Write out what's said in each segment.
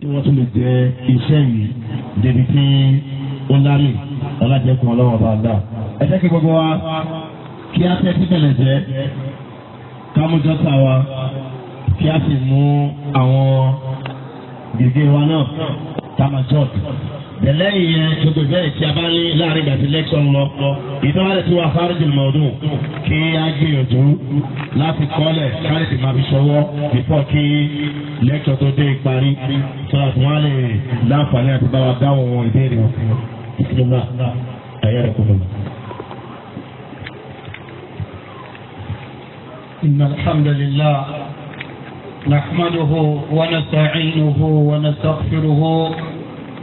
tí wọ́n tún lè jẹ iṣẹ́ yìí débi tí ó lárè ọlájẹkùn ọlọ́wọ́ bá dà. ẹ jẹ́ kí gbogbo wa kí á tẹ́ síbẹ̀lẹ̀ jẹ́ ká mú jọ́sà wa kí á sì mú àwọn gègé wa náà tá a máa tẹ̀lẹ́yìn yẹn gbogbo bẹ́ẹ̀ tí a bá ní láàrin ìgbà tí lẹ́kṣọ̀n lọ ìtọ́wálẹ̀ tí wà fáríjì mọ̀ọ́dún kí a gbìyànjú láti kọ́lẹ̀ kárí ti máa fi ṣọwọ́ bípọ̀ kí lẹ́kṣọ̀n tó dé parí sọ̀rọ̀ tí wọ́n lè láǹfààní àti bá wa dáhùn wọn ìbéèrè wọn. ìsinmi ayé rẹ̀ kúrò. إن الحمد لله نحمده ونستعينه ونستغفره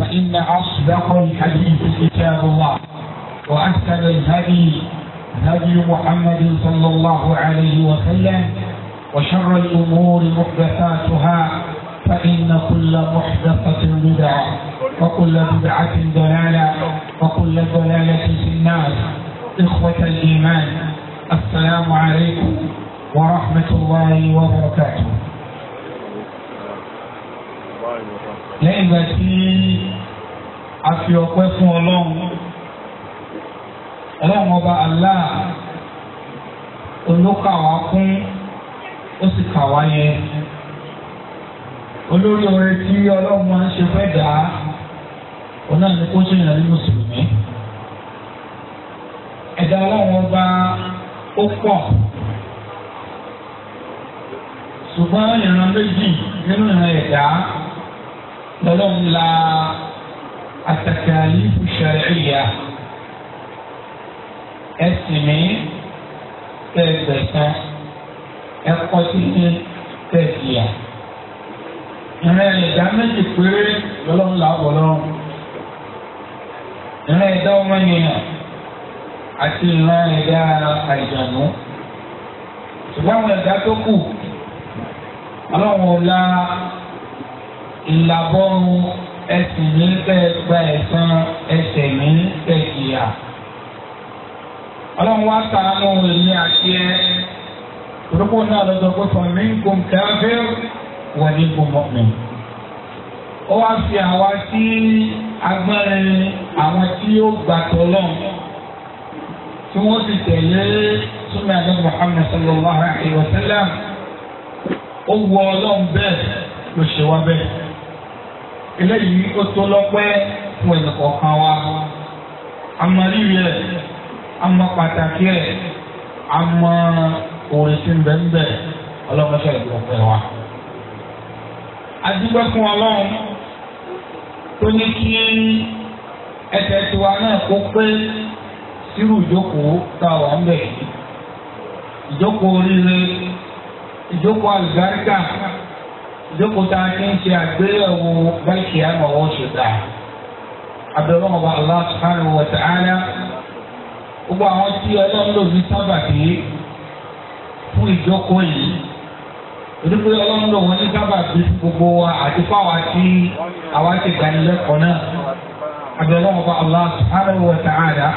فإن أصدق الحديث كتاب الله وأحسن الهدي هدي محمد صلى الله عليه وسلم وشر الأمور محدثاتها فإن كل محدثة بدعة وكل بدعة دلالة وكل دلالة في النار إخوة الإيمان السلام عليكم ورحمة الله وبركاته lẹ́yìn ìgbà tí a fi ọpẹ́ fún ọlọ́run ọlọ́run ọba Allah olókà wá kún ó sì kà wá yẹ olórí oore tí ọlọ́run máa ń ṣe fẹ́ dà á ọ̀nà ni kó ṣe ìrìn àjò mùsùlùmí ẹ̀dá ọlọ́run ọba ó pọ̀ ṣùgbọ́n ìran méjì nínú ìran ẹ̀dá lọ́lọ́run la atakalifu shar'iyya ẹ̀sìn mi kẹgbẹ̀sán ẹ̀kọ́ títí kẹgbìyà. ìrìn ìdá méjì péré lọ́lọ́run là bọ̀ lọ́rùn. ìrìn ìdá ọmọnìyàn àti ìrìn ìdá àìjànú. ṣùgbọ́n àwọn ìdá tó kù ọlọ́run ò la ìlàbọ̀run ẹsìn mi tẹ́ gba ẹ̀san ẹsẹ̀ mi tẹ́ ìyà. ọlọ́run wá sàánú èmi àti ẹ orúkọ náà lọ́jọ́ pé fún mi ń kó káfíń wà ní kó mọ́mí. ó wá fi àwa sí agbárin àwọn tí yóò gbàtọ̀ lọ́wọ́ tí wọ́n ti tẹ̀lé súnmọ́ àdé Muhammad sallallahu alayhi wa sallam ó wọ ọlọ́run bẹ́ẹ̀ ló ṣe bẹ́ẹ̀ eléyìí ó tó lọ́pẹ́ fún ẹnì kọ̀ọ̀kan wa àmọ́ rírì ẹ̀ àmọ́ pàtàkì ẹ̀ àmọ́ òòrè tí ń bẹ̀ ń bẹ̀ ọlọ́mọṣẹ́ ìgbọ̀nfẹ́ wa. adúgbò fún ọlọ́run tó ní kí ẹsẹ̀ tiwa náà kó pé sírù ìjókòó tá a wà ń bẹ̀ ìjókòó oríire ìjókòó àlùbáríkà. jókòtà ní ṣe àgbéyẹ̀wò báyìí àmọ̀ wọ́n ṣe gbà. Abẹ́rẹ́ ọba Allah subhanahu wa ta'ala. Gbogbo àwọn tí ọlọ́run ló fi sábàbí fún ìjókòó yìí. Onígbé ọlọ́run ló wọ́n ní sábàbí gbogbo wa àti fáwa tí àwa ti náà. Allah subhanahu wa ta'ala.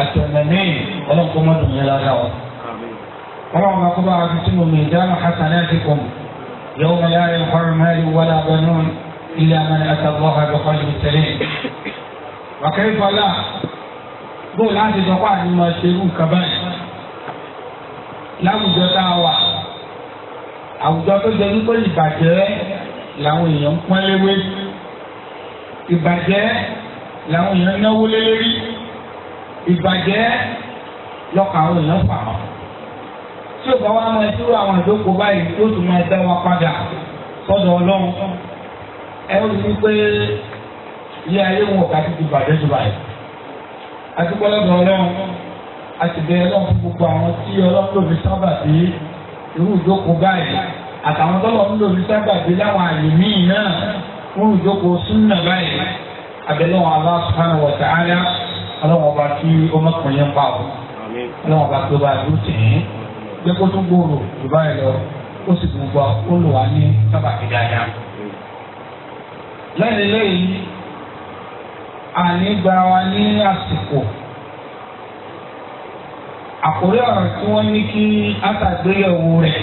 àti ọ̀nà mẹ́rin ọlọ́nkọ́ mọ́dún yẹn lára wọn. ọlọ́run bá kọ́ bá wa fi sínú mi dáná hasanatikum yawma la yanfa'u malun wala banun illa man ata Allaha bi qalbin salim. wàkẹ́rì fọlá bó láti sọ pé àní máa ṣe irú nǹkan báyìí láwùjọ tá a wà àwùjọ tó jẹ wípé ìbàjẹ́ làwọn èèyàn ń pọ́n léwé ìbàjẹ́ làwọn èèyàn náwó lé lérí ìbàjẹ́ lọ́kà àwọn èèyàn fà wọ́n. tí o bá wá máa dúró àwọn ìdókòó báyìí tó tún máa dá wa padà sọ́dọ̀ ọlọ́run ẹ ó ní pé ilé ayé wọn kà ti ti bàjẹ́ jù báyìí. àti pọ́lọ́dọ̀ ọlọ́run àti bẹ́ẹ̀ lọ́n fún gbogbo àwọn tí ọlọ́run lòdì sábà sí irú ìdókòó báyìí àtàwọn tọ́lọ́run lòdì sábà sí láwọn àyè míì náà fún ìdókòó súnnà báyìí Allah subhanahu ọlọ́run ọba kí ó mọ̀kàn yẹn pa ọ́ ọlọ́run ọba kí ó bá dùn tẹ̀ ẹ́ gbé kó tún gbòòrò jù báyìí lọ ó sì gbogbo ó lò wá ní sábàbí dáadáa. lẹ́yìn lẹ́yìn àní gba wa ní àsìkò àkórí ọ̀rọ̀ tí wọ́n ní kí átàgbéyẹ̀wò rẹ̀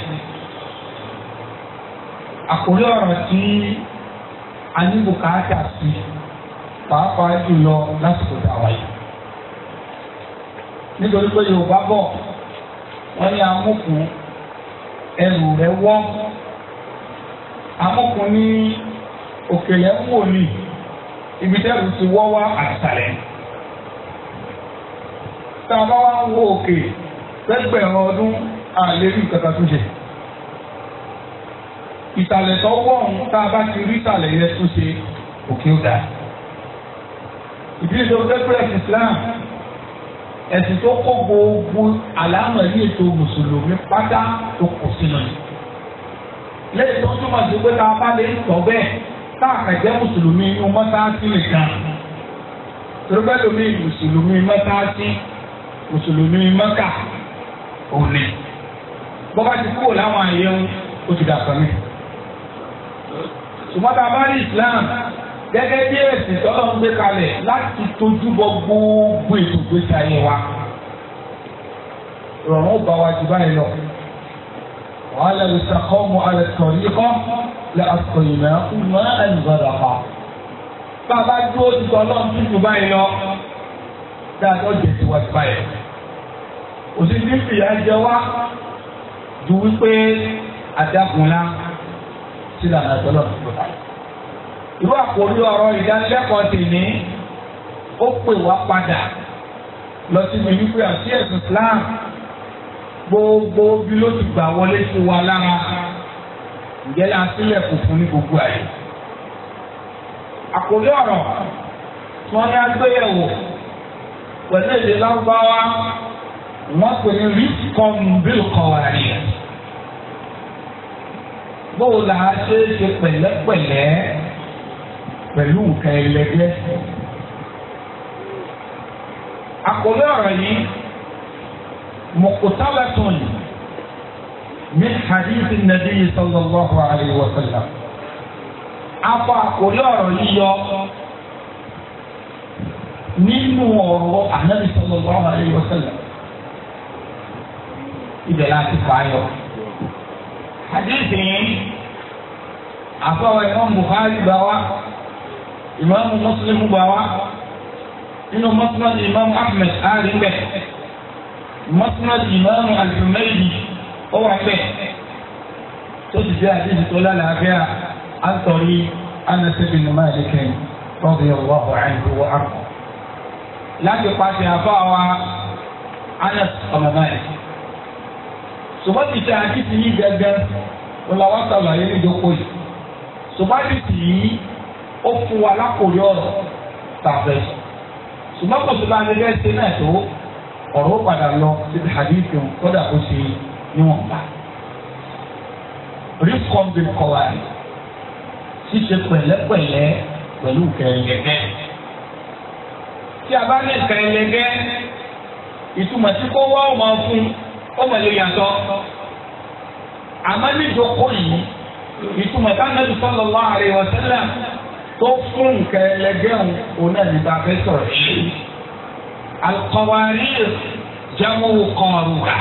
àkórí ọ̀rọ̀ tí a ní bùkátà sí pàápàá jùlọ lásìkò tàwa yìí nítorí pé yorùbá bọ̀ wọ́n ní amúkù ẹrù rẹ̀ wọ́ amúkù ní òkèlè ń wò ní ibi tẹ́rù ti wọ́ wá àtàlẹ́ tá a bá wá ń wo òkè lẹ́gbẹ̀rún ọdún àlérí kankan tó ṣe ìsàlẹ̀ tó wọ̀ ọ̀hún tá a bá ti rí ìsàlẹ̀ yẹn tó ṣe òkè ó dáa ìdílé tó fẹ́ pẹ́ẹ́sì Islam ẹ̀sìn tó kó gbogbo àlámọ̀rí ètò mùsùlùmí pátá tó kù sínú ni. lẹ́yìn tó ń túmọ̀ sí pé káwọn bá lè sọ bẹ́ẹ̀ táàkà jẹ́ mùsùlùmí inú mọ́sáàsì nìkan. rúbẹ́lómi mùsùlùmí mọ́sáàsì mùsùlùmí mọ́kà òní. bọ́bá ti kúrò láwọn àyẹ̀wò ó ti dàpọ̀ mi. ṣùgbọ́n tá a bá rí Islam gẹ́gẹ́ bí ẹ̀sìn tọ́lọ́ ń gbé kalẹ̀ láti tójú bọ gbogbo ètò ìgbésí ayé wa rọrùn ó bá wa jù báyìí lọ wàá lẹ́nu sàkọ́mù alẹ́ sọ̀rí kọ́ lẹ́ àtọ̀yìnà ọmọ ẹnìbọ̀dà pa bàbá dúró ti sọ lọ́n tún jù báyìí lọ dáadọ́ jẹ̀ sí wa ti báyìí òṣìṣẹ́ fìyà jẹ wá ju wípé adágunlá sílẹ̀ àtọ́lọ́ ti gbọ́dọ̀. irú àkórí ọ̀rọ̀ ìdánilẹ́kọ̀ọ́ ti ní ó pè wá padà lọ si wípé àti ẹ̀sìn Islam gbogbo bí ló ti gbà wọlé sí wa lára ǹjẹ́ la sílẹ̀ kò fún ní gbogbo àyè. àkórí ọ̀rọ̀ tí wọ́n ní agbéyẹ̀wò pẹ̀lú èdè lọ́gbàwá wọ́n pè ní bíl bóòlù àá ṣe é pẹ̀lú nǹkan ẹlẹgẹ́. àkọlé ọ̀rọ̀ yìí mọ̀kútàlátùn min hadith nàbí sallallahu alayhi wa sallam. afọ àkọlé ọ̀rọ̀ yìí yọ nínú ọ̀rọ̀ ànábì sallallahu alayhi wa sallam. ibẹ̀ láti fàáyọ. hadith yìí afọ ẹ̀rọ Bukhari bá wa ìmáàmù mùsùlùmù gbà wá nínú mọ́sánàdì ìmáàmù ahmed ali mbẹ mọ́sánàdì ìmáàmù alifumẹ́lì ó wà mbẹ tó ti jẹ́ àdéhùn tó lálàáfíà àtọ̀rí anasẹ́bìn máàlìkẹ́ rọ́bì ọ̀wọ́ àìkú wọ́n àkọ́ láti pàṣẹ àbá wa anas ọmọ máàlìkẹ́ ṣùgbọ́n ti ṣe àkíyèsí yìí gẹ́gẹ́ wọn làwọn sàlàyé níjókòó yìí ṣùgbọ́n ti tì í. ó fún wa lákòóyọ ọ̀rọ̀ tàbẹ ṣùgbọ́n kò sí bá bẹ́ẹ̀ ṣe náà tó ọ̀rọ̀ padà lọ síbi hadith kó ṣe bí ṣíṣe pẹ̀lẹ́pẹ̀lẹ́ pẹ̀lú kẹ̀lẹ́gẹ́ tí a bá ní kẹ̀lẹ́gẹ́ ìtumọ̀ tí kò wá ọmọ fún yàtọ̀ àmọ́ yìí ìtumọ̀ wa tó fún nǹkan ẹlẹgẹ́ òun òun náà nípa fẹ́ sọ̀rọ̀ ṣe. Alkọ̀wárí jẹ́mu kọ̀ọ̀rùwà.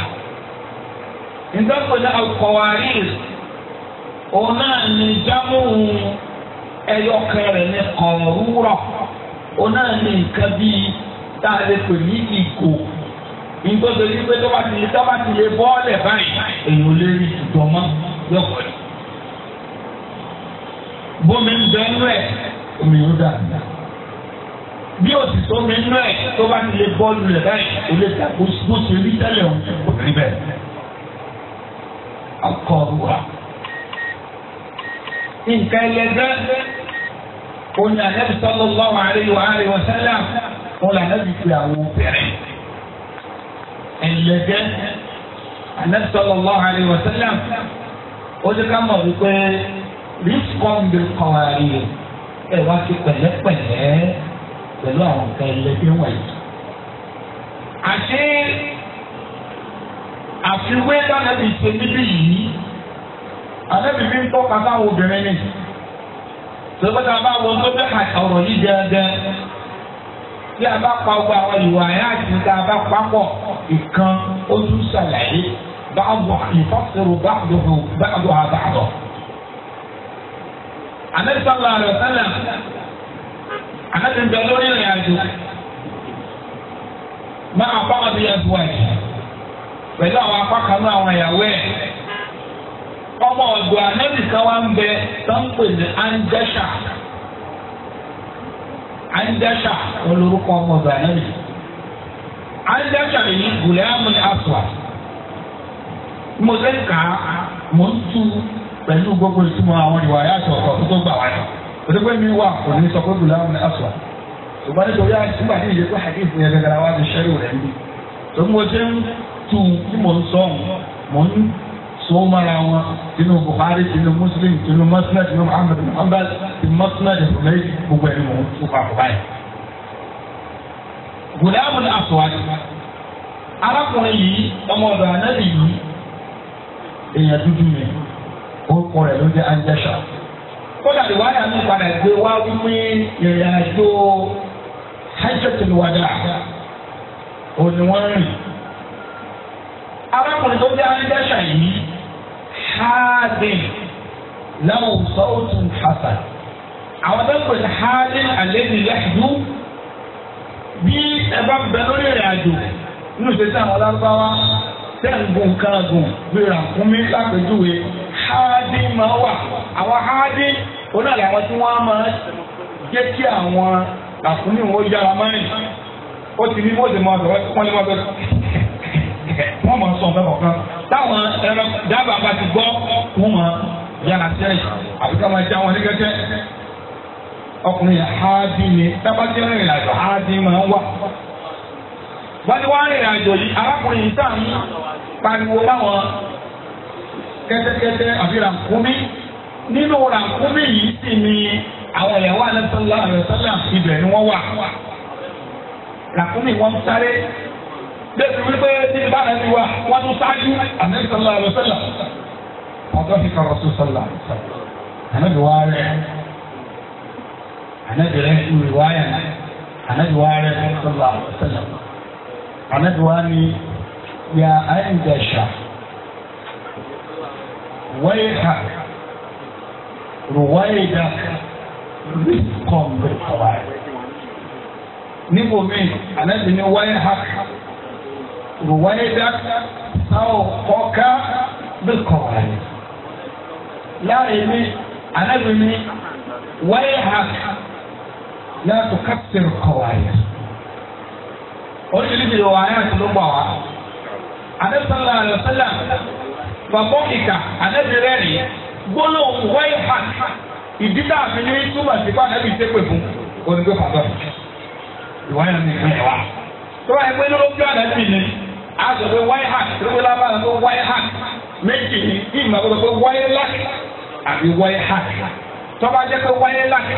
Ìdọ́kọ̀dá alkọ̀wárí òun náà ní jẹ́mu ẹyọkẹ rẹ̀ ní kọ̀ọ̀rùwà. Òun náà ní nǹkan bíi tá a lè pè ní ìgò. Ìgbọ́dọ̀ yìí pé tó bá ti lè bọ́ọ̀lẹ̀ báyìí èèyàn lè rí ìdùnnú mọ́ yọ̀kọ̀lẹ̀ bómi ń bẹ nú ẹ̀ omi yóò dà bí o sì sómi nú ẹ̀ tó bá ti lè bọ́ọ̀lù rẹ̀ báyìí o lè ta bó ṣe rí tẹ́lẹ̀ o kò rí bẹ́ẹ̀ ọkọ wa nǹkan ẹlẹgbẹ́ oní ànábì sallallahu alaihi wa alihi wa sallam wọn fi àwọn obìnrin ẹlẹgbẹ́ ànábì sallallahu alaihi wa sallam ó ti ká mọ̀ wípé rizqan bil qawarir ẹ wá sí pẹ̀lẹ́pẹ̀lẹ́ pẹ̀lú àwọn nǹkan ẹlẹ́dẹ́ wọ̀nyí. àṣé àfiwé dánábì ṣe níbí yìí ànábì mi ń tọ́ka sáwọn obìnrin ni sọ́kọ́tà bá wọn tó bẹ́ẹ̀ ọ̀rọ̀ yìí dáadáa tí a bá pa gbogbo àwọn ìwà ẹ̀ àti tá a bá papọ̀ ìkan ó tún ṣàlàyé báwo ìfọ́sẹ̀rò báwo àbáwọ̀. anabi sallallahu alayhi wa sallam anabi ń bẹ lórí ìrìn àjò máa bá wọn bí ya ẹ pẹ̀lú àwọn apá kan náà àwọn ìyàwó ya anabi kan wá ń bẹ tó ń pè ní andesha anabi andesha lè ní gùlẹ́ àmúni mo mo tu. pẹ̀lú gbogbo ìtumọ̀ àwọn ìwà yàtọ̀ ọ̀kọ̀ tó gbà wá òdòdó mi wà kò ní sọ pé gùlámù ní aswad. ṣùgbọ́n nítorí àtúgbà ní ìyẹ́pẹ́ hadith yẹn gẹ́gẹ́ wá ti tu tí mò ń sọ mò ń mara wọn inú Bukhari inú Muslim inú Musnad inú Ahmad Muhammad inú Musnad ìfúnlẹ̀ gbogbo ẹni mò ń tó papọ̀ báyìí. gùlámù ní orúkọ rẹ̀ ló jẹ́ anjẹ́sà. kódà ìwádìí àmì padà gbé wá wípé ìrìn àjò hajjatul wada òní wọ́n rìn. arákùnrin tó jẹ́ anjẹ́sà yìí haadin lahu sawtun hasan. àwọn tó ń pè ní haadin alladhi yahdu bí ẹ bá bẹ lórí ìrìn àjò nínú ìṣesí àwọn lárúbáwá tẹ́ǹgùn kan gùn bí ràkúnmí lápẹ́júwe háàdì máa wà àwọn háàdì onáàlà àwọn tí wọ́n máa jẹ́ kí àwọn ràkúnmí wọn yára mọ́rin ó ti ní mọ́ọ̀dé máa bẹ̀rẹ̀ wọ́n lè máa bẹ̀rẹ̀ wọ́n máa sọ ọ̀bẹ kọ̀ọ̀kan táwọn ẹran dábàá bá ti gbọ́ wọ́n máa yára sẹ́yìn àbíká máa já wọn ní kẹ́kẹ́ ọkùnrin háàdì ni tábàtì rìnrìn àjò háàdì máa ń wà wọ́n ti wá rìnrìn àjò yìí arákùnrin yìí tàn pariwo báwọn kẹ́tẹ́kẹ́tẹ́ àbí ràkúnmí nínú ràkúnmí yìí sì ni àwọn ìyàwó alẹ́sọ́lá alẹ́sọ́lá ibẹ̀ ni wọ́n wà ràkúnmí wọ́n sáré bẹ́ẹ̀ wípé ní ìbára ẹni wa wọ́n tún ṣáájú alẹ́sọ́lá alẹ́sọ́lá ọ̀dọ́ fi kọ̀rọ̀ tó sọ́lá ànábì wa rẹ̀ rẹ̀ ìwé rẹ̀ anabi wa ni ya aindasha waiha ruwaida rizqan bil qawaid níbo mi anabi ni waiha ruwaida sáwọ kọka bil qawaid láàyè mi anabi ni waiha la tukassir qawaid. oríṣiríṣi ìwà ayé àti ló gbà wá. Ànábì sallallahu alaihi wasallam bàbá ìkà ànábì rẹ́rìn gbólóhùn a fi túmọ̀ sí pé ànábì ṣépè fún pàtó. Ìwà yẹn ni ìpínlẹ̀ wa. Tó bá yẹ ló gbé ànábì ni a sọ pé wáyé hàn lóko lábá àná méjì ìmọ̀ àkọ́kọ́ pé àbí tọ́ba jẹ́ pé wáyé láti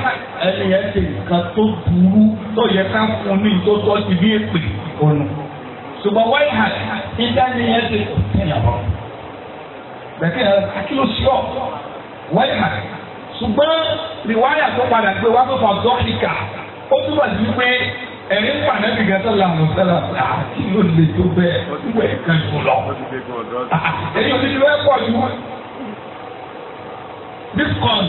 ẹni yẹn ṣe nǹkan tó burú tó yẹ ká fún ní tó tọ́ sí bí èpè ònà ṣùgbọ́n wáyé hàn níta ni yẹn ṣe kò tẹ̀yàwó bẹ̀kẹ́ akíló sí ọ wáyé hàn ṣùgbọ́n rìwáyà tó padà gbé wá fífọ̀ dọ́kítà ó túbọ̀ sí pé ẹ̀rí ń pàdé bí gẹ́tọ́ làwọn sẹ́lá àti ló lè tó bẹ́ẹ̀ ọdúnwó ẹ̀ka jù lọ. èyí ò ti bẹ́ẹ̀ pọ̀ jù. discount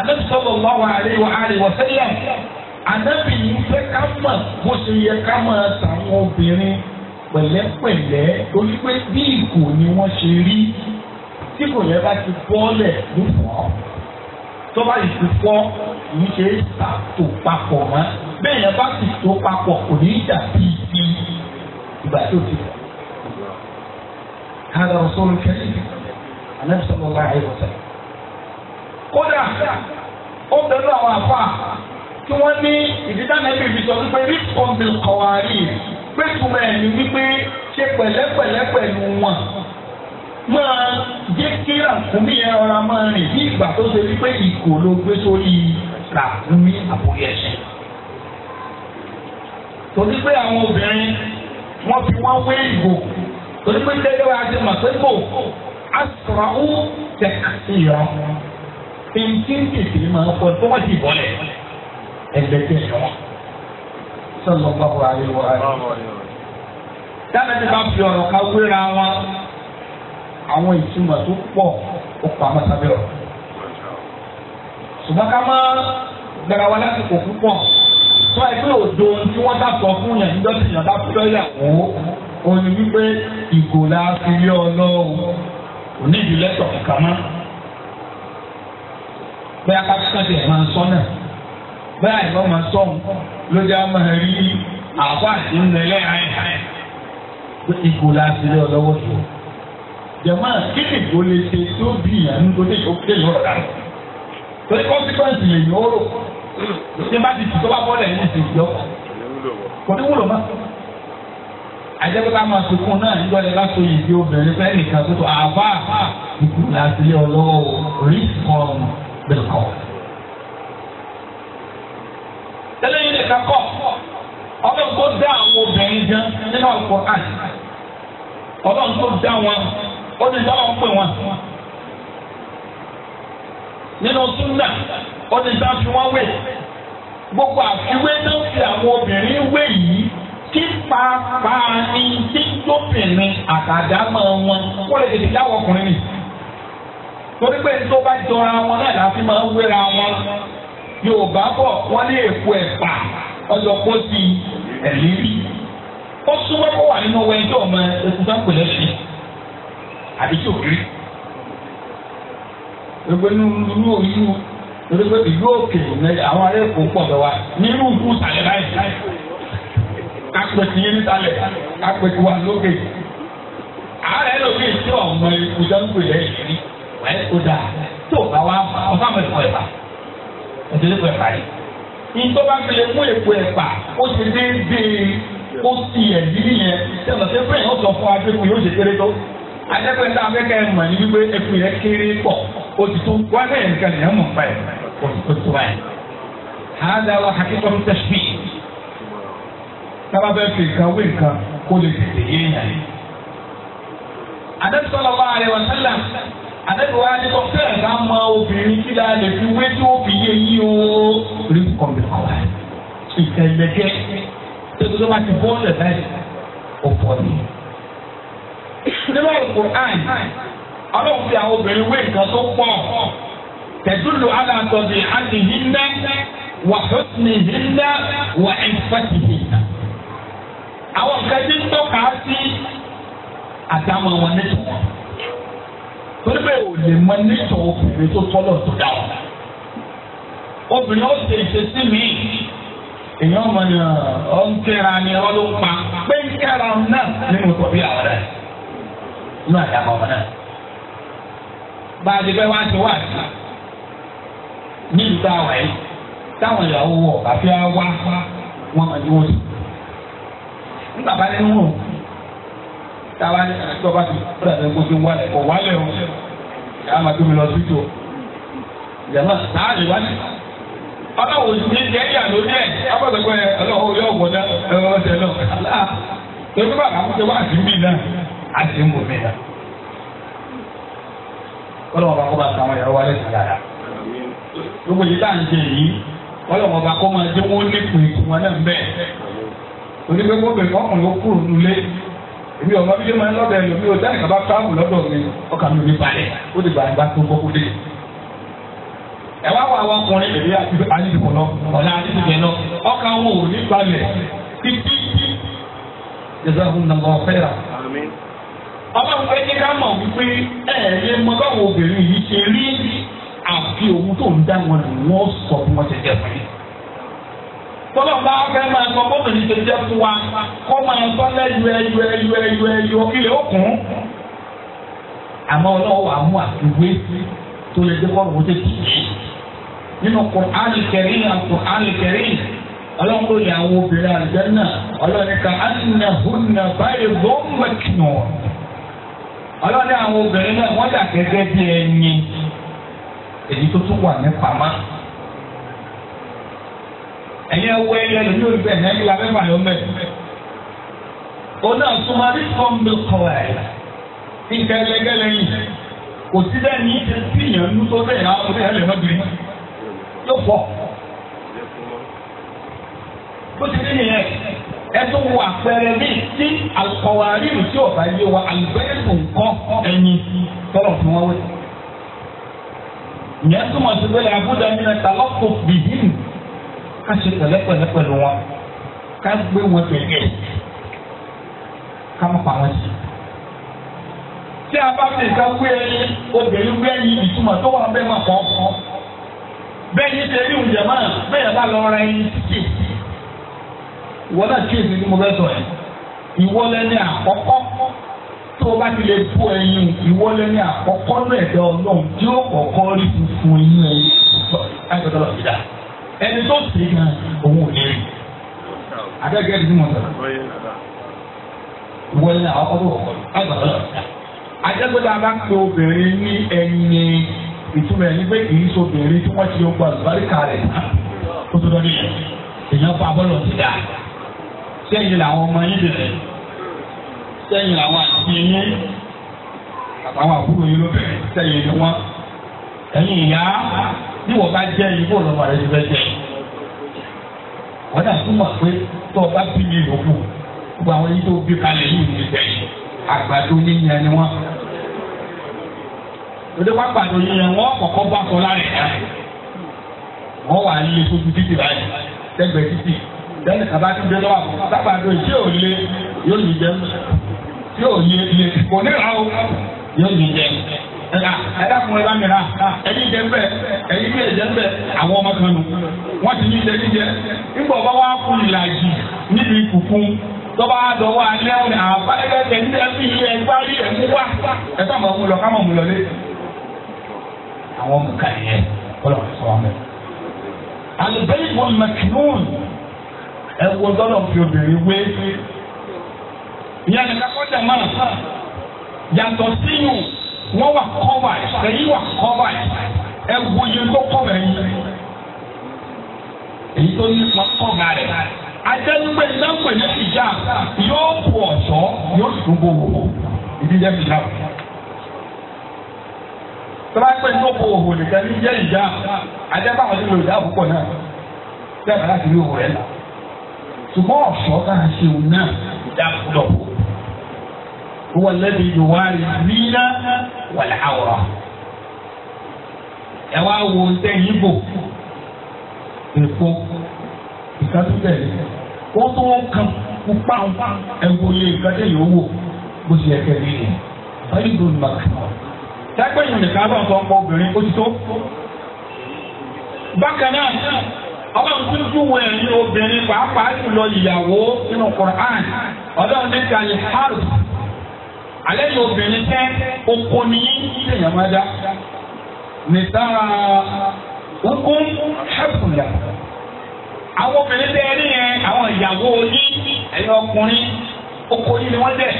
anabi sallallahu alaihi wa alihi wa sallam anabi yìí fẹ́ ká mọ̀ bó ṣe yẹ ká mọ̀ tàwọn obìnrin pẹ̀lẹ́pẹ̀lẹ́ torí pé bí ìkò ni wọ́n ṣe rí tí kò yẹ bá ti bọ́ọ̀lẹ̀ ló tó bá yìí ti fọ́ yìí ṣe é papọ̀ mọ́ bẹ́ẹ̀ yẹn bá sì tó papọ̀ kò ní í dà bíi ti ìgbà tó ti fọ́. هذا رسول كريم النبي صلى الله عليه وسلم kódà ó bẹ̀rù àwọn àfa tí wọ́n ní ìdídánà ẹbí ìbí sọ wípé rípọ̀mì kọ̀wárì pé tùmọ̀ ẹ̀ ní wípé ṣe pẹ̀lẹ́pẹ̀lẹ́ pẹ̀lú wọn máa jẹ́ kí ràkúnmí yẹn rọra máa rìn bí ìgbà tó ṣe wípé ìkò ló gbé sórí ràkúnmí àbúyẹ ẹ̀ṣẹ̀. torí pé àwọn obìnrin wọ́n fi wọ́n wé ìgò torí pé tẹ́lẹ̀ wá ti mọ̀ pé kò á sọ̀rọ̀ ó tẹ̀ kàtí yọ. Èyí ń tètè máa ń pọ̀ tó wọ́n ti bọ̀lẹ̀. Ẹgbẹ́ tẹ̀ ẹ̀ wọ́n. Sọ̀lọ́ bàbá àríwá rẹ̀. Dáná ti bá fi ọ̀rọ̀ ká wéra wọn. Àwọn ìtumọ̀ tó pọ̀ ó pa mọ́ sábẹ́ ọ̀rọ̀. Ṣùgbọ́n ká máa gbẹ̀rẹ̀ wa lásìkò púpọ̀. Sọ ẹgbẹ́ òdo tí wọ́n dàpọ̀ fún yàn níjọ́ tí yàn dàpọ̀ lọ́yàwó. Òní wípé ìgò la fi lé ọ lọ́wọ́. Òní ìdílé tọ̀ kàmá bẹ́ẹ̀ akásíkàtì ẹ̀ máa sọ náà bẹ́ẹ̀ àìmọ́ máa sọ òun ló jẹ́ ọmọ rẹ̀ rí àbá àti ńlẹ̀lẹ̀ rẹ̀ pé ipò láti lé ọlọ́wọ́ tó. jẹ̀mọ́ kíkì kò lè ṣe tó bí ìyànú tó dé òkè lọ́rọ̀ dà pé consequence lè yọ ọ́rọ̀ ṣé bá ti tù tó bá bọ́ lẹ̀ ní ìsèjọ́ kò ní wúlò mọ́ àjẹpẹ́ká máa sunkún náà nígbà yẹn láti oyè di obìnrin fẹ́ nìkan tó tó àbá ìkùnà àtìlẹ́ ọlọ́wọ́ rí fọ́ọ̀mù bẹ́ẹ̀ kọ́. eléyìí nìkan kọ́ ọlọ́run tó dá àwọn obìnrin jẹ́ nínú àpò àn ọlọ́run tó dá wọn ó ní sábà ń pè wọn nínú súnà ó ní sábà fi wọn wé gbogbo àfiwé náà fi àwọn obìnrin wé yìí kí pàápàá ní tí jóbìnrin àtàdámọ̀ wọn kó lè tètè dáwọ́ ọkùnrin nìyí. torí pé tó bá jọra wọn náà láti máa ń wéra wọn Yorùbá bọ̀ wọ́n ní èpo ẹ̀pà ọjọ́ kó ti ẹ̀lírí ó súnmọ́ kó wà nínú ẹjọ́ ọmọ ẹ̀sùn tó ń àdéjọ́ gbogbo nínú orí gbogbo ìlú òkè àwọn ará èkó pọ̀ bẹ́ẹ̀ wá nínú ìlú kápẹ́tì yín kápẹ́tì wà wẹ́ẹ́ ó dáa tó bá wá ọ̀fà mọ̀ ẹ̀kọ́ ẹ̀fà ẹ̀dẹ̀ lẹ́kọ̀ọ́ ẹ̀fà yìí. ìtọ́ bá fi lè mú èpo ẹ̀fà ó ti déédéé ó ti ẹ̀dí nìyẹn tẹ̀lọ̀ tẹ́ fẹ́yìn ó sọ fún o yóò ṣe kéré tó. adékun tá a fẹ́ kẹ́ ẹ mọ̀ ní wípé ẹkùn yẹn kéré pọ̀ ó ti tó wá lẹ́yìn nìkan nìyẹn mọ̀ pa ẹ̀ ó ti tó báyìí. hàdà wa hakíkọ́ tó tẹ̀sí. tábà bẹ́ẹ̀ fi nǹkan wé nǹkan kó lè tètè yé èèyàn yìí. adé àtẹ̀tùwá ni kò fẹ́ ká mọ obìnrin kí la lè fi wé tí ó fi yé yí o. rí kọ̀m̀bẹ̀kọ̀wá ìtẹ̀lẹ́gẹ́ tẹ́tù tó bá ti bọ́ ọ̀lẹ̀ báyìí ọ̀pọ̀ ni. nínú ìkùrán ọlọ́run fi àwọn obìnrin wé nǹkan tó pọ̀ tẹ̀dúlù aláǹtọ̀dì àdìhínná wà hùsìnìhínná wà ẹ̀fẹ̀tìhínná. àwọn nǹkan tí ń tọ́ka sí àtàwọn wọn nítorí torí pé ò lè mọ nítorí obìnrin tó tọ́lọ̀ tó dà ọ́. obìnrin ó ṣe ìṣesí mi èèyàn mọ̀ ní ọ̀ ń kẹ́ra ni ọ́ ló pa pé ń kẹ́ra náà nínú tọ́bí àwọn rẹ̀ inú àdàmọ̀ ọmọ náà. bá a ti fẹ́ wá ṣe wá sí ní ìta àwọn yìí táwọn ìyàwó wọ̀ àfi wá wọn mọ̀ ní wọ́n. nígbà bá nínú wọn. táwa ní ẹ̀rọ eh, tí ọba ti fúnra rẹ̀ kó ti wálẹ̀ ọ wálẹ̀ o yàrá máa tóbi lọ sí tó yàrá táà lè wálẹ̀ ọlọ́wọ́ ní jẹ́ ìyá ló ní ẹ̀ abọ́sọ̀gbọ́ eh, ẹ náà eh, mi náà bá kó bá gbogbo yìí tá à ń jẹ yìí bá kó máa ní wọn náà èmi ọmọ bíi máa ń lọ́dọ̀ ẹ̀yọ́ mi ò dáni kaba táàmù lọ́dọ̀ mi ọkà mi ò ní balẹ̀ ó ti balẹ̀ bá tó gbọ́ dé. ẹ wá wá àwọn ọkùnrin èmi àti àyíkò náà ọ̀la àdìsí náà ọkà wọn ò ní balẹ̀ títí. ìjọba ń nàgbọ́ fẹ́ra. ọlọ́run pé kí ká mọ̀ wípé ẹ̀ẹ́dẹ́ mọ báwo obìnrin yìí ṣe rí àfi òun tó ń dá wọn ni wọ́n sọ fún yìí tọ́lọ̀ bá fẹ́ máa sọ bọ́ọ̀lù ní ṣe jẹ́ fún wa kọ́ máa sọ lẹ́yọ ẹyọ ẹyọ ẹyọ ẹyọ ilẹ̀ òkun. àmọ́ ọlọ́wọ́ wa mú àfiwé tó lè dé kọ́ọ̀rù wọ́tẹ́ tì í. nínú Kùránì Kẹrim Kùránì Kẹrim ọlọ́run ló ní àwọn obìnrin àlùjànnà ọlọ́run ní ká annahunna baydun maknun. ọlọ́run ní àwọn obìnrin náà wọ́n dà gẹ́gẹ́ bí ẹyin èyí tó tún wà ní pamá ẹ̀yin ẹwọ ẹyọ lórí olùgbẹ ẹ̀yin ẹyọ abẹ́fà yọ mẹ́. Ọ̀nà àtúmọ̀ àti fọ́ọ̀mù kọ̀ọ̀ ẹ̀ nǹkan ẹlẹgẹlẹ yìí kò sí bẹ́ẹ̀ ní ìṣe sí ìyànnú tó bẹ́ẹ̀ yà á bẹ́ẹ̀ lẹ́nu bìrì yóò pọ̀. Bó ti dé nìyẹn ẹ tó wo àpẹẹrẹ ní tí àkọwárí rù tí ọ̀bá yé wa àlùbẹ́ẹ̀lù nǹkan ẹ̀yìn tọ̀rọ̀ fún wọn wẹ̀. Ìyẹn túmọ̀ sí pé àbúdá mi náà ta lọ́kọ̀ bìhín ká ṣe pẹ̀lẹ́pẹ̀lẹ́ pẹ̀lú wọn ká gbé wọn pẹ̀lẹ́ ká má pa wọn sí. tí a bá fi ìka gbé ẹni obìnrin gbé ẹni ìtumọ̀ tó wà bẹ́ẹ̀ máa kàn án bẹ́ẹ̀ ni tẹ̀lé oúnjẹ máa bẹ́ẹ̀ bá lọ ra ẹni títì ìwọ náà kí ni mo fẹ́ sọ ẹ̀ ìwọ lẹ́ni àkọ́kọ́ tó o bá ti lè bú ẹyin ìwọ lẹ́ni àkọ́kọ́ náà ẹ̀dá ọlọ́run tí ó kọ̀ọ̀kan rí funfun ẹyin ẹ̀yìn ẹni tó sì gan òun ò ní rí abẹ́gẹ́ ẹni tí mo sọ. wọlé ọkọ ọgbọ̀n ajẹ́gbẹ́dá bá ń pe obìnrin ní ẹni ìtumọ̀ ẹni pé kì í obìnrin tí wọ́n ti yọ tó yẹn èèyàn fa ọmọ yín sẹ́yìn làwọn àti yín àtàwọn àbúrò bí wọ́n bá jẹ́ yìí kó rẹ ti fẹ́ jẹ́ wọ́n dà fún wa pé tó o bá bí mi yòókù gbogbo àwọn yìí tó bí kalẹ̀ yìí ní ìgbẹ́ àgbàdo yíyan ni wọ́n lóde wá gbàdo yíyan wọ́n kọ̀kọ́ bá sọ lára ẹ̀ wọ́n wà lé sójú títì báyìí lẹ́gbẹ̀ẹ́ títì lẹ́yìn kaba tó dé lọ́wọ́ àbúrò sábàdo yìí tí ò lé yóò lè jẹun tí ò lé lè kò ní ra o yóò lè jẹun ẹ dákun ẹ bá mìíràn ẹyin jẹ nbẹ ẹyin bí ẹjẹ nbẹ àwọn ọmọ kan nù wọn ti ní ìdẹ́jú jẹ nígbà ọba wa kú ìlàjì níbi kùkún tọ́ba dọ̀wọ́ alẹ́ ọ̀nà àbáyọ̀ tẹ̀lé ẹbí ilé ẹgbẹ́ rí ẹ̀mú wá ẹ bá mọ̀ ọ́n lọ ká mọ̀ ọ́n lọ lé. àwọn ọmọ kan yẹn kọlọ̀ sọ wọn bẹ. àlùbẹ́yìn wọn mẹkìnnún ẹ wo dọ́lọ̀ fi obìnrin wé. ìyá nìkan kọ́ jàmọ́ yàtọ̀ síyùn wọ́n wà kọ́bà ẹ̀ wà kọ́bà ẹ̀ ẹ wo iye èyí tó ní kọ́bà rẹ̀ adẹ́nugbẹ́ ìdáǹpẹ̀ ní ìjà yóò pọ̀ ọ̀ṣọ́ yóò dùgbò wò ìdí jẹ́ ìjà tọ́lápẹ́ ní òkò òhò nìkan ní jẹ́ ìjà adẹ́pẹ́ àwọn tí ìjà púpọ̀ náà tẹ́ẹ̀bà láti rí òhò rẹ̀ là ṣùgbọ́n ọ̀ṣọ́ tá a náà ìjà púpọ̀ هو الذي يواري الزينة والعورة ẹ wá wo sẹ́yìn bò èpo ìkàtúntẹ̀ wọ́n tó ń kan pupa ẹ̀wò yẹ ìkàtẹ̀ yìí ó wò bó ṣe ẹ̀kẹ́ rí ni báyìí ló ń bá kà. dápẹ́ ìyẹn nìkan bá ń sọ ọmọ obìnrin ó ti tó. bákan náà ọlọ́run tún tún wọ ẹ̀yìn obìnrin pàápàá jùlọ ìyàwó nínú Qur'an ọlọ́run ní kàlí hàrù alẹ́ yóò obìnrin tẹ́ oko ní ìyẹn máa dá nìta hukum hẹ́pùlà àwọn obìnrin tẹ́ ẹni yẹn àwọn ìyàwó ní ẹ̀yìn ọkùnrin oko yìí ni wọ́n dẹ̀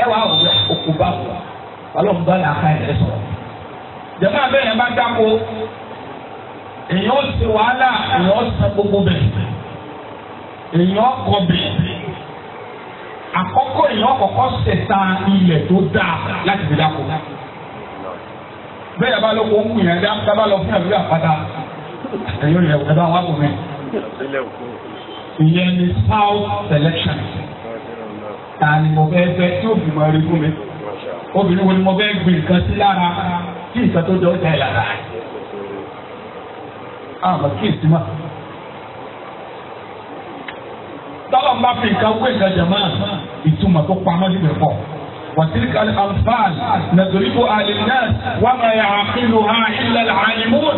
ẹ wàá wò wẹ́ oko bá wò ọlọ́run bá làákà ẹ̀ sọ̀rọ̀ jẹ́mọ́ abẹ́ yẹn bá dáko èèyàn ó ṣe wàhálà èèyàn ó san gbogbo bẹ̀ èèyàn ó kọ bẹ̀ àkọ́kọ́ èèyàn kọ́kọ́ ṣẹ̀ta ilẹ̀ tó dáa láti fi dáko. bẹ́ẹ̀ bá lóko ń kùn yẹn dá dábàá lọ fún ẹ̀rọ àpáta ẹ̀yọ́ yẹn ẹ̀ bá wà kùn mẹ́. ìyẹn ni south selection ta ni mo fẹ́ fẹ́ tí ó fi mọ ẹrí fún mi obìnrin wo ni mo fẹ́ gbin nǹkan sí lára kí nǹkan tó jọ ó jẹ́ ìlànà. àwọn kí n sì máa tọ́lọ̀ ń bá fi nǹkan wé nǹkan jẹ̀ máa ìtumọ̀ tó pamọ́ níbẹ̀ pọ̀. وتلك الأمثال نضربها للناس وما يعقلها إلا العالمون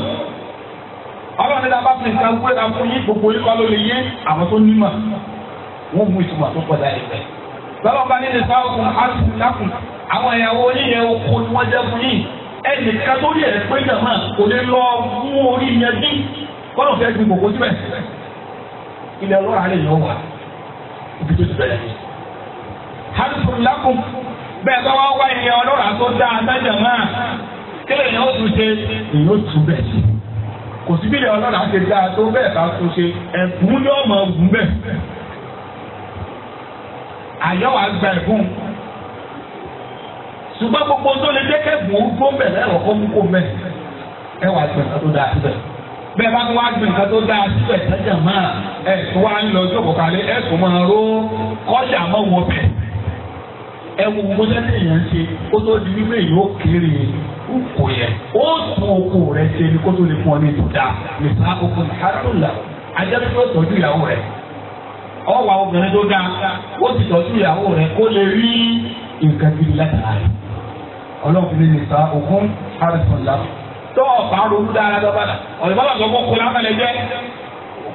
ọlọ́run nígbà bá fi nǹkan gbé ra fún yín gbogbo yín kọ́ ló lè yé àwọn tó nímọ̀ wọ́n mú ìtumọ̀ tó pọ̀ láì fẹ́. lọ́wọ́ bá nílé sáwọ́kùn áṣùkùn lákùn àwọn ìyàwó oníyẹn oko ni wọ́n jẹ́ fún yín ẹnìkan tó yẹ pé jàmá kò lè lọ mú orí yẹn dín kọ́nà fẹ́ gbogbo síbẹ̀. ilẹ̀ ọlọ́run ibi tó ti bẹ̀rẹ̀ ni. halifulilakum bẹ́ẹ̀ bá wá wá ẹni ọlọ́run àtó dá adájà máa kílẹ̀ yẹn ó tún ṣe èyí ó tún bẹ̀ sí. kò sí bílẹ̀ ọlọ́run àti dá tó bẹ́ẹ̀ bá tún ṣe ẹ̀kún ni ọmọ ogun bẹ̀. àyẹ̀wò àgbà ẹ̀kún ṣùgbọ́n gbogbo tó lè jẹ́ kẹ́gùn orúkọ mbẹ̀ lẹ́rọ̀ kó mú kó mbẹ̀ ẹ wà gbẹ̀ tó dáa síbẹ̀ bẹ́ẹ̀ bá wá gbẹ̀ tó dáa síbẹ̀ sẹ́jà ẹ̀sùn wa ń lọ jókòó kalẹ̀ ẹ̀sùn máa ró kọ́ṣà mọ́ wọn bẹ̀. ẹ wo mọ́tẹ́tẹ̀ yẹn ń ṣe kó tó di wípé ó yẹ ó tún rẹ ṣe ni kó tó lè fún ọ ní ìtúdá ìyàwó obìnrin tó ó ti ìyàwó kó lè rí nǹkan gidi látara ọlọ́ọ̀bìnrin okun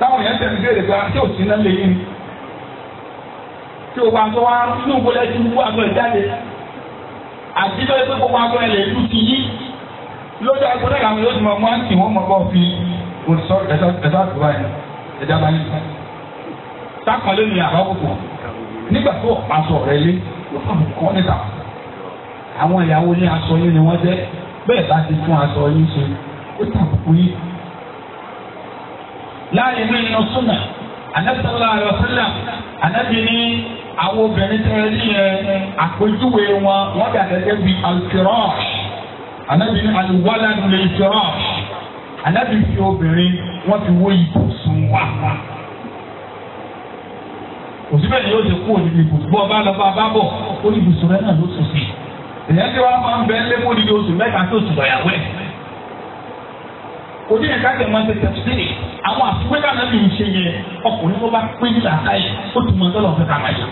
táwọn èèyàn tẹ̀lé béèrè pé àti ah, òsì náà lè yín tí o bá tó wá inú ìwọlé tí wọ́n aṣọ ìjáde àti lọ́yẹ́ pé gbogbo aṣọ ẹlẹ́ ìlú ti yí lójú aṣọ náà làwọn yóò ti mọ wọn kì wọ́n mọ bọ́ fi òṣìṣọ́ ẹ̀dá àdúrà ẹ̀ ẹ̀dá bá yín sákan lónìí àbábòkò nígbà tó ọ̀pá aṣọ rẹ lé kọ́ níta àwọn ìyàwó ní aṣọ yín ni wọ́n jẹ́ bẹ́ẹ̀ bá ti fún aṣọ yín ṣe ó tàbùkù yín láàyè mí nínú súnà anásọ́lá àlọ́sílà anábì ní àwọn obìnrin tẹ́lẹ̀ ní yẹn àpèjúwe wọn wọ́n dà gẹ́gẹ́ bí alfirash anábì ní alwaladu lil firash anábì fi obìnrin wọ́n fi wó ibùsùn wà wá òsibẹ̀ ni yóò ṣe kú òní ibùsùn bọ́ọ̀ bá lọ bá a bá bọ̀ ó ní ibùsùn rẹ náà ló sùn sí èyàn tí wọ́n máa ń bẹ́ẹ́ lé mọ́ níbi oṣù mẹ́ta tó sùn lọ́yàwó ẹ̀ kò ní ẹ̀ka tẹ̀ máa ń tẹ̀sẹ̀ sílẹ̀ àwọn àfiwé dáná lè ṣe yẹ ọkùnrin tó bá pé nílà káyè ó tún mọ tọ́lọ̀ fẹ́ ká máa yẹ.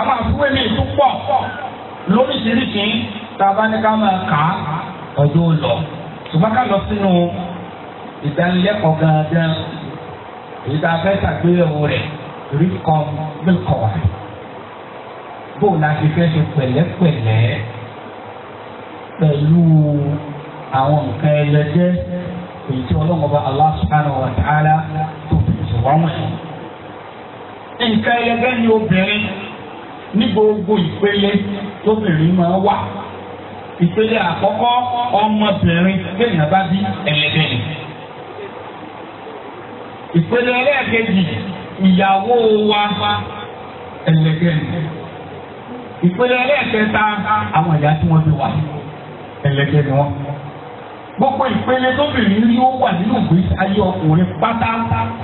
àwọn àfiwé mi tó pọ̀ lóríṣiríṣi tá a bá ní ká máa kà á ọdún lọ ṣùgbọ́n ká lọ sínú ìdánilẹ́kọ̀ọ́ gangan èyí tá a fẹ́ ṣàgbéyẹ̀wò rẹ̀ rí kan mílkọ̀ wá bóun la ti fẹ́ ṣe pẹ̀lẹ́pẹ̀lẹ́ pẹ̀lú àwọn nǹkan ẹyẹ jẹ́ èyí tí ọlọ́run ọba Allah subhanahu wa ta'ala tó fi ṣèwámọ̀ sí. nǹkan ẹyẹ gẹ́ ni obìnrin ní gbogbo ìpele tóbìnrin máa wà ìpele àkọ́kọ́ ọmọbìnrin gbẹ̀yìn bá bí ẹlẹ́gbẹ̀rẹ̀. ìpele ẹlẹ́ẹ̀kejì ìyàwó wa ẹlẹ́gbẹ̀rẹ̀. ìpele ẹlẹ́ẹ̀kẹta àwọn ìyá tí wọ́n bí wà ẹlẹ́gbẹ̀rẹ̀ wọn gbogbo ìpele tóbìnrin rí ó wà nínú ìgbésí ayé ọkùnrin pátá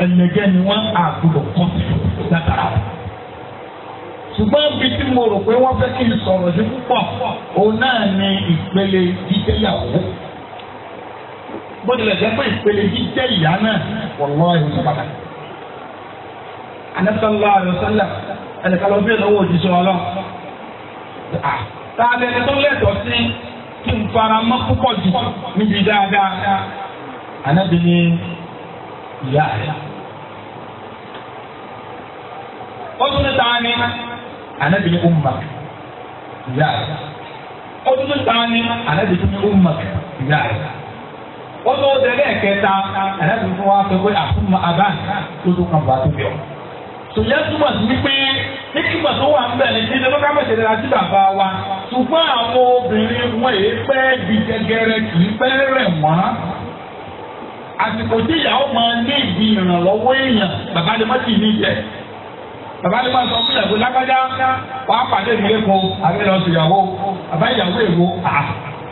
ẹlẹgẹ́ ni wọ́n àgùdọ̀ kan látara. ṣùgbọ́n bí tí mo rò pé wọ́n fẹ́ kí n sọ̀rọ̀ sí púpọ̀ òun náà ni ìpele jíjẹ́ ìyàwó. bó tilẹ̀ jẹ́ pé ìpele jíjẹ́ ìyá náà wọ̀lọ́ ìwé pàtàkì. anasọ́lá ayọ̀sọ́lá ẹnìkan lọ bí ìnáwó òjíṣẹ́ ọlọ́run. tá a bẹ̀rẹ̀ tó lẹ́tọ̀ọ́ sí kí fara mọ́ púpọ̀ jù níbi dáadáa ànábì ní ìyá rẹ̀. ó tún ní tani ànábì ní umma ìyá rẹ̀. ó tún ní tani ànábì ní umma ìyá rẹ̀. ó tún ẹ̀kẹta fún wa sọ pé àfúnmọ́ abáǹkà tó tún kan bá tó bẹ̀ ọ́. nígbà tó wà ń ní ti lọ́dọ́ kámẹ́sẹ̀ dára sí wa ṣùgbọ́n àwọn obìnrin wọn èé pẹ́ di gẹ́gẹ́rẹ́ kì í pẹ́ rẹ̀ wọ́n àsìkò tí ìyàwó máa ní ìdí bàbá lè má ní bàbá lè má sọ fún ìyàwó lágbájá wà á pàdé ìdílé kan àbí lọ sí ìyàwó ìyàwó èwo à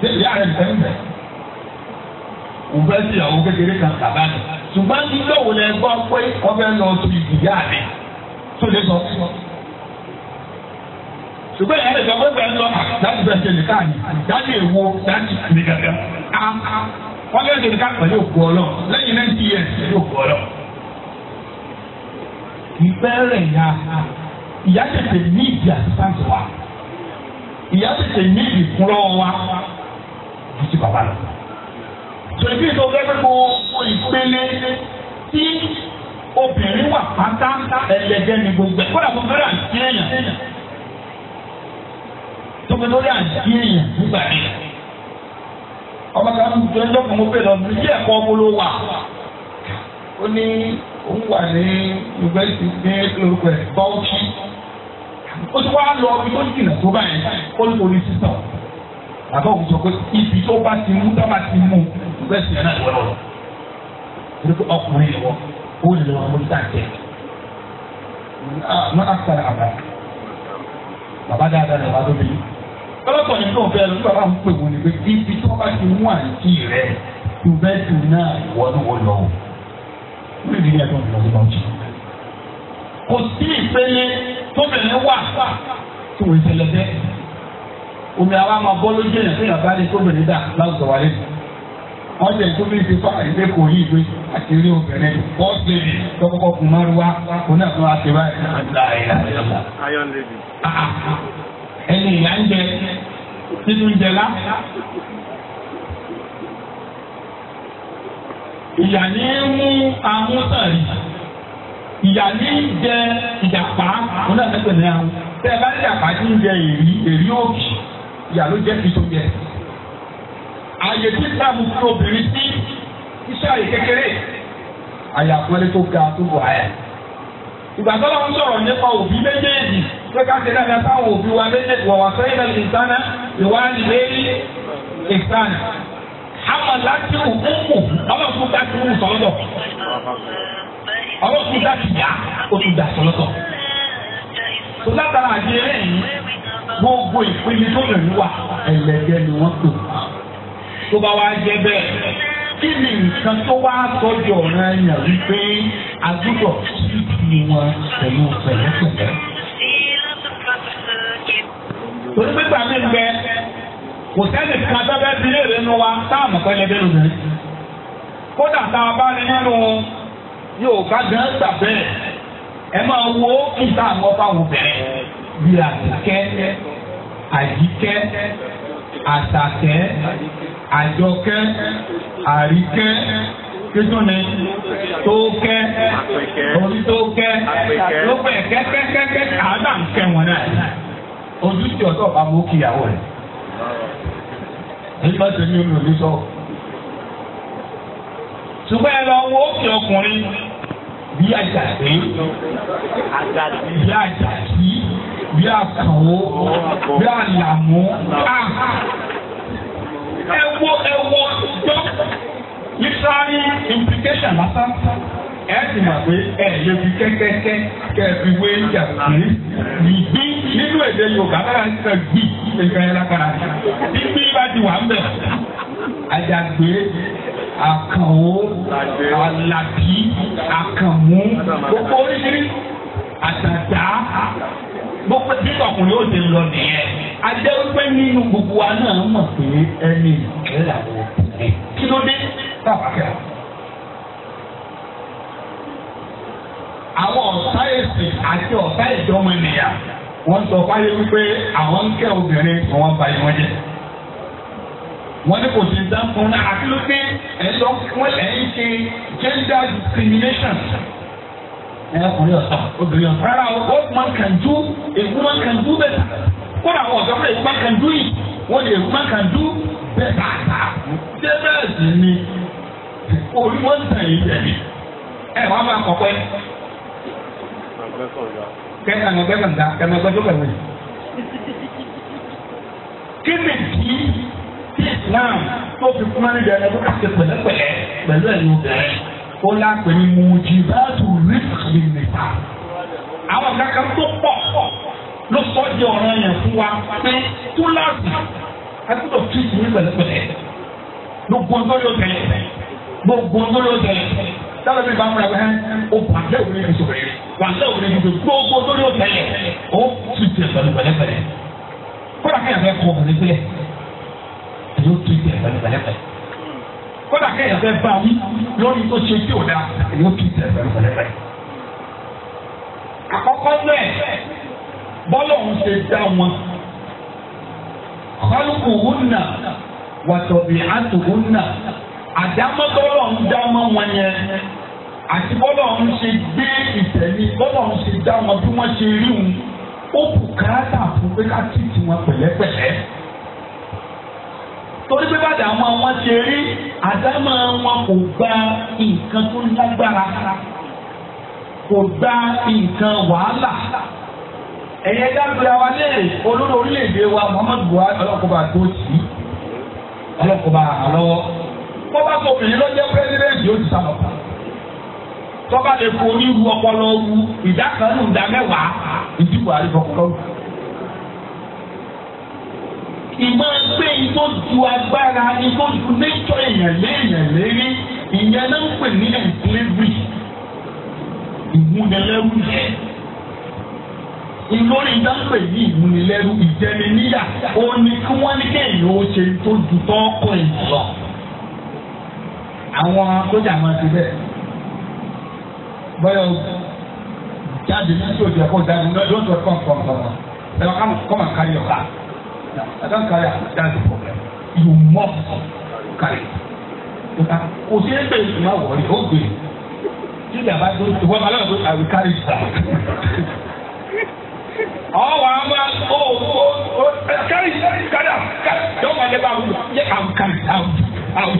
ṣé ìyá ń tẹ́ ń fẹ́ sí ìyàwó kékeré kan bàbá mi ṣùgbọ́n lẹ gbọ́ pé ṣùgbọ́n ìyá rẹ̀ sọ pé lọ láti bẹ̀rẹ̀ ṣe nìkan ni dájú èwo dájú ní gàgà. wọ́n lé ṣèlú káàpọ̀ yóò kú ọ lọ lẹ́yìn náà ti yẹ yóò kú ọ lọ. ìfẹ́ rẹ̀ ya ìyá tètè ní ìdí àtúntàǹtì wa ìyá tètè ní ìdí kúrọ́ wa ju ti bàbá lọ. tòlífì tó fẹ́ pé mo ìpele tí obìnrin wà pátá ẹlẹ́dẹ́ ni gbogbo ẹ̀ kódà tóbi lórí àǹtí èèyàn nígbà mi. ọmọ kan tó ń lọ́kùn mo pè lọ bí ilé ẹ̀kọ́ ọpọlọ wà. ó ní òun wà ní yunifásitì ní orúkọ ẹ̀ bọ́ọ̀kì. ó ti wá lọ ibi tó jìnnà tó báyìí ó ní orí sísọ. bàbá òun sọ pé ibi tó bá ti mú tó bá ti mú yunifásitì náà lọ́wọ́ lọ. ọkùnrin ìwọ ó lè lọ mú sáà jẹ ma akpara aba baba dáadáa ni baba tóbi ọlọ́pàá ní kò fẹ́ lọ́dún bàbá ń pè wọ́n ní pé ibi tó bá ti mú àǹtí rẹ̀ tó bẹ́ẹ̀ tó náà ìwọ ni wọ́n lọ. wọ́n lè rí ẹ̀dọ́ ìlọ́sí náà jù. kò sí ìpele tóbìnrin wà tó wọ́n ìṣẹ̀lẹ̀ bẹ́ẹ̀. omi àwa máa bọ́ lójú ẹ̀yàn fún yàrá ní tóbìnrin dà láwùjọ wa lẹ́nu. wọ́n jẹ́ tó bí ti fa ilé kò yí ìwé àti ilé obìnrin bọ́ọ̀sì ẹni ìyá ń jẹ sínú ń jẹlá. ìyà ní mú amúsàrí ìyà ní jẹ ìjàpá òun náà lẹ́gbẹ̀ẹ́ ní àwọn tẹ́ ẹ bá ní ìjàpá tí ń jẹ èrí èrí òkì ìyà ló jẹ́ fi tó jẹ. ààyè tí sáàmù fún obìnrin sí iṣẹ́ àyè kékeré àyàpọ̀lẹ́ tó ga tó wà ẹ̀. ìgbà tó lọ́wọ́ sọ̀rọ̀ nípa òbí méjèèjì pé ká ṣe dáadáa táwọn òbí wa méjèèjì wà wá sẹ́yìn náà lè ìwà nìlérí Àmọ̀ láti òkú ọlọ́kùn sọ́lọ́dọ̀. Ọlọ́kùn yá sọ́lọ́dọ̀. Tó látara àti eré yìí, gbogbo ìpinnu tó lè wà ẹ̀lẹ́gẹ́ ni wọ́n tò. Tó bá wá kí ni nǹkan tó wá tọ́jú ọ̀ràn ẹ̀yàn wípé a gbúdọ̀ sí wọn pẹ̀lú pẹ̀lẹ́pẹ̀lẹ́. torí pé gbàgbé ń bẹ kò sẹ́ni kan tọ́bẹ́ bí léèrè nu wa táàmù pẹlẹbẹ lónìí. kódà tá a bá ní nínú Yorùbá gan gbà bẹ́ẹ̀ ẹ máa wo kí táàmù ọba wò bẹ̀rẹ̀ bí Àjíkẹ́ Àjíkẹ́ àṣàkẹ́ àjọkẹ́ àríkẹ́ kéjúni tó kẹ́ orí tó kẹ́ ló pẹ̀ kẹ́kẹ́kẹ́kẹ́ àádà ń kẹ́ wọn náà ojú tí ọ̀dọ́ bá mú kíyàwó rẹ̀ nígbà tí mi ò lò ní sọ. ṣùgbọ́n ẹ lọ wo òkè ọkùnrin bí àjàdé bí àjàdí bí àkànwó bí àlàmú ẹ wo ẹ wo tó literary implication lásán ẹ sì mọ̀ pé ẹ lè fi kẹ́kẹ́kẹ́ kẹ́ ẹ fi wé ìjà pé ìgbín nínú èdè Yorùbá lára ń sọ gbì nǹkan ẹ lápára ìgbín bá ti wà ń bẹ̀ àjàgbé àkànwó àlàbí àkànmú gbogbo oríṣiríṣi àtàtà gbogbo bí ọkùnrin ó ti lọ nìyẹn ajẹ́ wípé nínú gbogbo wa náà mọ̀ pé ẹni ìgbẹ́ làwọn òkùnrin kí ló dé táwa fẹ́. àwọn ọ̀tá ẹ̀sìn àti ọ̀tá ìjọmọ ènìyàn wọ́n sọ fáyé wípé àwọn ń kẹ́ obìnrin àwọn bá yìí wọ́n jẹ́ wọ́n ní kò sí dáńfọ́n náà àti ló pé ẹ̀ ń ṣe gender discrimination ọkùnrin ọ̀sà obìnrin ọ̀sà. rárá o man can do a woman can do better. kódà àwọn ọ̀sán fún ìgbà kan dún yìí wọ́n lè woman can do better. ṣé bẹ́ẹ̀ sì ni orí wọn ń tàn yín tẹ̀lé. ẹ wàá máa kọ̀ pẹ́. kẹ́ àwọn ẹgbẹ́ kànga ẹ̀mọ ẹgbẹ́ tó kẹ̀wé. kí ni kí Islam tó fi kúmánì dẹ̀ ẹ̀ tó kà sí pẹ̀lẹ́pẹ̀lẹ́ pẹ̀lú ẹ̀ ló bẹ̀rẹ̀ ó lápè ní mùjìbáàtù rìsìkì nìta àwọn kankan tó pọ̀ ló sọ di ọ̀ràn yẹn fún wa pé túláàsì ẹgbẹ́ tó ti ní pẹ̀lẹ́pẹ̀lẹ́ gbogbo ọjọ́ yóò tẹ̀lé gbogbo ọjọ́ yóò tẹ̀lé sábà bí bàmúra bẹ́ẹ̀ o pàṣẹ òun ní ìṣòro yẹn pàṣẹ òun ní ìṣòro gbogbo ọjọ́ yóò tẹ̀lé o tún tẹ̀ pẹ̀lú pẹ̀lẹ́pẹ̀lẹ́ kó kódà kẹ́yìn fẹ́ bá wí lórí tó ṣe tí ò dáa èyí ó kì í tẹ̀ pẹ̀lẹ́pẹ̀lẹ́pẹ̀. àkọ́kọ́ náà bọ́lọ̀ ń ṣe dá wọn kọ́lùkù húnà wàtọ̀bì àtù húnà àdámọ́tọ́lọ̀ ń dá mọ́ wọn yẹn àti bọ́lọ̀ ń ṣe gbé ìtẹ̀lé bọ́lọ̀ ń ṣe dá wọn bí wọ́n ṣe rí wọn ó bùkátà fún pé ká tì tiwọn pẹ̀lẹ́pẹ̀lẹ́ torí pé bàdà àwọn àwọn ṣe rí àdámà wọn kò gba nǹkan tó lágbára kò gba nǹkan wàhálà ẹ̀yẹ dábìlà wa léèrè olórí orílẹ̀-èdè wa Muhammadu Buhari ọlọ́kọ̀ọ́ba tó tì í àlọ́wọ́ bọ́bá tó ló jẹ́ ó ti sábà pa ọpọlọ ìdá kan nù mẹ́wàá ìdí ìmọ̀ pé ikó ju agbára ikó ju nẹ́tọ̀ èèyàn léèyàn lérí ìyẹn náà ń pè ní ẹ̀ńtílẹ́bì ìmúnilẹ́rú yẹ. Ìlórí dáńpè yìí ìmúnilẹ́rú ìjẹni níyà ó ní kí wọ́n ní kéèyàn ó ṣe tó ju tọ́kọ̀ ìlọ. Àwọn sójà máa ti bẹ̀. Bọ́lá jáde ní sójà kó jáde lọ́dún tó kàn Ẹ̀rọ kàn kọ́ màkàrí I don't carry am that's the problem you must carry it kò sí ẹgbẹ́ ìgbìmọ̀ àwọ̀rí ó gbé tí ìjàmbá tó ti wọ́n máa lọ́wọ́ pé I will carry it down. ọwọ́ àwọn máa ó ó ó carry carry carry am don't mind ever move yẹ I will carry it down out.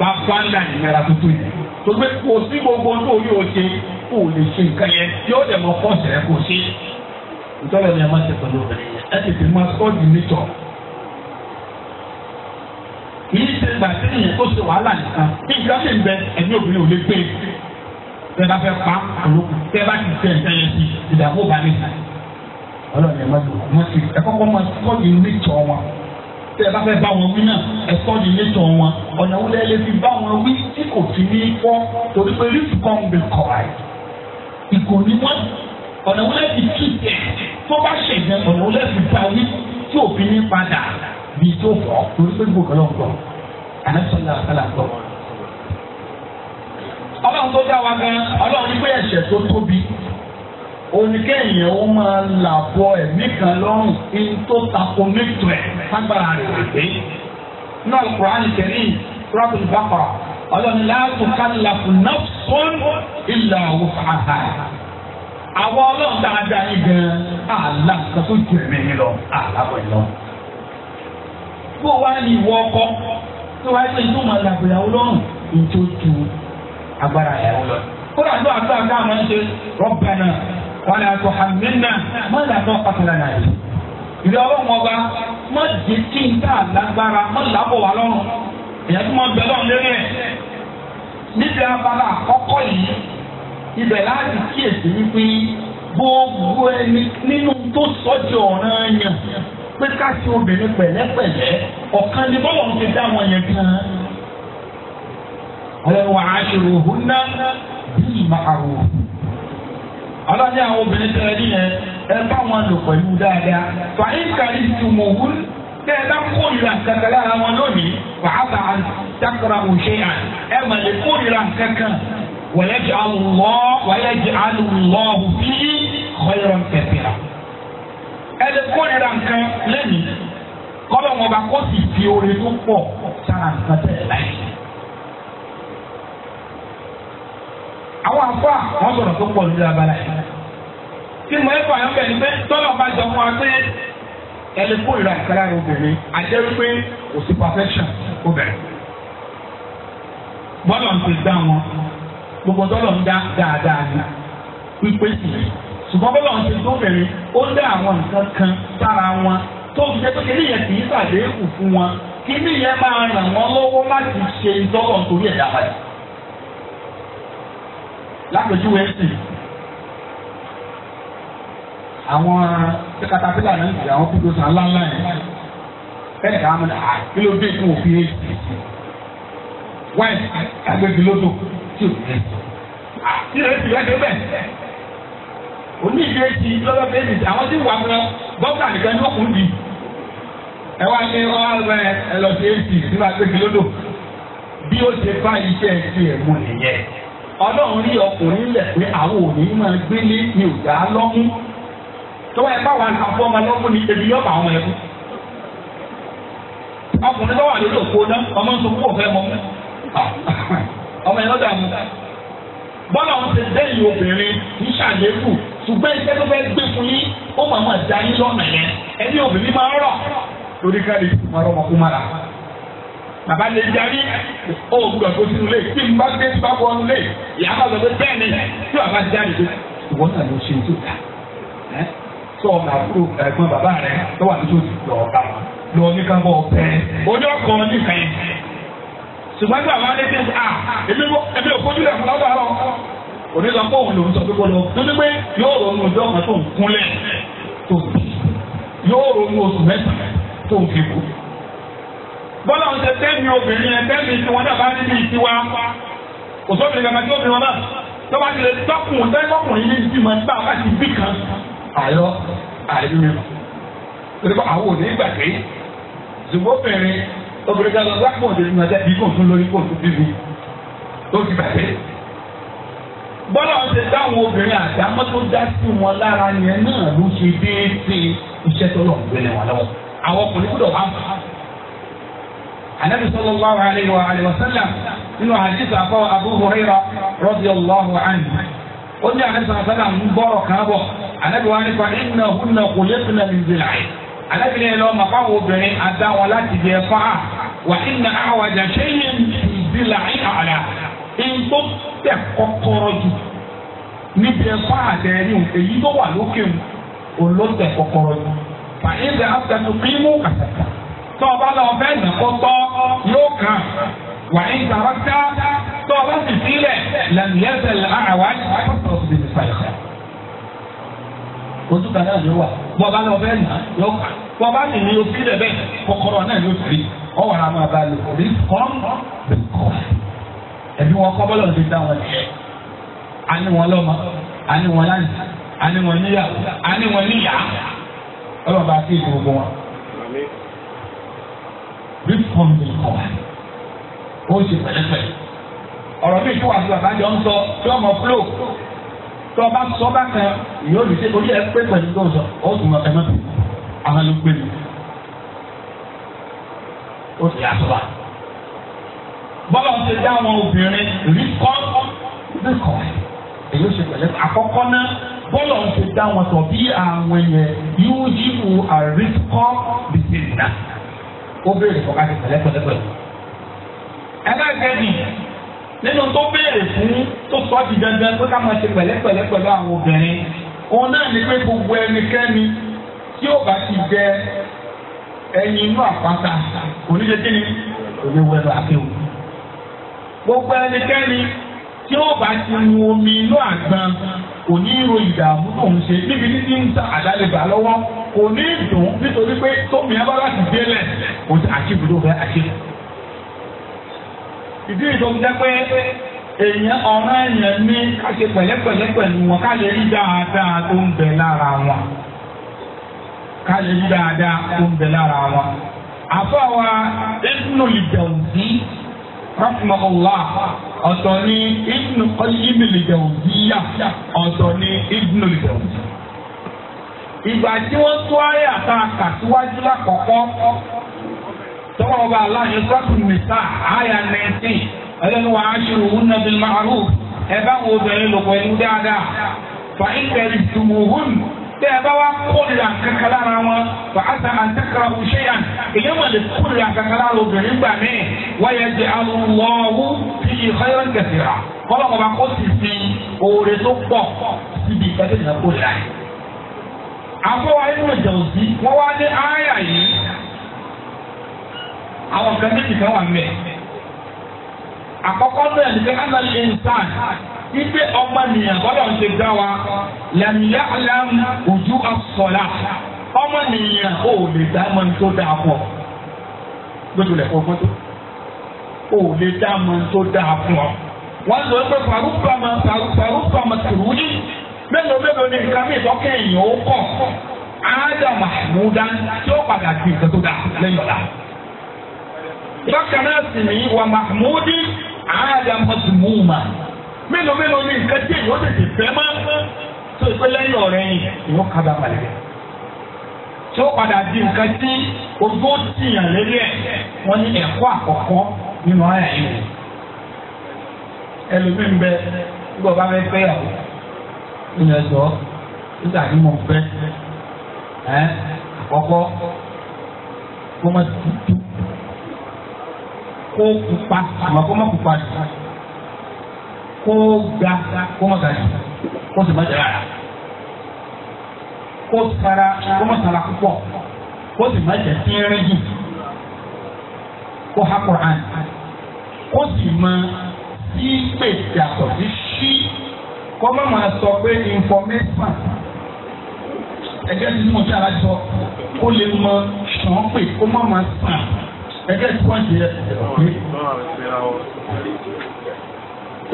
bàbá ńlá ìnira tuntun yìí tó gbé kò sí gbogbo tó yóò ṣe kó o lè ṣe nǹkan yẹn yóò dẹ̀ mọ fọ́ọ̀sì rẹ kò ṣe ìtọ́lẹ̀ ni a máa ṣe pẹ̀lú obìnrin yẹn ẹ tètè máa sọ́ọ̀dì nítọ̀. kìí ṣe gbà tí èèyàn tó ṣe wàhálà nìkan nǹkan lè bẹ ẹ̀mí obìnrin ò lè gbé e tẹ́ bá fẹ́ pa àlòkù tẹ́ bá ti fẹ́ ẹ̀sẹ̀ yẹn sí ìdààmú bá nìta. ọlọ́run yẹn máa dùn wọ́n ti ẹ kọ́kọ́ máa sọ́ọ̀dì nítọ̀ wọn tẹ́ bá fẹ́ bá wọn wí náà ẹ sọ́ọ̀dì nítọ̀ wọn ọ̀nà wo lẹ́ẹ̀lẹ́ fi bá wọn wí tí kò ti ní í pọ́ torí pé rí ọ̀nà wọn lẹ́bi tù tó bá ṣe yẹn ọ̀nà wọn lẹ́bi báyìí tí òbí ní padà bí tó fọ́ lórí pé gbogbo ọlọ́run gbọ́ àlẹ́sọ̀lá àkàlà gbọ́. ọlọ́run tó dá wa gan ọlọ́run ní pé ẹ̀ṣẹ̀ tó tóbi oníkẹ́yìn ó máa là bọ ẹ̀mí kan lọ́rùn in tó tako mẹ́tọ̀ ẹ̀ lágbára rẹ̀ rẹ̀ náà Al-Qur'an Karim Suratul Baqarah ọlọ́run la tukallafu nafsun illa wus'aha. àwọn ọlọ́run tá a yín gan àlá nǹkan tó jù ẹ̀mí lọ àlá bọ̀ lọ. bó wá ní ìwọ ọkọ tó wáá pé inú màá làgbé ìyàwó lọ́rùn ìjó agbára ìyàwó lọ. kódà ló àgbà àgbà máa ń ṣe Rabbana wala tuhammilna má là náà pàtàkì náà yìí. ìlú ọlọ́run ọba má jẹ́ kí n tá àlágbára má làbọ̀ wá lọ́rùn ìyàtúmọ̀ ibẹ̀ láti kíyèsí wípé gbogbo ẹni nínú tó sọ́jọ́ ọ̀ràn yàn pé ká ṣe obìnrin pẹ̀lẹ́pẹ̀lẹ́ ọ̀kan ni bọ́lọ̀ ń ti dá wọn yẹn gan. àwọn wa'ashiruhunna bil ma'ruf. ọlọ́ni àwọn obìnrin tẹ̀lé nìyẹn ẹ bá wọn lò pẹ̀lú dáadáa. fàyín kàrí tùmùhún ẹ bá kórìíra kankan lára wọn lónìí òṣèyàn ẹ lè kórìíra kankan. ويجعل الله ويجعل الله فيه خيرا كثيرا ẹni kórìíra nǹkan lẹ́yìn kọ́lọ́ wọn bá kó sì fi orin tó pọ̀ sára nǹkan tẹ̀lé láì. àwọn àfáà wọn sọ̀rọ̀ tó pọ̀ lórí abala yìí. tí mo ẹ̀fọ́ àyàn bẹ̀rẹ̀ pé tọ́lọ̀ bá jọ fún wa pé ẹni kórìíra nǹkan lára obìnrin àjẹ́ wípé kò sí perfection obìnrin. gbọ́dọ̀ ń ti dá wọn gbogbo tọ́lọ̀ ń dá dáadáa ni pípé sí i ṣùgbọ́n bọ́lọ̀ ń ṣe tó bẹ̀rẹ̀ ó dá àwọn nǹkan kan sára wọn tó fi jẹ́ pé kí nìyẹn kì í ṣàdéhùn fún wọn kí nìyẹn máa ràn wọ́n lọ́wọ́ láti ṣe ìtọ́lọ̀ nítorí ẹ̀dá padà. lápèjúwe sí àwọn katapila náà ń ṣe àwọn kúndùn sàn ńláńlá yẹn bẹ́ẹ̀ ká mọ̀ ní àkílódé ah, fún òfin èsì wáìnì agbègbè lódò tí o lè sọ. Tí o lè sọ ìwádìí bẹ́ẹ̀. Oníṣẹ́ ti lọ́wọ́ bẹ́ẹ̀ni àwọn tí wà mọ́ gọ́ọ̀gà nìkan ló kù di. Ẹ wá ní ọ ẹ lọ sí AC nígbà pé kí ló lò. Bí ó ṣe bá iṣẹ́ ti ẹ̀ mú nìyẹn. Ọlọ́run rí ọkùnrin lẹ̀ pé àwọn òní máa gbélé ní òdà lọ́mú. Tọ́wọ́ ẹ bá wà ní àfọ́ ọmọ lọ́mú ni ebi yọ̀ọ̀bà ọmọ ẹ̀kú. Ọkùnrin lọ́wọ́ àlejò kó ná ọmọ ń sọ mọ́. ọmọ yẹn lọ́dà mu bọ́lá wọn ti dẹ́yìn obìnrin ń ṣàlékù ṣùgbọ́n iṣẹ́ tó fẹ́ gbé fún yín ó máa máa da yín lọ́nà yẹn ẹni obìnrin máa rọ̀ lórí káàdì ìtumọ̀rọ̀ ọmọkú mara bàbá lè jarí ó gbúdọ̀ tó sínú lé n bá gbé bá bọ́ ọ́nú lé lọ pé bẹ́ẹ̀ ni bàbá tó náà ló ṣe tó ta tó ọmọ àbúrò ẹ̀gbọ́n bàbá ṣùgbọ́n tí àwọn alẹ́ ti ṣe à èmi ò fojú rẹ̀ fún lọ́dọ̀ àárọ̀ òní lọ pé òun lòún sọ pé kó lọ lórí pé yóò ronú ọjọ́ kan tó ń kúnlẹ̀ tó bì yóò ronú oṣù mẹ́ta tó ń fi kú. bọ́lá ń ṣe tẹ́mi obìnrin yẹn tẹ́mi tí wọ́n dàbá níbi ìtiwa kò sóbìnrin kankan tí obìnrin wọn náà tó bá ti lè tọ́kùn tẹ́kọ̀kùnrin ní ìdí máa ń gbà láti bí kan àlọ́ àìlú mi. torí pé àwọn òní ìgbà pé zùmọ́bìnrin obìnrin kan lọ pọ̀ ní ìmọ̀ ẹ̀dẹ́bí kò tún lórí kò tún bíbí ó ti bàjẹ́. bọ́lá ọ̀sẹ̀ táwọn obìnrin àdámọ́ tó dá sí wọn lára yẹn náà ló ṣe déédéé iṣẹ́ tó lọ́ọ̀ gbélé wọn lọ́wọ́ àwọn ọkùnrin gbọ́dọ̀ wà mọ́. Ànábì sallallahu alaihi wa alihi wa sallam nínú hadith àkọ́ Abu Hurairah radiyallahu anhu ó ní àdìsọ àfẹ́lá ń bọ̀rọ̀ kan bọ̀ àdìsọ wa nípa ìnáhùn náà kò lẹ́sìn alábìnrin lọ màpá wo obìnrin adá wọn láti jẹ fún a wà ìnà àwọn àjàṣe yìí ìdílà ìhàlà ìgbó tẹ kọ́kọ́rọ́ jù níbi ẹ̀fọ́ àtẹ̀rí èyí tó wà lókè mu olóòtẹ̀ kọ́kọ́rọ́ jù fà ìdè àtẹ̀tù kí mú kàtàkà tó o bá lọ fẹ́ nàkó tọ́ yóò kàn wà ní ìtàrọ́tà tó o bá sì sílẹ̀ lẹ́nu yẹn sẹ̀lẹ̀ àwájú àtọ̀tọ̀ òsì bìbí fàyà. ojú kan náà ló wà bọ́ba lọ bẹ́ẹ̀ nà yọ kà bọ́ba sì ní o sílẹ̀ bẹ́ẹ̀ kọ́kọ́rọ́ náà yóò sì ọ wàrà máa bá lò òbí kọ́m kọ́ ẹ̀mí wọn kọ́ bọ́lọ̀ ti dá wọn jẹ́ àní wọn lọ́mọ àní wọn láyìn àní wọn níyàwó àní wọn níyà ọlọ́run bá kí ìgbòho wọn. bí kọ́m bí kọ́ ó ṣe pẹ̀lẹ́pẹ̀lẹ́ ọ̀rọ̀ bí ìṣúwàsí bàbá jọ ń sọ tí wọ́n mọ̀ fúlò tó o bá sọ bá kan yóò lè ṣe orí ẹ pé pẹ̀lú tó o sọ ó tún mọ ẹ̀mọ́ tó àwọn ló gbé mi ó sì àtúbà. bọ́lá ń ṣe dá àwọn obìnrin rí kọ́ rí kọ́ èyí ó ṣe pẹ̀lẹ́ àkọ́kọ́ náà bọ́lá ń ṣe dá wọn tọ̀ bí àwọn yẹn yóò yí wù àríkọ́ bìtì nà ó béèrè fọ́ká ti pẹ̀lẹ́pẹ̀lẹ́pẹ̀lẹ́. ẹ bá gẹ́gẹ́ nínú tó béèrè fún tó sọ di dandan pé ká máa ṣe pẹ̀lẹ́pẹ̀lẹ́ pẹ̀lú àwọn obìnrin òun náà ni pé gbogbo ẹnikẹ́ni tí ó bá ti jẹ ẹyin inú àpáta oníṣẹ́kíni oníwẹ̀lú akéwù gbogbo ẹnikẹ́ni tí ó bá ti mu omi inú àgbọn kò ní ro ìdààmú lòun ṣe níbi títí ń ta àdálẹ́gbà lọ́wọ́ kò ní dùn nítorí pé tómi abára ti délẹ̀ kò sí àṣìbùdó fẹ́ àṣìbùdó. ìdí ìdòm jẹ́ pé èèyàn ọ̀rọ̀ èèyàn ní káṣe pẹ̀lẹ́pẹ̀lẹ́ pẹ̀lú wọn ká lè rí dáadáa tó ń bẹ lára wọn ká lè rí dáadáa tó ń bẹ ọ̀tọ̀ ni ibnu qayyim lìjẹ̀wùdíyà ọ̀tọ̀ ni ibnu lìjẹ̀wùdí. ìgbà tí wọ́n tó ayé àtàkà síwájú tọ́wọ́ ọba aláàyè sọ́kùn nìta àyà nẹ́ẹ̀tìn ẹlẹ́nu wa aṣọ òun náà bíi màálù ẹ bá wo obìnrin lò pẹ̀lú dáadáa fa ìkẹrì tùmùhùn tẹ́ ẹ bá wá kórìíra kankan lára wọn fa àtà àtàkàrà òṣèyàn èyàn mà lè kórìíra kankan lára obìnrin gbà mí wáyé di alùwọ̀wù fi ìkọ́yọ̀ gẹ̀sìrà kọ́lọ́ ọba kó sì fi oore tó pọ̀ síbi ìkẹ́kẹ́ ìnáwó rẹ̀. àbọ̀wá inú ìjọ̀sí wọ́n wá ní ááyà yìí àwọn kan méjì kan wà mẹ́. àkọ́kọ́ náà ní pé anal insan wípé ọmọ nìyẹn bọ́dọ̀ ń ṣe dá wa làmìyá aláàmù ojú àsọ̀lá ọmọ nìyẹn ò lè dá mọ́ tó dáa pọ̀ lójú rẹ̀ fọ́fọ́ tó ò lè dá mọ́ tó dáa fún ọ. wọ́n sọ pé farúfàmà farúfàmà tìrúdì mélòó mélòó ni nǹkan mi ìtọ́kẹ́ èèyàn ó kọ̀ ádámà múdá tí ó padà di nǹkan tó lẹ́yìn ọ̀la bákan náà sì ní wa mahmudi àádá mọ́tòmúùmá mélòó mélòó ní nǹkan tí èèyàn tètè fẹ́ máa ń tó ìpè lẹ́yìn ọ̀rẹ́ yìí ìwọ́n kábà balẹ̀ rẹ̀ tí ó padà di nǹkan tí ojú ó tìyàn lérí ẹ̀ wọ́n ní ẹ̀kọ́ àkọ́kọ́ nínú ayà yìí ẹlòmíín bẹ nígbà bá fẹ́ fẹ́ yàwó nínú ẹ̀sọ́ nígbà tí mo fẹ́ ẹ̀ àkọ́kọ́ kó má tutù kó pupa àmọ́ kó má pupa jù kó ga kó má ga jù kó sì má jẹ rárá kó sara kó má sara púpọ̀ kó sì má jẹ tínrín jù kó ha Quran kó sì má sí pè yàtọ̀ sí sí kó má má sọ pé information ẹgbẹ́ tí mo ti ara jọ kó lè mọ sàn pé kó má má sàn ẹgbẹ́ tí wọ́n ṣe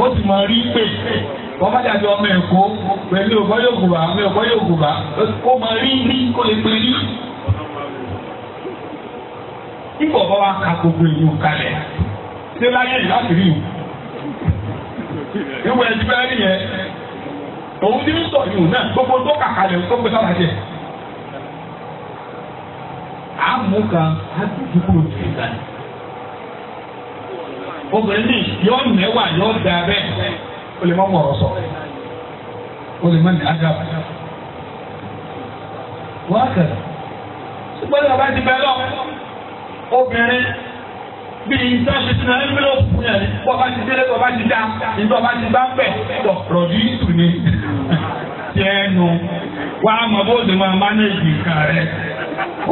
ó sì mọ rí pé wọ́n bá dàbí ọmọ ẹ̀kọ́ pẹ̀lú ọgbọ́n yóò gùn bá ọmọ ẹ̀kọ́ yóò gùn bá ó mọ rí rí kó lè pe rí. Ibò bá wa ka gbogbo èyí kalẹ̀ ṣé láyé láti rí o. Ìwé ẹ̀jú bẹ́ẹ̀ nìyẹn. Òun ti ń sọ ìhùn náà gbogbo tó kàkalẹ̀ tó gbé sábà jẹ àmú kan láti dúkúrò tó ìgbà ni. obìnrin ní yóò mẹ́wàá yóò da bẹ́ẹ̀ o lè má mọ̀ sọ o lè má ní ágàbà. wọ́n á kẹ̀lẹ́ ṣùgbọ́n ní bàbá ti bẹ́ẹ̀ lọ obìnrin bíi ìtọ́sí sinú ẹ́ńfílọ́pù yẹn bọ́ba ti délé bọ́ba ti dá ìtọ́ba ti bá pẹ̀ tọ̀ rọ̀bì ìtù ni tiẹ̀ nu wá mọ̀ bó ṣe máa mánéèjì nǹkan rẹ̀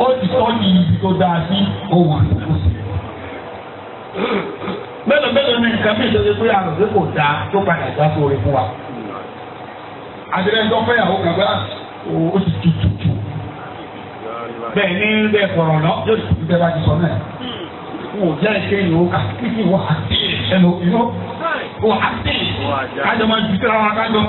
ó ti tọ́jú ibi tó dáa sí òwò àtúntò sí. mélòó mélòó ni nǹkan bíi ìtọ́jú pé àrùn pé kò dáa tó padà já sórí fún wa. àdìrẹ́jọ́ fẹ́yàwó kàgbá ah, ó ti tutù bẹ́ẹ̀ ni bẹ́ẹ̀ fọ̀rọ̀ náà yóò ti tutù bẹ́ẹ̀ bá ti sọ náà wò jẹ́ ṣe ìlú ká kíkì wà á sí ẹnu ìlú wà á sí kájọ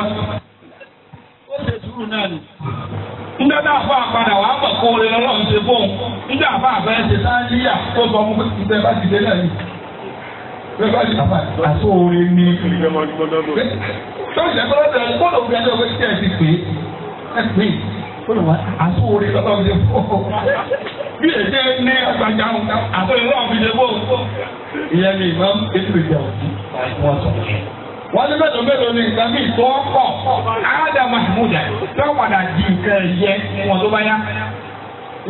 a fọ àpàdà wàá pọ̀ kó orin ọlọ́run ṣe fóun nígbà àbá àbẹ́ ṣe sáyíyà tó sọ mú ìgbẹ́ bá ti dé náà yìí. bẹ́ẹ̀ bá ti bàbá àti orin ní. tó ṣe gbọ́dọ̀ gbọ́dọ̀ gbẹ́dọ̀ pé kí ẹ ti pè é ẹ pè é bí èdè ní àgbàjà àtúnyẹ̀wò àwọn fi ṣe bó ìyẹn ni ìmọ̀ ètò ìjà òjì àìsàn sọ. wọ́n ní mélòó mélòó ni nǹkan bí ìtọ́ kọ̀ áádà mahmuda tó padà di nǹkan ẹ̀yẹ wọn tó bá yá.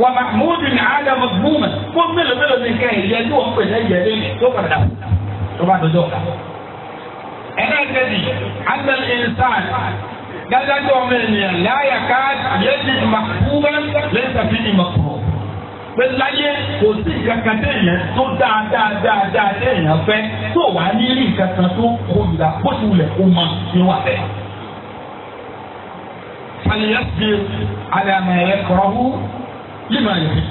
wà mahmudu ní áádà mahmuda fún mélòó mélòó ni nǹkan ẹ̀yẹ tí wọ́n pè lẹ́yẹ lẹ́yìn tó padà tó bá dọjọ́ ọ̀la. ẹlẹ́gẹ̀dì adal insan dájájọ́ ọmọ ènìyàn láyà ká yẹ́dì mahmuda lẹ́sàfin ìmọ̀kùrọ̀ pé láyé kò sí nǹkan kan téèyàn tó dáa dáa dáa dáa tó wà ní rí nǹkan tó kórìíra bó ti kó mọ níwà bẹ́ẹ̀. fàlẹ́yàsí alàmẹ̀yẹ kọ̀ọ̀hú lima yìí.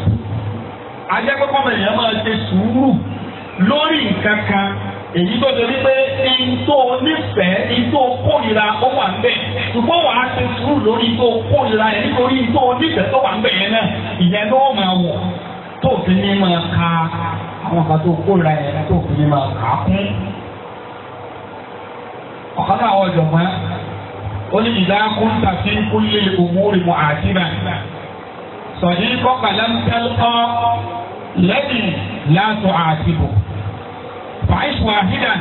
ajẹ́pẹ́pọ́ mẹ̀yẹ́ máa ṣe sùúrù lórí nǹkan kan èyí tó ṣe wípé ìtò nífẹ̀ẹ́ ìtò kórìíra ó wà ń bẹ̀ ṣùgbọ́n wàá ṣe sùúrù lórí ìtò kórìíra yẹn nítorí ìtò nífẹ̀ẹ́ tó wà ń bẹ̀ yẹn náà ìyẹn ló máa wọ̀ tó fi ní máa ka àwọn kan tó kórìíra yẹn tó fi ní máa kà á kún. ọ̀kan náà wọ́n jọ̀mọ́ ó ní ìdá kúńtà sí kúlé òmùrì mu àtìmá sọ̀dí kọ́kànlá ń tẹ́lẹ̀ kọ́ lẹ́yìn láàtọ̀ àtìbò fàáìsì wàhídàn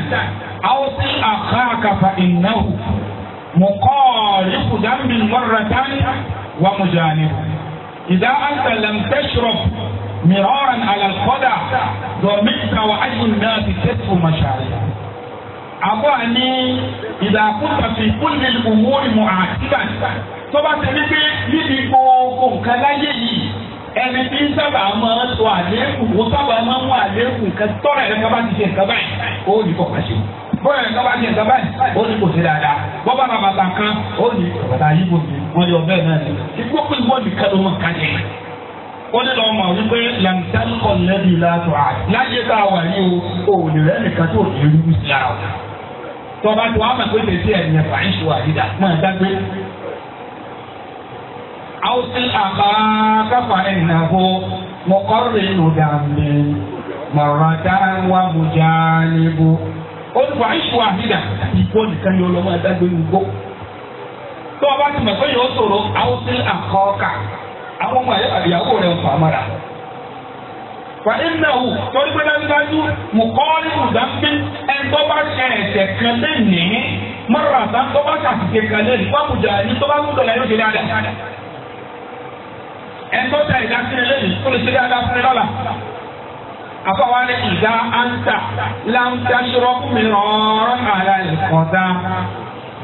àwòsí àkàkà fàìnáwó mọ̀kọ́ọ̀lì kùdàmbì mọ́rọ̀tàn wà mùjànì. إذا أنت لم تشرب مرارا على القدع ضمنت وعين الناس تدفو مشاعرك àbọ̀ ni ìdàkúta fi kúlì òmùrí mu àtìgbà tó bá tẹ̀lé pé níbi gbogbo nǹkan láyé yìí ẹni tí sábà máa ń sọ àlékún kò sábà máa ń mú àlékún kan tọ́lá ẹ̀rẹ́ kan bá ti ṣe nǹkan báyìí ó ní kò pàṣẹ bọ́ọ̀lù ẹ̀rẹ́ kan bá ti ṣe nǹkan báyìí ó ní kò ṣe dáadáa bọ́ọ̀ bá bàbá kan ó ní bàbá yìí kò ní wọ́n yọ bẹ́ẹ̀ náà ní igbó pé wọ́n ní kánú mọ̀ ká jẹ́ ó ní lọ́ọ́ mọ̀ wípé làǹtàlùkọ̀ lẹ́bi látọ̀ àyè láyé tá a wà ní o ò lè rẹ́ nìkan tó ní irú sí ara tọ́ba tó wàá mọ̀ pé àwùsí àbákáfà ẹ̀nàbó mọ̀kọ́rin nùdàmì mọ̀rọ̀dá wà mùjáníbó. ó ní wàá ìṣù àhídà ìgbó nìkan yóò lọ́mọ ẹ̀dágbé ìgbó. tó o bá ti mọ̀ pé yóò sọ̀rọ̀ àwùsí àkọ́ọ̀kà àwọn ọmọ àyàwó rẹ̀ ń fàmọ́ra. fàdínà wù torí pé dájúdájú mọ̀kọ́rin nùdàmì ẹ̀ńtọ́ bá ṣe ẹ̀ṣẹ̀ kan lẹ́nìí mọ̀rọ̀dá tó bá ṣàtìkẹ́ kan lẹ́nìí wà mùjáníbó tó bá ẹ̀ńtọ́ ta ìdá sílẹ̀ lẹ́yìn kó lè ṣe dáadáa fún ẹ lọ́la. àfọwọ́ ni ìdá áńtà láńtà ṣọ́ọ́kù mi rọ̀ọ́rọ́ àlà ìkọ̀dá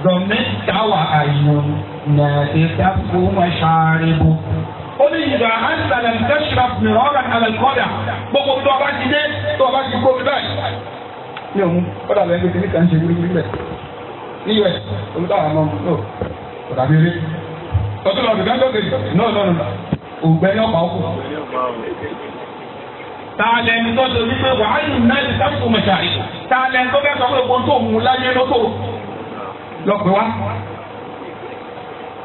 dọ̀mẹ́ táwà àyò nà ìdá fún mọ̀ṣáàrìbù. ó ní ìdá áńtà láńtà ṣọ́ọ́kù mi rọ̀ọ́rọ́ àlà ìkọ̀dá gbogbo tó ọba ti dé tó ọba ti gbóbi báyìí. ní òun kọ́dà bẹ́ẹ̀ gbèsè níta ń ṣe wíwí bẹ́ẹ̀ ní us olùdáwà mọ́ ọ̀dàbí rí. ọ̀tún lọ́dún dáńdọ́kè náà ògbẹ́ yóò pa ó kù. Tààlẹ̀ ní tó dojú pé wàá yìí náà ti sábùkù mọ̀ṣárì. Tààlẹ̀ tó kẹ́sọ̀ pé epo tó mú láyé lóko lọ pé wá.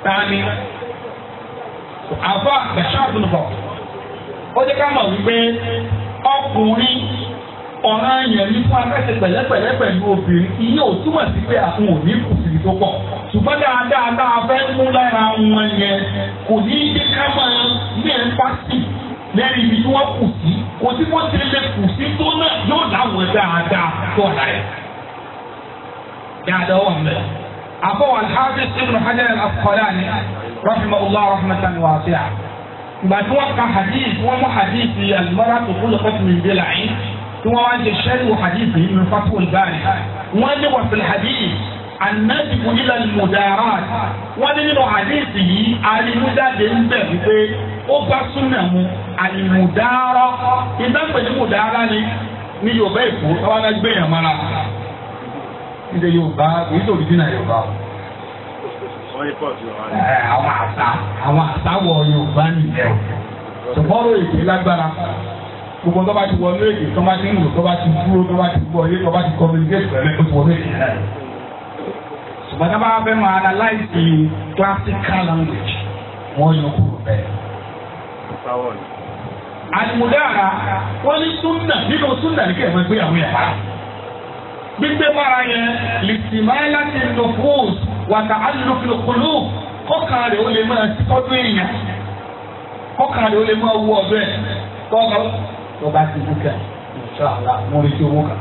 Tààni àbá bẹ̀ṣáàbù nìkọ̀. Ó jẹ́ ká mọ̀ wípé ọkùnrin ọ̀ràn yẹn ní fún afẹ́sẹ̀ pẹ̀lẹ́pẹ̀lẹ́ pẹ̀lú obìnrin. Iye ò túmọ̀ sí pé àwọn ò ní kùsìrì tó pọ̀. ṣùgbọ́n dáadáa tá a fẹ́ mú lára wọn yẹn kò ní í ká máa ní ẹ̀ ń pàṣẹ lẹ́yìn ibi tí wọ́n kù sí kò sí wọ́n ti lè kù sí tó náà yóò dáwọn dáadáa tó ọ̀la rẹ̀. dáadáa wà mẹ́rin. àbọ̀wọ̀ al-asqalani rahimahullah rahmatan wasi'a. ìgbà tí wọ́n ka hadith wọ́n mú hadith yìí alimọ́ra tó kúlọ̀ kọ́tù mi bí láyé tí wọ́n wá ń ṣe hadith yìí mi anadibu ilà mudara wọn ní nínú àdéhìsì yìí alimudáde ń bẹ̀ wípé ó mu alimudara ìdáǹpẹ̀ ní mudara ni yorùbá èkó mara ìdè yorùbá kò yorùbá o àwọn àṣà àwọn àṣà wọ yorùbá nìyẹn o tòmọ́rò èdè lágbára gbogbo tó bá ti wọlé èdè tó bá ti ń lò tó bá ti dúró tó bá ti yé tó bàtà bá fẹ́ máa analyze classical language wọ́n yọ kúrò bẹ́ẹ̀. àlùmùdára wọ́n ní súnà nínú súnà ní kẹ̀mọ́ ìgbéyàwó yẹn para gbígbé mara yẹn lìtìmáyé láti nufus wàtà alùpùpùlù kọ́kàn rẹ̀ ó lè máa tọ́jú èèyàn kọ́kàn rẹ̀ ó lè máa wú ọ̀bẹ kọ́kàn tó bá ti dúkẹ́ ìṣọ́ àlá mo retí owó kan.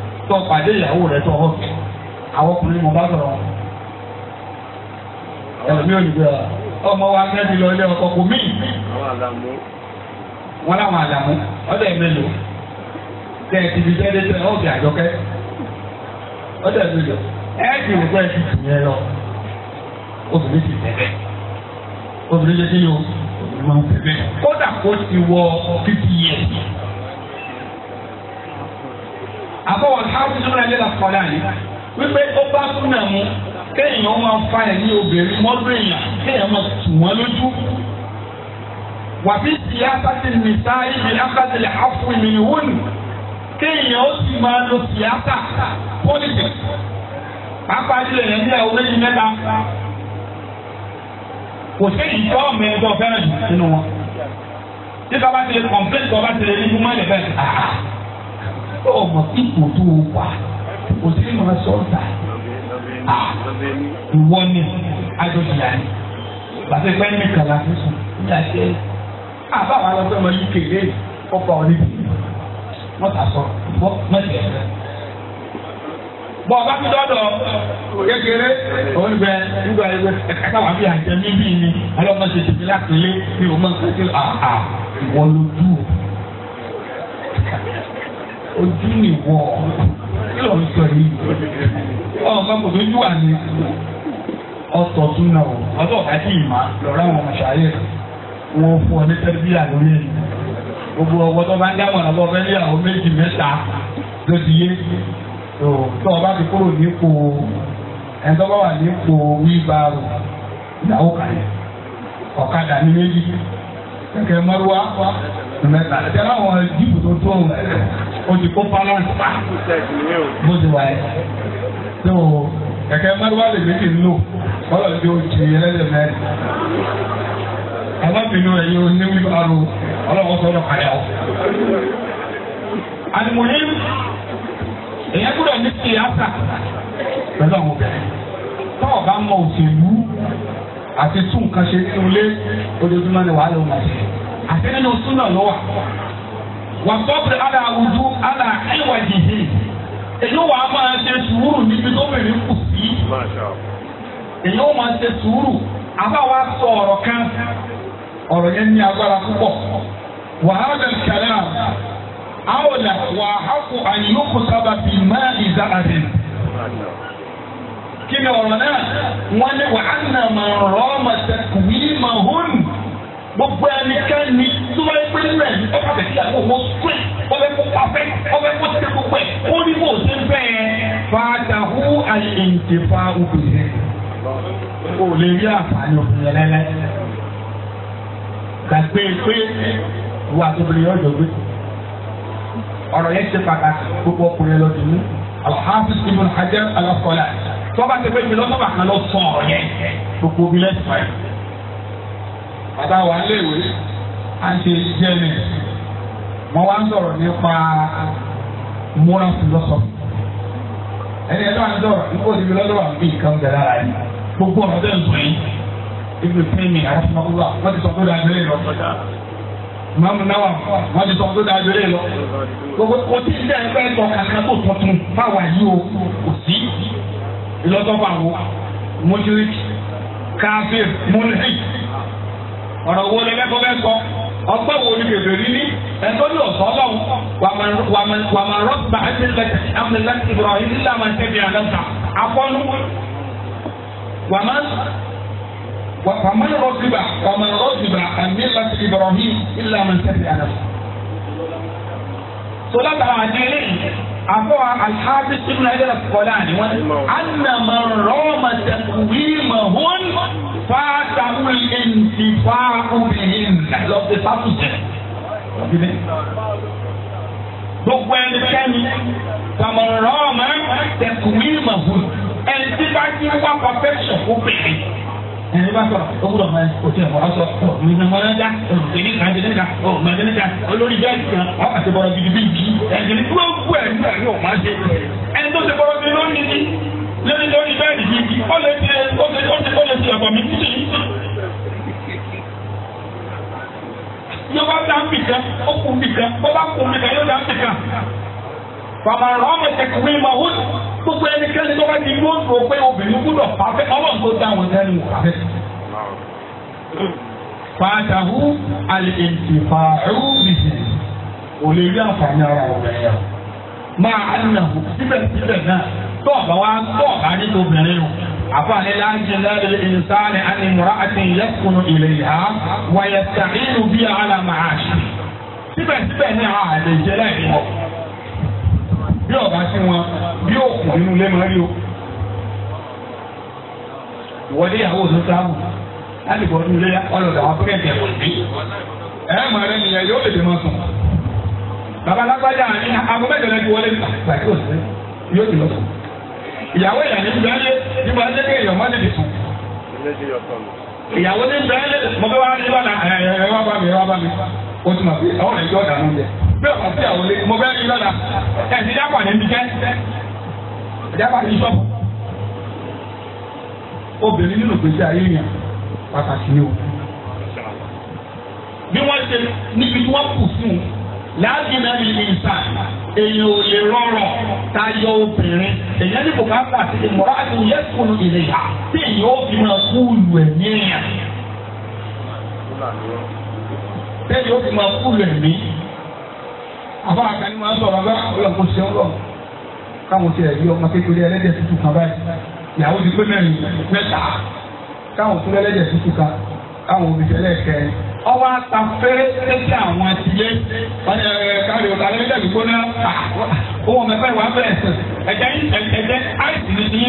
tó pàdé ìyàwó rẹ̀ tó hàn àwọn ọkùnrin mo bá sọ̀rọ̀ ẹlòmí òyìnbó ọmọ wa kẹ́ni lọ ilé ọkọ kò míì wọn làwọn àdàmú ọdẹ mélòó tẹ ẹ ti fi tẹ́lẹ̀ tẹ ọ̀bì àjọkẹ́ ọdẹ mélòó ẹ ti wò pé ẹ ti tì lọ obìnrin ti tẹ̀lẹ̀ obìnrin ṣe kí ni o obìnrin máa ń tẹ̀lẹ̀ kódà kó ti wọ fífi yẹn àbọ̀wọ̀ káàbù ní ọ̀nà ìlera kọ̀ọ̀lá ni wípé ó bá súnà mu kéèyàn máa fa ẹ̀yìn obìnrin mọ́dún èèyàn kéèyàn máa tù wọ́n lójú. wàbí siyasati nìta ibi akadìlẹ afu ìmìnìwòn kéèyàn ó sì máa lo siyasa politics pàápàá jùlọ yẹn bí àwọn méjì mẹ́ta kò sí ìtọ́ ọmọ ẹgbẹ́ ọ̀fẹ́rẹ́ nínú wọn. bí bàbá ti lè kọ̀m̀pléǹtì bàbá ti lè ní fún mọ́ ẹ̀lẹ́fẹ́ ọmọ tí kò tó o wà kò sí ní màá sọ ọ̀tà ìwọ ni àjọṣìyà ni bàtẹ́ pẹ́ ní kàlà fún sùn ní àṣẹ àbáwá lọ fẹ́ mọ uk lé ọkọ̀ ọ̀rẹ́ bí wọ́n tà sọ ìbọn mẹ́tẹ̀ẹ́ rẹ bọ ọba fi dọdọ kékeré òun bẹ nígbà yẹn bẹ ẹka wà bí àjẹ mi bí mi ọlọmọ ṣe ti fi láti lé o ò mọ nǹkan tí a a ìwọ lójú o ojú ìwọ kí ló ń sọ yìí ọmọ kò tó jù wà ní ọ̀tọ̀ tún náà ọ̀tọ̀ kájí ìmá lọ́rọ̀ àwọn mọṣáyé wọn fún ọ ní tẹlifíà lórí ẹni gbogbo ọwọ́ tó bá ń dámọ̀ lọ́wọ́ fẹ́ ní àwọn méjì mẹ́ta ló ti yé tó ọba ti kúrò nípò ẹni tó bá wà nípò wíbárò ìyàwó kàlẹ̀ ọ̀kadà ní méjì kẹ̀kẹ́ mọ́rúwá mẹ́ta ẹ̀jẹ̀ láwọn jíìpù tó tó ọ̀hún o ti kó balance pa bó ti wáyé tó kẹ̀kẹ́ mọ́rúwá lè méjì ń lò ọ̀rọ̀ ti o jì ẹlẹ́dẹ̀ mẹ́rin alábìnrin rẹ̀ yóò ní wíwá ro ọlọ́wọ́ sọ̀rọ̀ kàyà o. àlùmọ̀yìn èèyàn gbọ́dọ̀ ní kí ẹ á sà pẹ̀lú àwọn obìnrin tọ́ọ̀ bá mọ òṣèlú àti tún nǹkan ṣe nínú ilé ojoojúmọ́ ni wàhálà òun àti àti nínú súnà lọ́wọ́ wà sọ́ọ̀bù àlà àwùjọ àlà ẹ̀wàjì yìí èyí wàá máa ṣe sùúrù níbi tó bẹ̀rẹ̀ kù sí èyí wọ́n máa ṣe sùúrù àbáwá sọ ọ̀rọ̀ kan ọ̀rọ̀ yẹn ní agbára púpọ̀ wàhálà bẹ̀rẹ̀ kẹlẹ́ àwọn àwòlà wàhálà kò àyìnbó kò sábà fi máa ìzá àdéhùn kí ni ọ̀rọ̀ náà wọ́n ní wà á nà mà rọ́ mà sẹ́kùwí mà hún gbogbo ẹnikẹ́ni tó bá pé nínú ẹ̀ ní ọkọ̀ bẹ̀rẹ̀ ìyàwó wọn pé ọbẹ̀ kó pàfẹ́ ọbẹ̀ kó tẹ gbogbo ẹ̀ ó ní mò ń ṣe bẹ́ẹ̀. fàtàhù àyèǹtẹ̀fà obìnrin kò lè rí àǹfààní obìnrin lẹ́lẹ́ gbàgbé pé wà tóbi lè yọjọ gbé ọ̀rọ̀ yẹn ṣe pàtàkì gbogbo ọkùnrin lọ́dún yìí alhafiz ibn hajar alakola tọ́ba ti pé ìlọ́sọ̀bà kan lọ sọ ọ̀rọ̀ yẹn gbogbo bí lẹ́sìn rẹ̀. bàbá wa ń léèwé à ń ṣe jẹ́ni wọ́n wá ń sọ̀rọ̀ nípa múra philosophy ẹni ẹ̀dọ́ àti sọ̀rọ̀ nípa òsibí lọ́sọ̀bà ń bí nǹkan jẹ lára yìí gbogbo ọ̀rọ̀ tẹ̀ ń sọ yìí ibi pẹ́ẹ́mì àti sọ́kúlà wọ́n ti sọ mọ̀mú náà wọ́n ti sọ tó dájú lé lọ. gbogbo kò tí ì sẹ́yìn fẹ́ sọ kàkà tó tuntun fáwa yìí o kò sí ìlọ́sọ́fà wo mọ́tírìkì káfíìn mọ́nìkì ọ̀rọ̀ wo lẹ́gbẹ́ tó fẹ́ sọ ọgbẹ́ wo ni bèbè rí ní ẹ̀tọ́ ní ọ̀sọ́ ọlọ́run wà máa rọ́ọ̀tì bá ẹ̀sìn lẹ́tì amúlẹ́tì Ibrahim nílá máa ń tẹ̀lé àlọ́ta afọ́nú wà máa وفمن رغب ومن رغب عن ملة إبراهيم إلا من سفه نفسه sọlá tàwọn àdéhùn afọ alhaji ibn hajar al-asqalani wọn anna man rama takwima hun fatahu al-intifa'u bihin lọ sí fàtúnṣe gbogbo ẹnikẹ́ni tàmọ̀ràn ọmọ tẹkùwìmọ̀ hù ẹni tí bá ti wá perfection fún bèrè ẹni bá sọ ọgbọdọ máa òtún ẹmọ ọsọ ọmọdéńdá ẹnìkan ẹnìkan ọmọdéńdá olórí bẹ́ẹ̀ kan ọkàtí bọrọ gidi bíi kí ẹnìkan gbogbo ẹ nígbà yóò máa ṣe ẹni tó ṣe bọrọ gidi lórí ni lórí lórí bẹ́ẹ̀ ni kí ó lè ṣe ó lè ó lè ṣe ọgbọ mi kí ni. yóò bá dá nbìkan ó kú nbìkan bó bá kú nbìkan yóò dá nbìkan bàbá ọmọ ìtẹ̀kùnrin máa wó gbogbo ẹnikẹ́ni tó bá ti dúró rò pé obìnrin gbúdọ̀ pàfẹ́ ọlọ́run tó dá àwọn ẹni wò fàtàhù àlèǹtìfààrù bìbì ò lè rí àǹfààní ara ọ̀rẹ́ yẹn máa ànàhù síbẹ̀síbẹ̀ náà tó ọ̀bà wa tó ọ̀bà ní obìnrin o àfààní láti lẹ́rìí ìsáni àti ìmúra àti ìyẹ́kùnú ilẹ̀ ìhá wàyẹ̀ sàrínù bíi àlàmà àṣì síbẹ̀síbẹ̀ ní bí ọba ṣe wọn bí òkú nínú ilé máa rí o. ìwọlé ìyàwó sáàmù láti nínú ilé ọlọ́dà wọn fúnkẹ́ ìjẹ̀bù ìbí. ẹ ẹ rẹ nìyẹn yóò lè dè sùn. bàbá mẹ́jọ wọlé pàtó sí yóò dì lọ sùn. ìyàwó ìyà ní ìgbà bí nígbà yé kí èèyàn má lè dì sùn. ìyàwó ní pé ọ̀pọ̀ sí àwọn olè mo bẹ́ẹ̀ rí lọ́la ẹ̀ ti dápọ̀ níbi jẹ́ ìjábá ní sọ́ọ̀bù. obìnrin nínú ìgbésí ayé yẹn pàtàkì ni o. bí wọ́n ṣe níbi tí wọ́n kù sí wọn láti mẹ́rin ní ìta èèyàn ò lè rọrọ̀ ta yọ obìnrin èèyàn ní bùkátà sí ìmọ̀ra àti ìyẹ́sùn ìlẹ̀yà tí èèyàn ó fi máa kú lù ẹ̀mí èèyàn. bẹ́ẹ̀ ni ó fi máa kú lù ẹ̀mí àbá àkànní máa ń sọ̀rọ̀ bá ọlọ́kùn ṣe ń lọ káwọn ti ẹ̀rí ọmọ kékeré ẹlẹ́dẹ̀ tuntun kan báyìí ìyàwó ti pé mẹ́rin mẹ́ta káwọn fún ẹlẹ́dẹ̀ tuntun kan káwọn obìnrin ẹlẹ́kẹ́ ọwọ́ ata fẹ́rẹ́ tẹ́tí àwọn àtijẹ́ kárí ọ̀tà ẹlẹ́dẹ̀ gbígbóná ohun mẹ́fẹ́ wà bẹ́ẹ̀ ẹ̀jẹ̀ ẹ̀jẹ̀ àìsí ni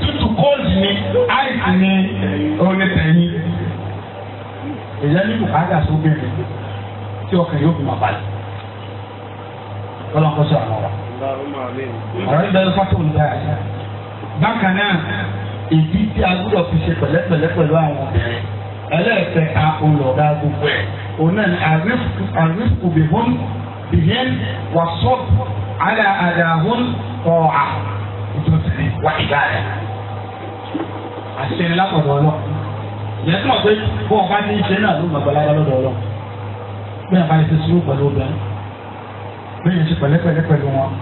tútù kóòlù ni àìsí ni orin tẹ̀yìn ìyẹn ní bùkátà sóbìnrin tí ọkàn yóò fi máa balẹ̀ ọlọ́kọ́ sọ àwọn wa. ọ̀rọ̀ ìgbà yóò fọ́tò nígbà yà. bákan náà ìdí tí a gbúdọ̀ fi ṣe pẹ̀lẹ́pẹ̀lẹ́ pẹ̀lú àwọn obìnrin ẹlẹ́ẹ̀kẹta olùọ̀dà gbogbo ẹ̀ òun náà àrífù bìhún bìhín wàsọ́ àlà àdàhún ọ̀à ìtòsílẹ̀ wà ìgbà rẹ̀. àṣírí lápapọ̀ ọlọ́ ìyẹn tí wọ́n pé bọ́ọ̀ bá ní ìṣe náà ló mọ̀ gbọ́lá lọ́dọ̀ ọlọ́ bí wọ́n bá ní ti sùúrù pẹ̀lú obìnrin lóyún ṣe pẹ̀lẹ́pẹ̀lẹ́ pẹ̀lú wọn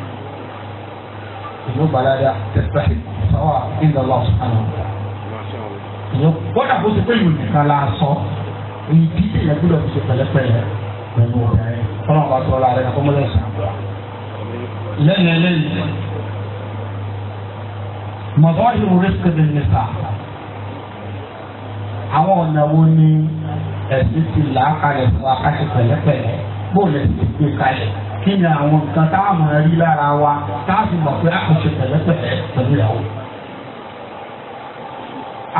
ìyó balada tẹ̀sán sáwà ìdàlọ́ àná. wọ́n dàbò sí pé ìwé nìkan la sọ èyí tí èèyàn gbọ́dọ̀ fi ṣe pẹ̀lẹ́pẹ̀lẹ́ pẹ̀lú obìnrin kọ́nà bá sọ̀rọ̀ ààrẹ náà kó mọ́lẹ̀ sàn. lẹ́yìn lẹ́yìn mọ̀tọ́ ìrù rẹ́sìkì nìkan àwọn ọ̀nà wo ni ẹ̀sìn ti là á kalẹ̀ fún akáṣe pẹ̀lẹ́pẹ̀lẹ́ bóòlù ẹ̀sìn ti gbé kalẹ̀ kí àwọn nǹkan tá a rí lára wa tá mọ̀ pé a pẹ̀lẹ́pẹ̀lẹ́ pẹ̀lú ìyàwó.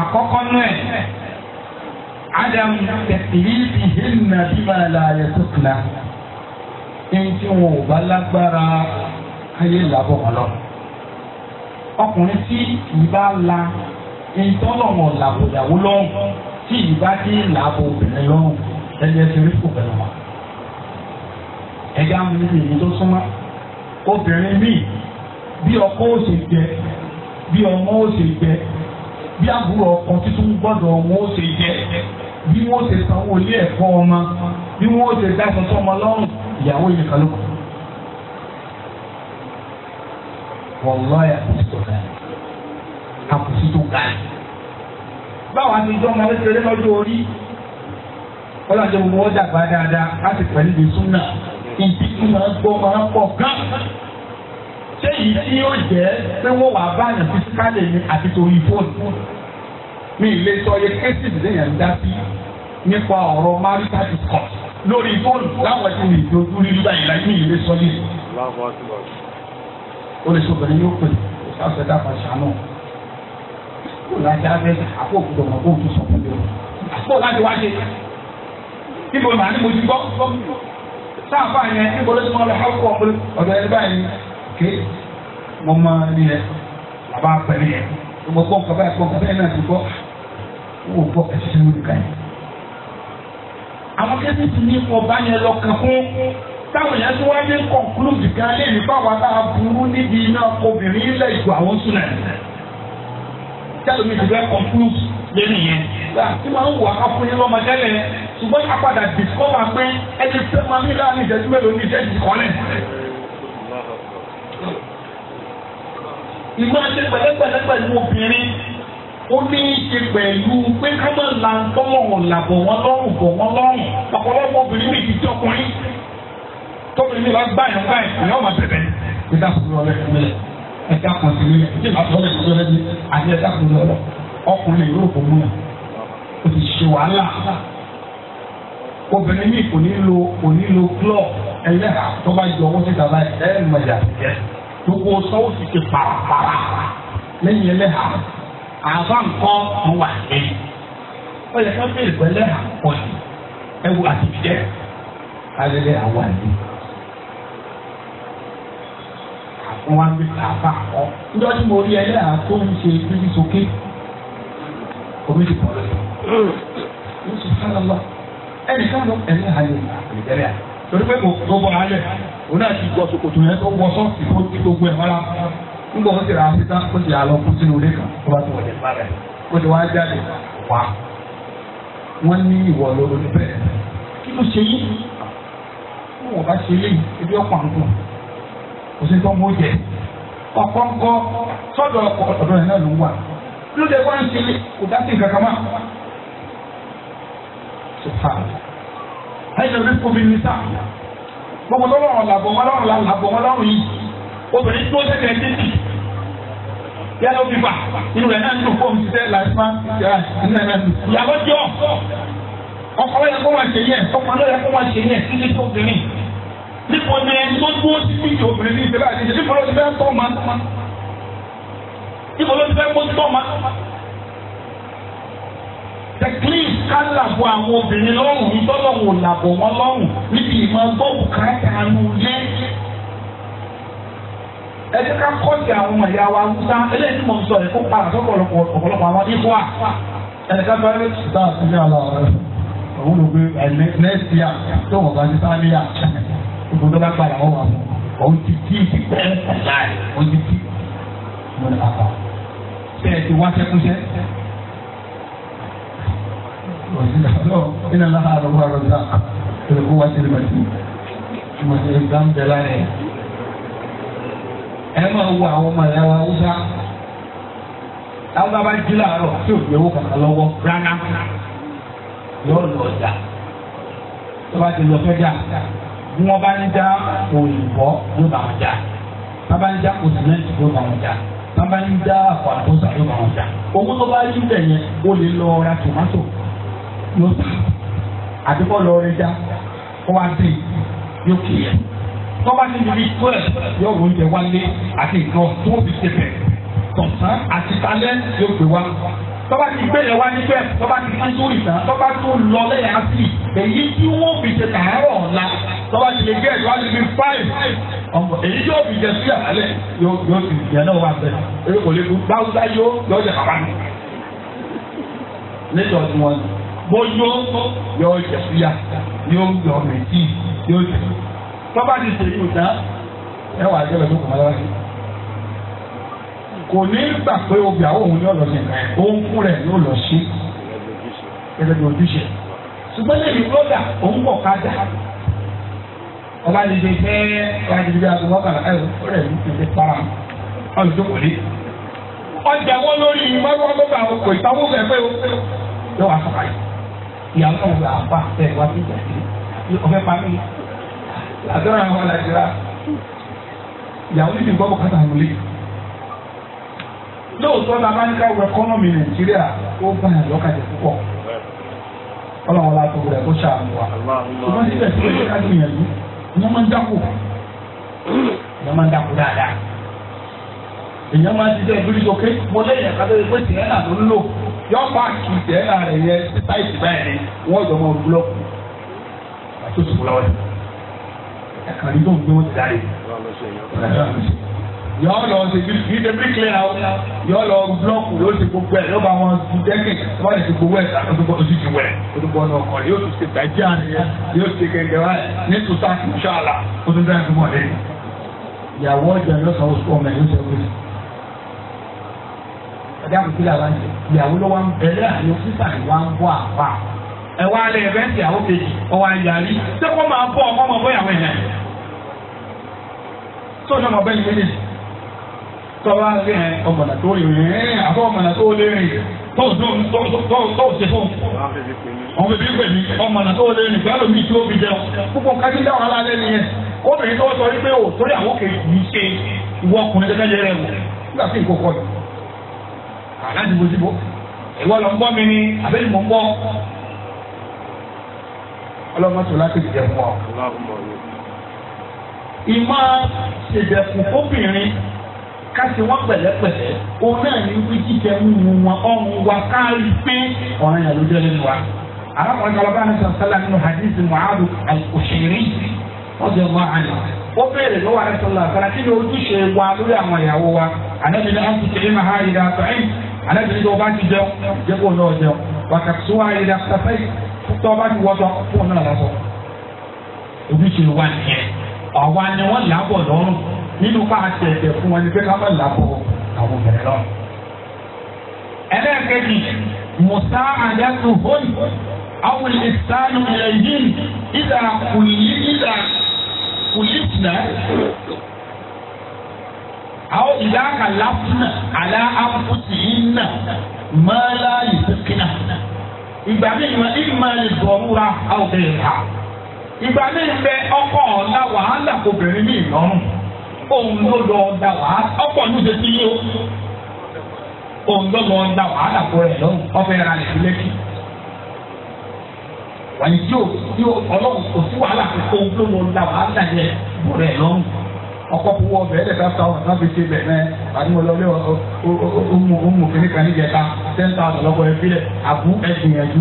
àkọ́kọ́ náà ẹ̀ adam tẹ̀sílíìtì hìnnà bí máa la ayẹ tó kìlá ẹni wọn ò bá lágbára ayé làbọ̀ wọn lọ. ọkùnrin tí ìbá la ẹni tọ́lọ̀ wọn làbòyàwó lọ́hùn tí ìbá dé làbò obìnrin lọ́hùn ẹni ẹsẹ̀ orí kò bẹ̀rẹ̀ wọn ẹ̀yà mú èyí tó súnmọ́ obìnrin míì bí ọkọ ó ṣe jẹ bí ọmọ ó ṣe jẹ bí àbúrò ọkọ títún gbọ́dọ̀ wọn ó ṣe jẹ bí wọn ó ṣe sanwó ilé ẹ̀kọ́ ọmọ bí wọn ó ṣe dáṣọ tó ọmọ lọ́rùn ìyàwó yìí kan ló kù. wọláyà àkùsí tó ga àkùsí tó ga báwa ni ìjọ ọmọ kékeré lọ́jọ́ orí ọlọ́jọ́ gbogbo ọjà gbá dáadáa láti pẹ̀lú ìgbésùn náà ìdí tí máa ń gbọ́ máa ń pọ̀ gán. ṣé èyí tí yóò jẹ́ pé wọ́n wàá bá àyàn fisikálẹ̀ ni àti torí fóònù. mi lè sọ iye kẹ́sìtì lèèyàn ń dá sí nípa ọ̀rọ̀ marital discourse lórí fóònù láwọn ti rìn lójú rírú báyìí láì ní ìlé sọ o lè sọ bẹ̀rẹ̀ yóò pè é sáfẹ́ dáfà ṣàánú. kó lájà bẹ́ẹ̀ àpò òkúta ọmọ kó o sọ fún mi o. àpò láti wá ṣe. màá ní mo ti gbọ́ sáàfà yẹn níbo ló ti máa lọ hàkú ọ̀pọ̀lọ́ ọ̀dọ̀ ẹni báyìí ké mo máa ní yẹn bàbá pẹ̀lú yẹn mo gbọ́ nǹkan báyìí gbọ́ nǹkan báyìí náà ti gbọ́ wò gbọ́ ẹ̀sìn olùkà yẹn. àwọn kẹ́sì ti ní ọba yẹn lọ kàn fún táwọn yẹn tí wọ́n ní kọ̀ǹkúlùdì kan lè ní báwa tá a burú níbi iná obìnrin ilẹ̀ ìgbà àwọn sùn náà tẹ́lẹ̀ mi ti fẹ́ kọ̀ǹkúlùdì lẹ́nu yẹn. tí wọ́n ń wọ akọ́fún yín lọ́mọ tẹ́lẹ̀ ṣùgbọ́n apàdà discover pé ẹni tẹ́ máa ní láàrin ìṣẹ́jú mélòó ní ìṣẹ́jú kọ́lẹ̀. ìmọ̀ ṣe pẹ̀lẹ́pẹ̀lẹ́ pẹ̀lú obìnrin ó ní í ṣe pẹ̀lú pé ká má la tọ́lọ̀hùn làbọ̀ wọn lọ́rùn bọ̀ wọn lọ́rùn ọ̀pọ̀lọpọ̀ obìnrin mi ti tí ọkùnrin tóbìnrin mi bá gbà yàn báyìí ìyá ọmọ bẹ̀rẹ̀ ẹ̀dá kùnú ọlẹ́kùnrin ẹ̀dá kùnú ọlẹ́kùnrin àti ẹ̀dá kùnú ọlẹ́kùnrin ọkùnrin yóò fò múyà o ti ṣe wàhálà obìnrin yìí kò ní lo kò ní lo glove ẹlẹ́ra tó bá yọ owó síta báyìí ẹ̀ mọ̀jà jẹ́ gbogbo sọ́wọ́ sì ṣe pàràpàrà lẹ́yìn ẹlẹ́ra àbá nǹkan mo wà ní ó yẹ ká bẹ̀rẹ̀ pẹ̀lú ẹlẹ́ra pọ̀ ní ẹwù àtijẹ́ alẹ́lẹ́ àwọn àlè àwọn àgbẹ̀ àbá kọ́ ndọ́jú mo rí ẹlẹ́ra tó ń ṣe bíbí sókè omi hmm. ti kọ́ ló sọ sára lọ ẹnì kan lọ ẹ̀rí àlè àlèjẹ́rẹ́ à torí pé mo bọ̀ alẹ̀ òun náà ti gbọ́ ṣòkòtò yẹn tó wọ sọ́ọ̀sì tó ti gbogbo ẹ̀ mọ́ra ń gbọ́ sí ra síta ó sì àlọ́ kú sínú ilé kan tó bá tó wọlé bá rẹ̀ ó ti wá jáde wá wọ́n ní ìwọ lóró níbẹ̀ kí ló ṣe yìí wọ́n wọ́n bá ṣe léyìí ebi ọ̀pọ̀ àǹkù kò sí tó mú jẹ ọ̀pọ̀ ńkọ́ sọ́dọ̀ ọ̀pọ̀ ọ̀dọ̀ yẹn náà ló wà ló dé wá ń kiri kò dá sí nǹkan kan mọ́. ẹ̀yìn orí kòmí ní sáà gbogbo lọ́rùn làbọ̀ wọn lọ́rùn làbọ̀ wọn lọ́rùn yìí obìnrin tó sẹ́kẹ̀ títì yálà ó fi fà inú rẹ̀ o ń dùn fóònù títẹ́ làásùmá ìyàwó jọ ọkọ yẹ kó máa ṣe yẹ ọkọ náà yẹ kó máa ṣe yẹ títí tó obìnrin nípa ọdún ẹni tó dúró títí obìnrin ní ìṣẹ̀lẹ̀ àti ìṣẹ̀lẹ̀ nípa ọdún ẹni tó máa ń tó ibo ló ti fẹ́ kó tọ́ ma. Tẹ̀klif ká làbọ̀ àwọn obìnrin lọ́rùn ìtọ́lọ́wọ̀ làbọ̀ wọn lọ́rùn níbi ìmọ̀ gbọ́wọ́ káàkiri àánú yẹ. Ẹ jẹ́ ká kọ́ọ̀tì àwọn ọmọ ìyá wa Musa eléyìí tí mo sọ yìí kó para sọ́kọ̀lọpọ̀ ọ̀pọ̀lọpọ̀ àwọn ikú à. Ẹnìkan bá rẹ̀ sùdá àti ní àlọ́ rẹ̀. tó wọ̀ bá ti sáré à. Ibùdó bá padà wà fún. Òun ti kí ìdí pẹ́ẹ́ láì. Òun ti kí. Mo ní tẹ́ ẹ ti wá sẹ́kúnṣẹ́. Iná láha àrùn wa rọ̀dá ìrẹ̀kú wá sí ìrìbàtì. Mo ti rí gbàǹdẹ̀ lára ẹ̀. Ẹ máa wo àwọn ọmọ ìyá wa Hausa. Àwọn bàbá jí láàárọ̀ tí ò gbé owó kàkà lọ́wọ́ rárá. Yóò lọ ọjà. Tó bá ti lọ fẹ́ dà, bí wọ́n bá ń dá òyìnbó ló bá wọn dà. Bá bá ń dá òsì ló bá wọn dà tọ́ba ń dá àpò àtúnṣe àyọ̀ bá wọn dá owó tó bá rí bẹ̀ yẹn ó lè lọ ra tòmátò yóò tà àdúgbò lọ rẹ dá ó wá dé yóò kì í tọ́ba ti di bí twelve yóò wọ oúnjẹ wálé àti nǹkan tó fi ṣe bẹ̀ tọ̀sán àti talẹ́ yóò gbé wá tọ́ba ti gbé yẹn wá ní pẹ́ tọ́ba ti fi sórí ìtàn tọ́ba tó lọ lẹ́yìn àti èyí tí wọ́n fi ṣe tààrọ̀ ọ̀la tọ́ba ti lè gé ẹ̀dùn àti fi fáìl ọmọ èyí yóò fi jẹ sí àlẹ́ yóò yóò ti yẹn náà wà bẹ́ẹ̀ èyí kò lè dùn báwùsá yó yóò jẹ bàbá mi nítorí tí wọ́n bó yó yóò jẹ síyà yóò yọ mẹ́tì yóò jẹ tọ́ba ti ṣe ìtàn ẹ̀wà àjẹbẹ̀ tó kọ̀ kò ní gbà pé obìnrin àwọn òun ní ọ̀lọ́sẹ̀ òun kún rẹ̀ ló lọ sí gẹ́gẹ́ bí ojúṣe ṣùgbọ́n lẹ́yìn bọ́dà òun pọ̀ kájà ọba lè ṣe fẹ́ láti fi aago mọ́kànlá ẹ̀ ó rẹ̀ ní ti fi para ọ̀lùdókòlé ọjà wọn lórí mọ́wọ́ mọ́gbà kò ìtawó fẹ́ pé ó yọ wá sọ̀rọ̀ yìí ìyàwó náà wọ àbá ẹ̀ wá sí ìjà sí ọ̀fẹ́ pa mí àdúrà wọn làjẹrà ìyàwó ní ti gbọ́ bọ̀ kátà wọlé. lóòótọ́ la so na ká ekonomi naijiria nàìjíríà ó gbà yàn lọ́kàjẹ́ púpọ̀ ọlọ́run la tó rẹ̀ kó ṣàánú wa ṣùgbọ́n síbẹ̀síbẹ̀ ká gbìyànjú ìyẹn máa ń dákò ìyẹn máa ń dákò dáadáa èèyàn máa ń ṣiṣẹ́ ìbílí sókè mo lẹ́yìn ẹ̀ka pé tìrẹ́nà ń lò yọ tìrẹ́nà rẹ̀ yẹ wọ́n jọ máa yọ lọ ṣe bí kí ṣe bí clear out yọ lọ blọọkù yóò ṣe gbogbo ẹ yóò bá wọn ju dẹ́kìn wọ́n lè ṣe gbogbo ẹ̀ ọdúnbọ̀ ojú ti wẹ̀ ọdúnbọ̀ náà kọ̀ yóò tún ṣe gbàjẹ́ àníyàn yóò ṣe gẹ́gẹ́ wáyé ní tuta ìṣàlà ó tún dáhùn mọ́ lẹ́yìn. ìyàwó ọjà lọ́sàn oṣù ọmọ ẹ̀ ló ṣe wí. ọjà kò sí làwọn ṣe ìyàwó ló wá ń bẹ̀rẹ̀ àyè fúnfà ìwà ń bọ́ àpá. ẹ wá lẹ ẹfẹ́ǹtì àwọn kejì ọwọ́ ayàrí ṣé kó máa bọ́ ọmọ ọmọ bọ́ ìyàwó ẹ̀ tọ́wá lé ẹ ọmọdà tó rìn rìn àbọ̀ ọmọdà tó lé rìn tọ́wọ́ tó ṣe fún ọmọ ibi pè mí ọmọdà tó lé rìn gbọ́dọ̀ mi tí ó fi jẹun púpọ̀ kájú dáwọn alálẹ́ nìyẹn obìnrin tó sọ wípé ò torí àwọn kè kì í ṣe ìwọ ọkùnrin gẹ́gẹ́ jẹ́ rẹ̀ wò nígbà tí nǹkan kọ́ yìí aláàdì mo ti bọ́ ìwọ lọ ń gbọ́ mi ni àbẹ́ni mo ń gbọ́ ọlọ́mọ tó láti jẹ fún ọ. ìmọ̀ ṣèjẹ̀kùn fóbìnrin kásì wọn pẹ̀lẹ́pẹ̀lẹ́ òun náà ní wí jíjẹ mímu wọn ọrùn wa a pé ọ̀ràn yàrá lójú ẹni wa. arákùnrin kan lọ́ba anáṣà sálà nínú hadith muhammadu al-kushiri àná. ó béèrè lọ́wọ́ kí ni ojúṣe wa lórí àwọn ìyàwó wa máa sọ ẹ́yìn anábì ní ọba ti jẹun jẹ́kọ̀ náà jẹun wàkàtúntò wa yìí dá sọ ẹ́yìn tó ọba nínú bá a fún wọn ni pé ká má làbọ̀ àwọn obìnrin lọ. ẹlẹ́ẹ̀kejì musa àdẹ́tù hóyì àwọn ìsánú ilẹ̀ yìí tìǹà àwọn ìdá yìí nà mọ́lá ìsìnkìnà ìgbà mi ìmọ̀ ìmọ̀ ìdọ̀rúra àwọn obìnrin ha ìgbà mi ń bẹ ọkọ̀ ọ̀la wàhálà obìnrin mi òun ló lọ da wàhálà ọ̀pọ̀ tí yí o òun ló lọ da wàhálà kó rẹ̀ lọ́wọ́ ọ̀fẹ́ ra rẹ̀ lẹ́kì. wàyí tí o tí o ọlọ́run kò sí wàhálà kó ló lọ da wàhálà yẹ lọ́wọ́ ọkọ fún wọn fi ṣe àti ọmọ ọmọ kan ní ìjẹta ten thousand lọkọ ẹ filẹ àbú ẹ gbìyànjú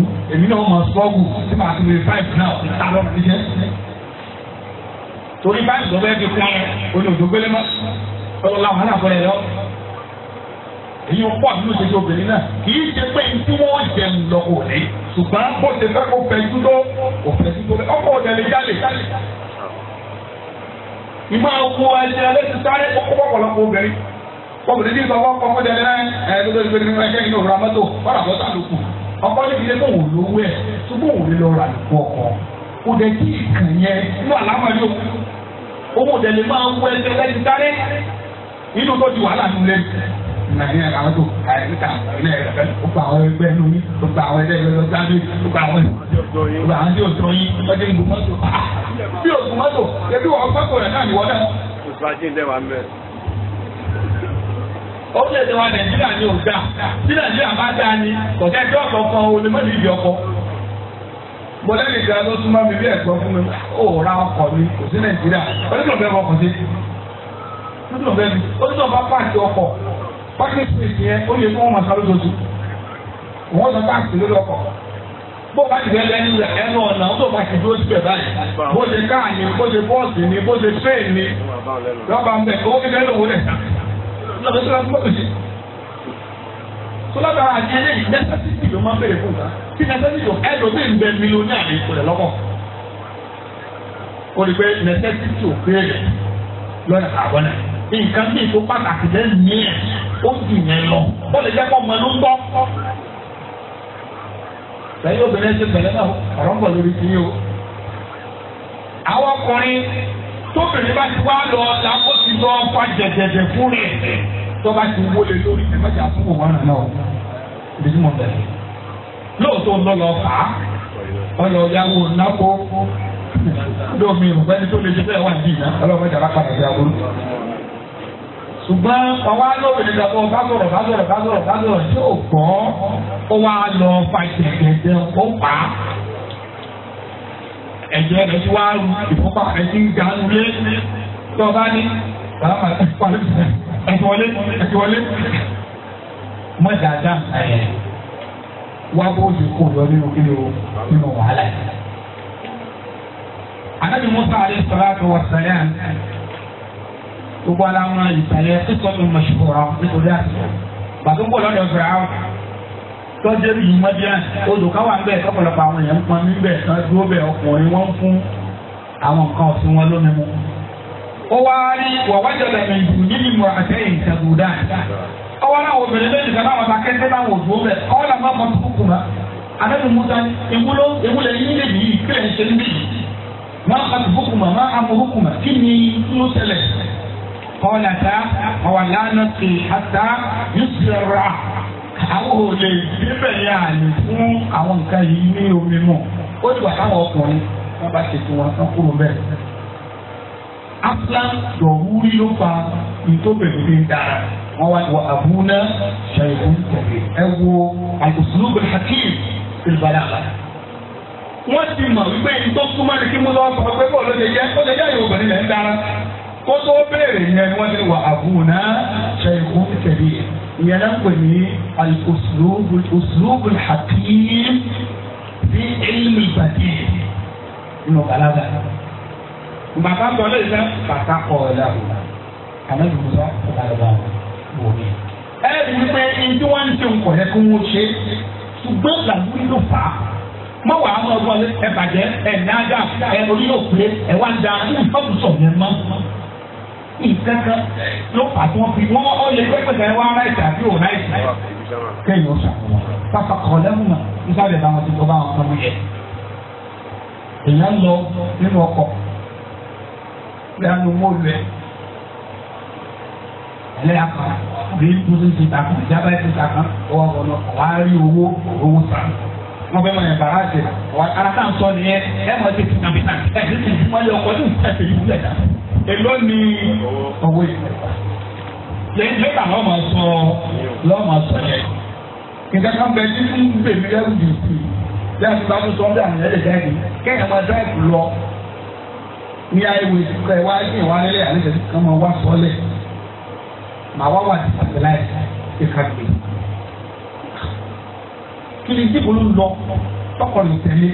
torí báyìí tó bẹ́ẹ̀ fi kún ẹ olùdógbélé mọ́ ọlọ́lá wàhálà fọlẹ̀ lọ. èyí ń pọ̀ nínú ìṣèjì obìnrin náà kì í ṣe pé tí wọ́n jẹ ń lọ òní ṣùgbọ́n bó ṣe fẹ́ kó fẹ́ dúró kò fẹ́ dúró ọkọ̀ òdẹ̀lẹ̀ yálè. ìmọ̀ ọkọ̀ ẹ̀jẹ̀ lẹ́sìn sáré kókó pọ̀pọ̀lọpọ̀ obìnrin obìnrin ní ìgbàgbọ́ ọkọ̀ ọmọdé ẹ̀rẹ́ ẹ̀ẹ́dọ́dọ́ ìgbẹ́ni ẹ̀jẹ̀ ìlú ọ̀rọ̀ amọ́tò wọ́n rà mọ́tò àlòkù ọkọ̀ ní ìdílé fún òun lówó ẹ̀ ṣùgbọ́n òun lè lọ ra ìkú ọkọ̀ òdẹ̀ tí ìkàn yẹn lọ́ àlámọ́ yóò owó tẹ̀lé máa ń wọ ẹgbẹ́ lẹ́yìn sáré nínú tó ti wàhálà nínú lẹ́yìn. Nàìjíríà làwọn tó ka ẹ̀ níta ilé ẹ̀fẹ́ ó gba àwọn ẹgbẹ́ ẹnu mi ó gba àwọn ẹgbẹ́ ẹgbẹ́ sáré ó gba àwọn ó gba àwọn tí ò sọ yín ọjọ́ ìgbò mọ́tò bí ògùn mọ́tò ẹbí wọn pákó rẹ̀ náà níwọ́n náà. ó lè tẹ̀wá Nàìjíríà ní òkúta bí Nàìjíríà bá dáa ni kọ̀kẹ́ tí ọ̀kọ̀ọ̀kan olè mọ́tò ìbí ọkọ̀. mo lẹ́yìn ìgbà ló súnmọ́ mi bí ẹ̀gbọ́n fún mi ó ra ọkọ̀ mi kò sí nàìjíríà onídùn bẹ́ẹ̀ wọkọ̀ sí onídùn mi pààkì ọkọ̀ pààkì yẹn ó yẹ máa sọ pààkì lórí ọkọ̀ bó bá ti lẹ́nu rẹ̀ ẹnu ọ̀nà ó tó bá ti dúró síbẹ̀ báyìí bó ṣe káà ni bó ṣe bọ́ọ̀sì ni bó ṣe tréè ni lọ́ba ń bẹ̀ kó sọlọ́tara ni ẹlẹ́yìn nẹ́sẹ̀sìtì ló máa ń bèrè fún nǹkan tí nẹ́sẹ̀sìtì ló ẹ lómi ń bẹ mílíọ̀nù àmì ìpìlẹ̀ lọ́kọ̀ o lè pe nẹ́sẹ̀sìtì ò béèrè lọ́nà àbọ̀nà nǹkan bíi tó pàtàkì lẹ́nu ẹ̀ ó sì yẹn lọ ó lè jẹ́ kó ọmọ ẹnu ń lẹ́yìn obìnrin ṣe pẹ̀lẹ́ náà ọ̀rọ̀ ń bọ̀ lórí ti o. àwọn ọkùnrin tóbìnrin bá ti wá lọ làkó ti lọ fa jẹjẹjẹ fún rẹ̀ tó bá ti wọlé lórí ẹ mẹ́ta fún òun àná náà ibi tí mo bẹ̀rẹ̀ lóòótọ́ lọlọ fà á ọlọ yàwó nàkó lómi ìrùbẹ́ni tó lè ṣe bẹ́ẹ̀ wà nídìí náà ọlọ́mọ ìjàmbá padà sí aburú ṣùgbọ́n ọwọ́ alóbìnrin lọ́kọ́ bázọ̀rọ̀ bázọ̀rọ̀ bázọ̀rọ̀ bázọ̀rọ̀ tí ò gbọ́ ó wá lọ fa ìṣẹ̀kẹ̀dẹ̀ ó pa á. ẹ̀jẹ̀ rẹ̀ ti wá ru ìfúnpá ẹ̀jẹ̀ ń ga nulẹ̀ tó o bá ní bàbá ẹ ti wọlé ẹ ti wọlé ẹ ti wọlé mọ dáadáa ẹ wá bó o ti kó lọ nínú kíni o nínú wàhálà yìí. anabi musa alayhi salatu wa salam gbogbo alamuna ìtàlẹ sísọmi mọṣúkúrọ nítorí àtúntò bàtú ń bọ̀ lọ́dọ̀ fìràwọ tọ́jú yìí mọ́díà odò káwá ń bẹ̀ ọ̀pọ̀lọpọ̀ àwọn èèyàn ń pọn mí bẹ̀ tán dúró bẹ̀ ọkùnrin wọ́n ń fún àwọn nǹkan ọ̀sìn wọn lónìí mu wọ́wá ní wàwájọ́lẹ̀ mẹ́jù nínú ìmọ̀ àtẹ́yìn ìtàgùdá. ọwọ́ náà wò bẹ̀rẹ̀ lẹ́yìn kan náà wọ́n ta kẹ́kẹ́ náà wò dúró bẹ̀ ọwọ́ náà máa mọ̀tò kúkú ma. àdébù musa ewúlò ewúlẹ̀ yín lè yí kílẹ̀ ṣe ń bíyì. máa mọ̀tò kúkú ma máa amú kúkú ma kí ni ló tẹ̀lẹ̀. kọ́lá ta ọ̀wà lánà ti hàtà yusra àwọn òde bíbẹ̀ yà ní fún àwọn nǹkan yìí ní omi mọ̀ ó ti wà aflan dọ̀wúrí ló fa ìtòbẹ̀rẹ̀ fi dára wọ́n wá ní wa abúná ṣàyẹ̀wò tẹ̀lé ẹ wo àìsùlùbẹ̀ hakim ìbàdàgbà. wọ́n ti mọ̀ wípé ìtọ́ súnmọ́ ni kí mo lọ sọ pé bọ́ọ̀lù ṣe jẹ́ ó ṣe jẹ́ àyẹ̀wò bẹ̀rẹ̀ lẹ́ ń kó tó béèrè yẹn ni wọ́n ti wa abúná ṣàyẹ̀wò tẹ̀lé ìyẹn náà pè ní àìsùlùbẹ̀ hakim fi ilmi bàtì nínú bàlágà bàbá sọ lè sẹ bàtà kọ ọ̀dà ọ̀dà àná ìlú sọ ọ̀dà ọ̀dà wò mí. ẹ ẹ bí pé ndí wọn ń ṣe nǹkan yẹ kó wọn ṣe ṣùgbọ́n làwọn ìlú fà á mọ wàá mọ ọgbọ́n lé ẹ bàjẹ́ ẹ nàgà ẹ orí yóò pé ẹ wá ń da ọdún sọ yẹn mọ nǹkan kan ló fà tí wọn fi wọn ọ lè pẹpẹtẹ wá ráìtì àbí ò ráìtì kéèyàn ṣàkóso pápá kọ lẹ́mú náà nígbà tí wọn ti gbọ́ bá wọn kọ́ mọ́ èèyàn lọ nínú ọkọ̀ kura nu mo lɛ ɛlɛ akpa bi tutu ti ta kan jaba ti ta kan ɔwɔ kɔnɔ ɔwɔ ari owó owó san wọn bɛ mɔnyɛ bara se wa arata sɔ ni yɛ ɛmɔ ti ti tabi tabi ɛdi ti ti mɔlɛ ɔkɔ ti ti ti ti ta èló ni owó yìí yẹ nígbà lọ́ọ́ ma sọ lọ́ọ́ ma sọ yẹ nǹkan kan bẹ ní bèbí ẹrù yìí yẹ àti bá tó sọ ọ́n àná yẹ lè dá yìí máa dá yìí lọ ní àìwé kọ ẹ wá ní ìwà nílẹ̀ àlejò kan máa wá sọ́lẹ̀ màá wá wà ní sàtẹláì kíkà gbé kí ni dìbò ń lọ tọkọ ní tẹ̀lé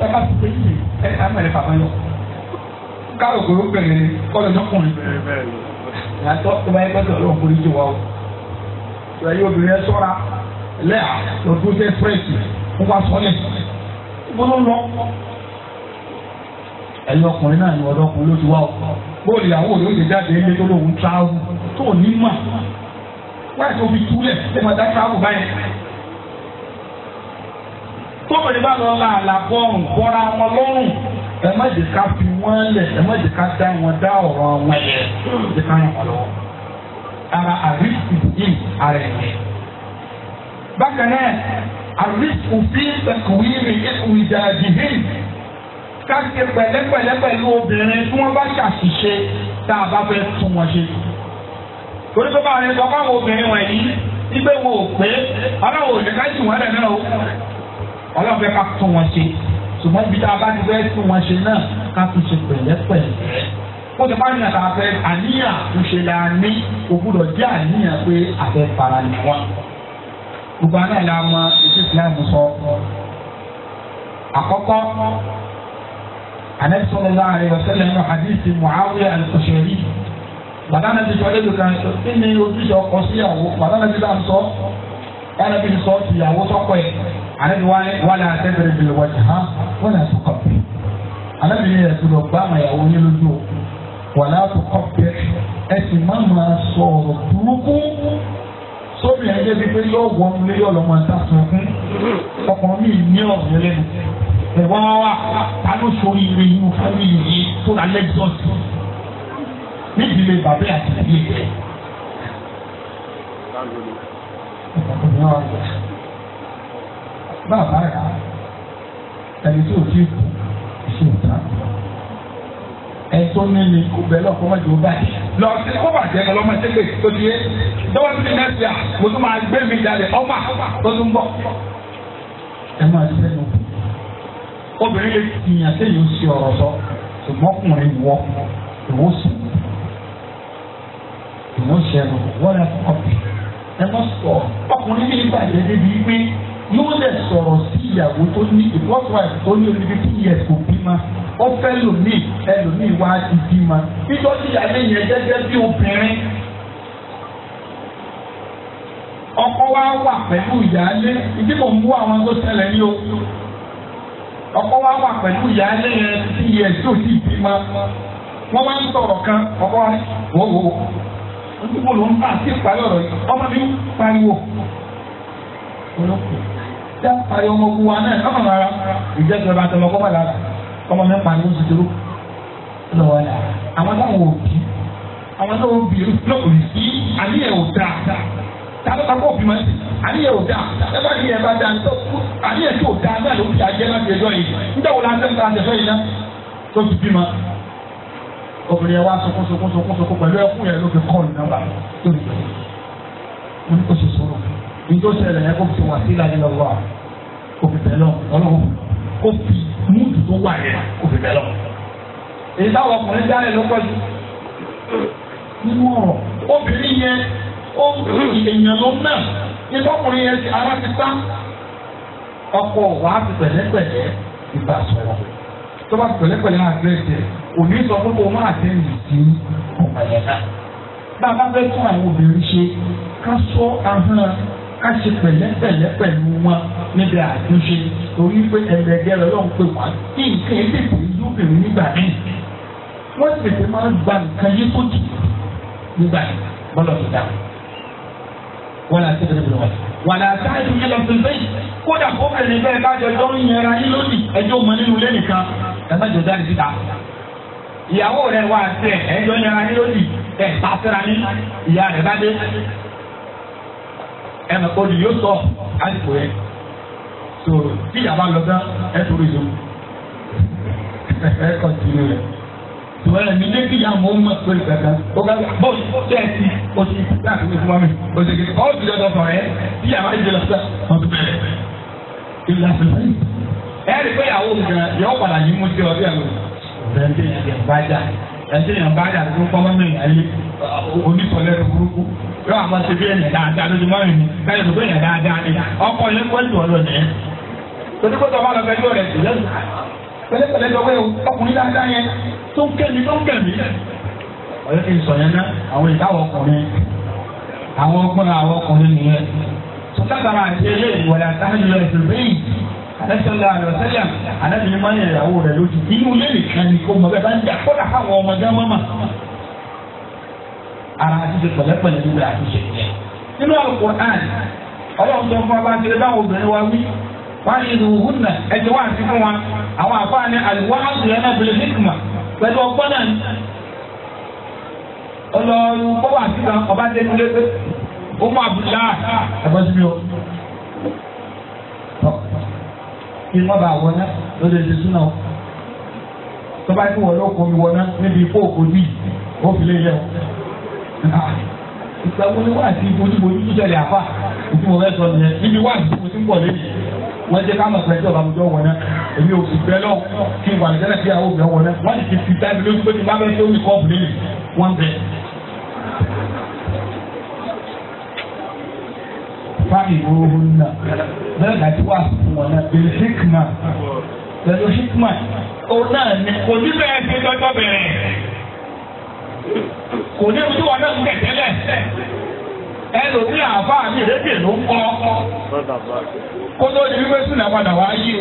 bàbá tó pé yìí ẹ ká mẹ́rin bàbá yọ káàró kòró bẹ̀rẹ̀ kọ́lọ̀ lọ́kùnrin bẹ̀rẹ̀ bẹ̀rẹ̀ yàtọ̀ tó bá yẹ kẹ́tọ̀ ọlọ́run kò ní jẹ o ìgbà yóò bẹ̀rẹ̀ ẹ sọ́ra lẹ́à lọ́dún tẹ́ fúrẹ́ẹ̀sì ń wá sọ́lẹ̀ ìbọn ló ń lọ ẹ̀yin ọkùnrin náà ni ọ̀dọ́kùnrin ló ti wá ọkọ bóòlù ìyàwó yóò ṣe jáde ilé tó lóun tíráwù tó ní mà wáyé tó fi túlẹ̀ ẹ máa dá tíráwù báyìí. tóbìnrin bá lọ la àlàbọ̀ nǹkọ́ra wọn lọ́rùn ẹ má jẹ́ ká fi wọ́n lẹ̀ ẹ má jẹ́ ká dá wọn dá ọ̀rọ̀ wọn lẹ̀ ẹ ká ràn wọ́n lọ́wọ́. ara àrísì ara ẹ̀ bákan náà àrísì fi tẹkùn yìí rè é ìjà àjìhìn ká ṣe pẹ̀lẹ́pẹ̀lẹ́ pẹ̀lú obìnrin tí wọ́n bá ṣàṣìṣe tá a bá fẹ́ tún wọn ṣe. torí tó bá rẹ sọ fáwọn obìnrin wọ̀nyí wípé wọn ò pé ọlọ́wọ́ òde ká jù wọ́n rẹ̀ náà o ọlọ́wọ́ fẹ́ ká tún wọn ṣe ṣùgbọ́n ibi tá a bá ti fẹ́ tún wọn ṣe náà ká tún ṣe pẹ̀lẹ́pẹ̀lẹ́ ó ti máa ń yàn káfẹ́ àníyàn tó ṣe la ní ògbúdọ̀ jẹ́ àníyàn pé àfẹ́ para ni wọn. gbogbo àná ìlànà ìṣèṣìlá ìmúṣọ àkọ́kọ́ anabi sallallahu alayhi wa sallam nínú hadithi muawiya al-kushayri bàtà náà ti sọ ẹlẹ́dùn kan sọ kí ni ojúṣe ọkọ síyàwó bàtà náà ti bá ń sọ ẹnna bí sọ tìyàwó sọkọ ẹ anabi wàlẹ àtẹbẹrẹ bìlẹ wọjà hàn wọlé àtúkọ anabi yẹn ẹsùn lọ gbàmà ìyàwó yẹn lójú wàlẹ àtúkọ pẹ ẹsìn má máa sọ̀rọ̀ burúkú sóbì ẹgbẹ́ bíi pé yóò wọ́n lé yọ̀ lọ́mọ ẹ̀ta sọ̀kún ọkùnrin mi ní ọ̀rẹ́ ẹ̀fẹ̀ wọ́n wà ta ló sori ire inú fámìlì yìí tó ra lẹ́gbọ̀sì nídìílé bàbá àti ìdílé rẹ̀. bàbá rà ẹni tí ò tí kù ṣe ìta ẹ̀tọ́ nílé kó bẹ lọkọ mọjọ báyìí lọ sí kó bàjẹ́ lọ lọ́mọ ṣẹlẹ̀ tó ti yé dọ́wọ́ tó ti mẹ́sì à mo tún máa gbé mi jáde ọmọ tó tún bọ̀ ẹ máa ṣẹ́nu obìnrin lè tìyàn sẹ́yìn sí ọ̀rọ̀ sọ ṣùgbọ́n ọkùnrin wọ ìwọ sùn ìwọ sẹ́nu wọ́n ẹ̀ kọ́pì ẹ má sọ ọkùnrin ní ìbàjẹ́ débi pé yóò lè sọ̀rọ̀ sí ìyàwó tó ní ìwọ́sọ̀rọ̀ tó ní olùdíje tí ìyẹ̀ kò bímọ ó fẹ́ lòmíì ẹlòmíì wá ti bímọ nítorí ìyàlẹ́ yẹn gẹ́gẹ́ bí obìnrin ọkọ wa wà pẹ̀lú ìyàlẹ́ ìdí mò ń bú àwọn tó ṣẹlẹ̀ ní o ọkọ wa wà pẹ̀lú ìyáálé yẹn tí yẹ tó ti bí ma wọ́n wá ń sọ̀rọ̀ kan ọkọ wa wò wò ojú wo ló ń bá àti ìparí ọ̀rọ̀ yìí ọmọ mi ń pariwo olókùn dá parí ọmọ ogun wa náà ọmọ mi ara ìjẹ́jọ́ bá tẹ̀lé ọkọ́ bàlá ọmọ mi ń pariwo ti dúró lọ́wọ́ la àwọn táwọn òbí àwọn táwọn òbí lọ́kùnrin sí àníyẹ̀wò dáadáa tàbí kakọ bímọ ẹsẹ àníyẹ ò dáa ẹbá kí ẹ bá dáa nítorí àníyẹ tí ò dáa náà ló fi àjẹ láti ẹjọ́ yìí níta wò láti ẹsẹ àjẹsọ yìí náà tó fi bímọ obìnrin yẹn wá sọkún sọkún sọkún sọkún pẹ̀lú ẹkún yẹn ló fi kọ́ ọ̀nà bá tó lè tẹ̀lé mo ní kò sì sọ̀rọ̀ ìjọ ṣẹlẹ̀ yẹn kò fi wà sí ìlànà lọ́wọ́ kò fi bẹ̀ lọ ọlọ́run kò fi múùtù tó wà yẹn kò fi bẹ̀ lọ. èyí táwọn ọkùnrin dálẹ̀ ló pọ̀ jù nínú ọ̀rọ̀ obìnrin yẹn ó ń fi èèyàn ló náà ní tọkùnrin yẹn ti ara ti tán ọkọ wà á fi pẹ̀lẹ́pẹ̀lẹ́ ìgbà sọ̀rọ̀ tó bá fi pẹ̀lẹ́pẹ̀lẹ́ àdírẹ́sì rẹ̀ òní sọ fún kó má àtẹ́yìn sí ọmọ yẹn náà bá a bá fẹ́ tún àwọn obìnrin ṣe ká sọ ahọ́n ká ṣe pẹ̀lẹ́pẹ̀lẹ́ pẹ̀lú wọn níbi àtúnṣe torí pé ẹgbẹ̀gbẹ́ rẹ̀ lọ́n pè wá kí nǹkan ẹ̀dẹ̀gbẹ̀ lóbìnrin nígbà míì wọ́n tètè máa ń gba nǹkan yé kó jù nígbà yẹn bọ́lọ̀ tó dáa wàlá tẹ́lẹ̀ bọ̀ wá. wàlá táyì yẹn lọ fún bẹ́ẹ̀ kódà kó bẹ̀rẹ̀ níbẹ̀ bá jọ jọ ń yẹra yín lónìí ẹjọ́ mọ nínú ilé nìkan ẹ má jọ jáde síta. ìyàwó rẹ wà sẹ ẹjọ́ yẹra yín lónìí ẹ sàṣẹra ní ìyá rẹ bá dé. ẹ mọ̀ olù yóò sọ àìsàn yẹn so bí ìyàwó àlọ́ tán ẹ tó rí so ẹ kọ̀ọ̀tì tùmọ̀lá mi lé kíyà mọ́ mọ́ lórí kankan ó ká bóyá tẹ́ẹ̀tì ó ti dá àtúntò fún mi ó ti kékeré ọ́ jùlọ dọ̀tọ̀ rẹ̀ tí yàrá yìí jẹlọ sílẹ̀ wọ́n ti bẹ̀rẹ̀ ìlú àfẹ́fẹ́ yìí. ẹ rí pé àwọn òmìnira yọ padà yìí mú sí ọ bí àwọn ìrẹsì yẹn bá jà ẹsẹ yẹn bá mi pẹ̀lẹ́pẹ̀lẹ́ lọ́wọ́ ẹ̀ ọkùnrin dáadáa yẹn tó ń kẹ́mi tó ń kẹ́mi. ọ̀yọ́ kì í sọ yẹn ná àwọn ìdáwọ̀ ọkùnrin àwọn ọgbọ́n àwọn ọkùnrin nìyẹn. sọ́kàtàrà àti ilé ìwọlé àtàlẹ́ ìlú ẹ̀sìn bẹ́yìn alẹ́sọ̀lá àlọ́sẹ́lẹ̀ anábìrin máa ń yẹ ìyàwó rẹ̀ lójú inú ilé nìkan ni kò mọ̀ bẹ́ẹ̀ bá ń jà kódà káwọn ọmọ gán mọ́mà. ara ti ṣe pẹ̀lẹ́pẹ̀lẹ́ nígbà àti wàlìdùhùnà ẹ̀jẹ̀ wá sí fún wa àwọn àfáàní àlùwàásù yẹn náà bẹ̀rẹ̀ na pẹ̀lú ọgbọ́n náà ọlọ́ọ̀rù kọ́wà síta ọba tẹ́lẹ̀ lẹ́gbẹ́ ó mú àbúlá ẹ̀bọ́n síbi o. kí wọ́n bá wọná ẹ̀jẹ̀ o tọ́ba ní wọ́n lóko mi wọná níbi ifó ó fi lé yẹ o. ìgbà wo ni wọ́n àti ibojúbojú jíjọ àfà òfin fẹ́ sọ wọ́n jẹ́ káwọn ọ̀sẹ̀ ìjọba àwùjọ wọn náà èmi ò sì bẹ́ẹ̀ lọ kí n wà ní tẹ́lẹ̀ sí àwọn obìnrin wọn náà wọ́n ti fi dá ibi lójú pé ti máa bẹ́ẹ̀ tó ní kọ́ọ̀bù nílé wọ́n bẹ̀. fáàmì ìwòrò náà bẹ́ẹ̀ láti wá fún wọn náà bẹ̀rẹ̀ hikma bẹ̀rẹ̀ hikma òun náà ni kò ní bẹ́ẹ̀ ṣe lọ́jọ́ bẹ̀rẹ̀ kò ní ojú wọn náà ń tẹ̀tẹ̀lẹ̀ ẹlòmí àbá mi rédè ló ń kọ́ kó tó di wípé sínú àpàdà wá yé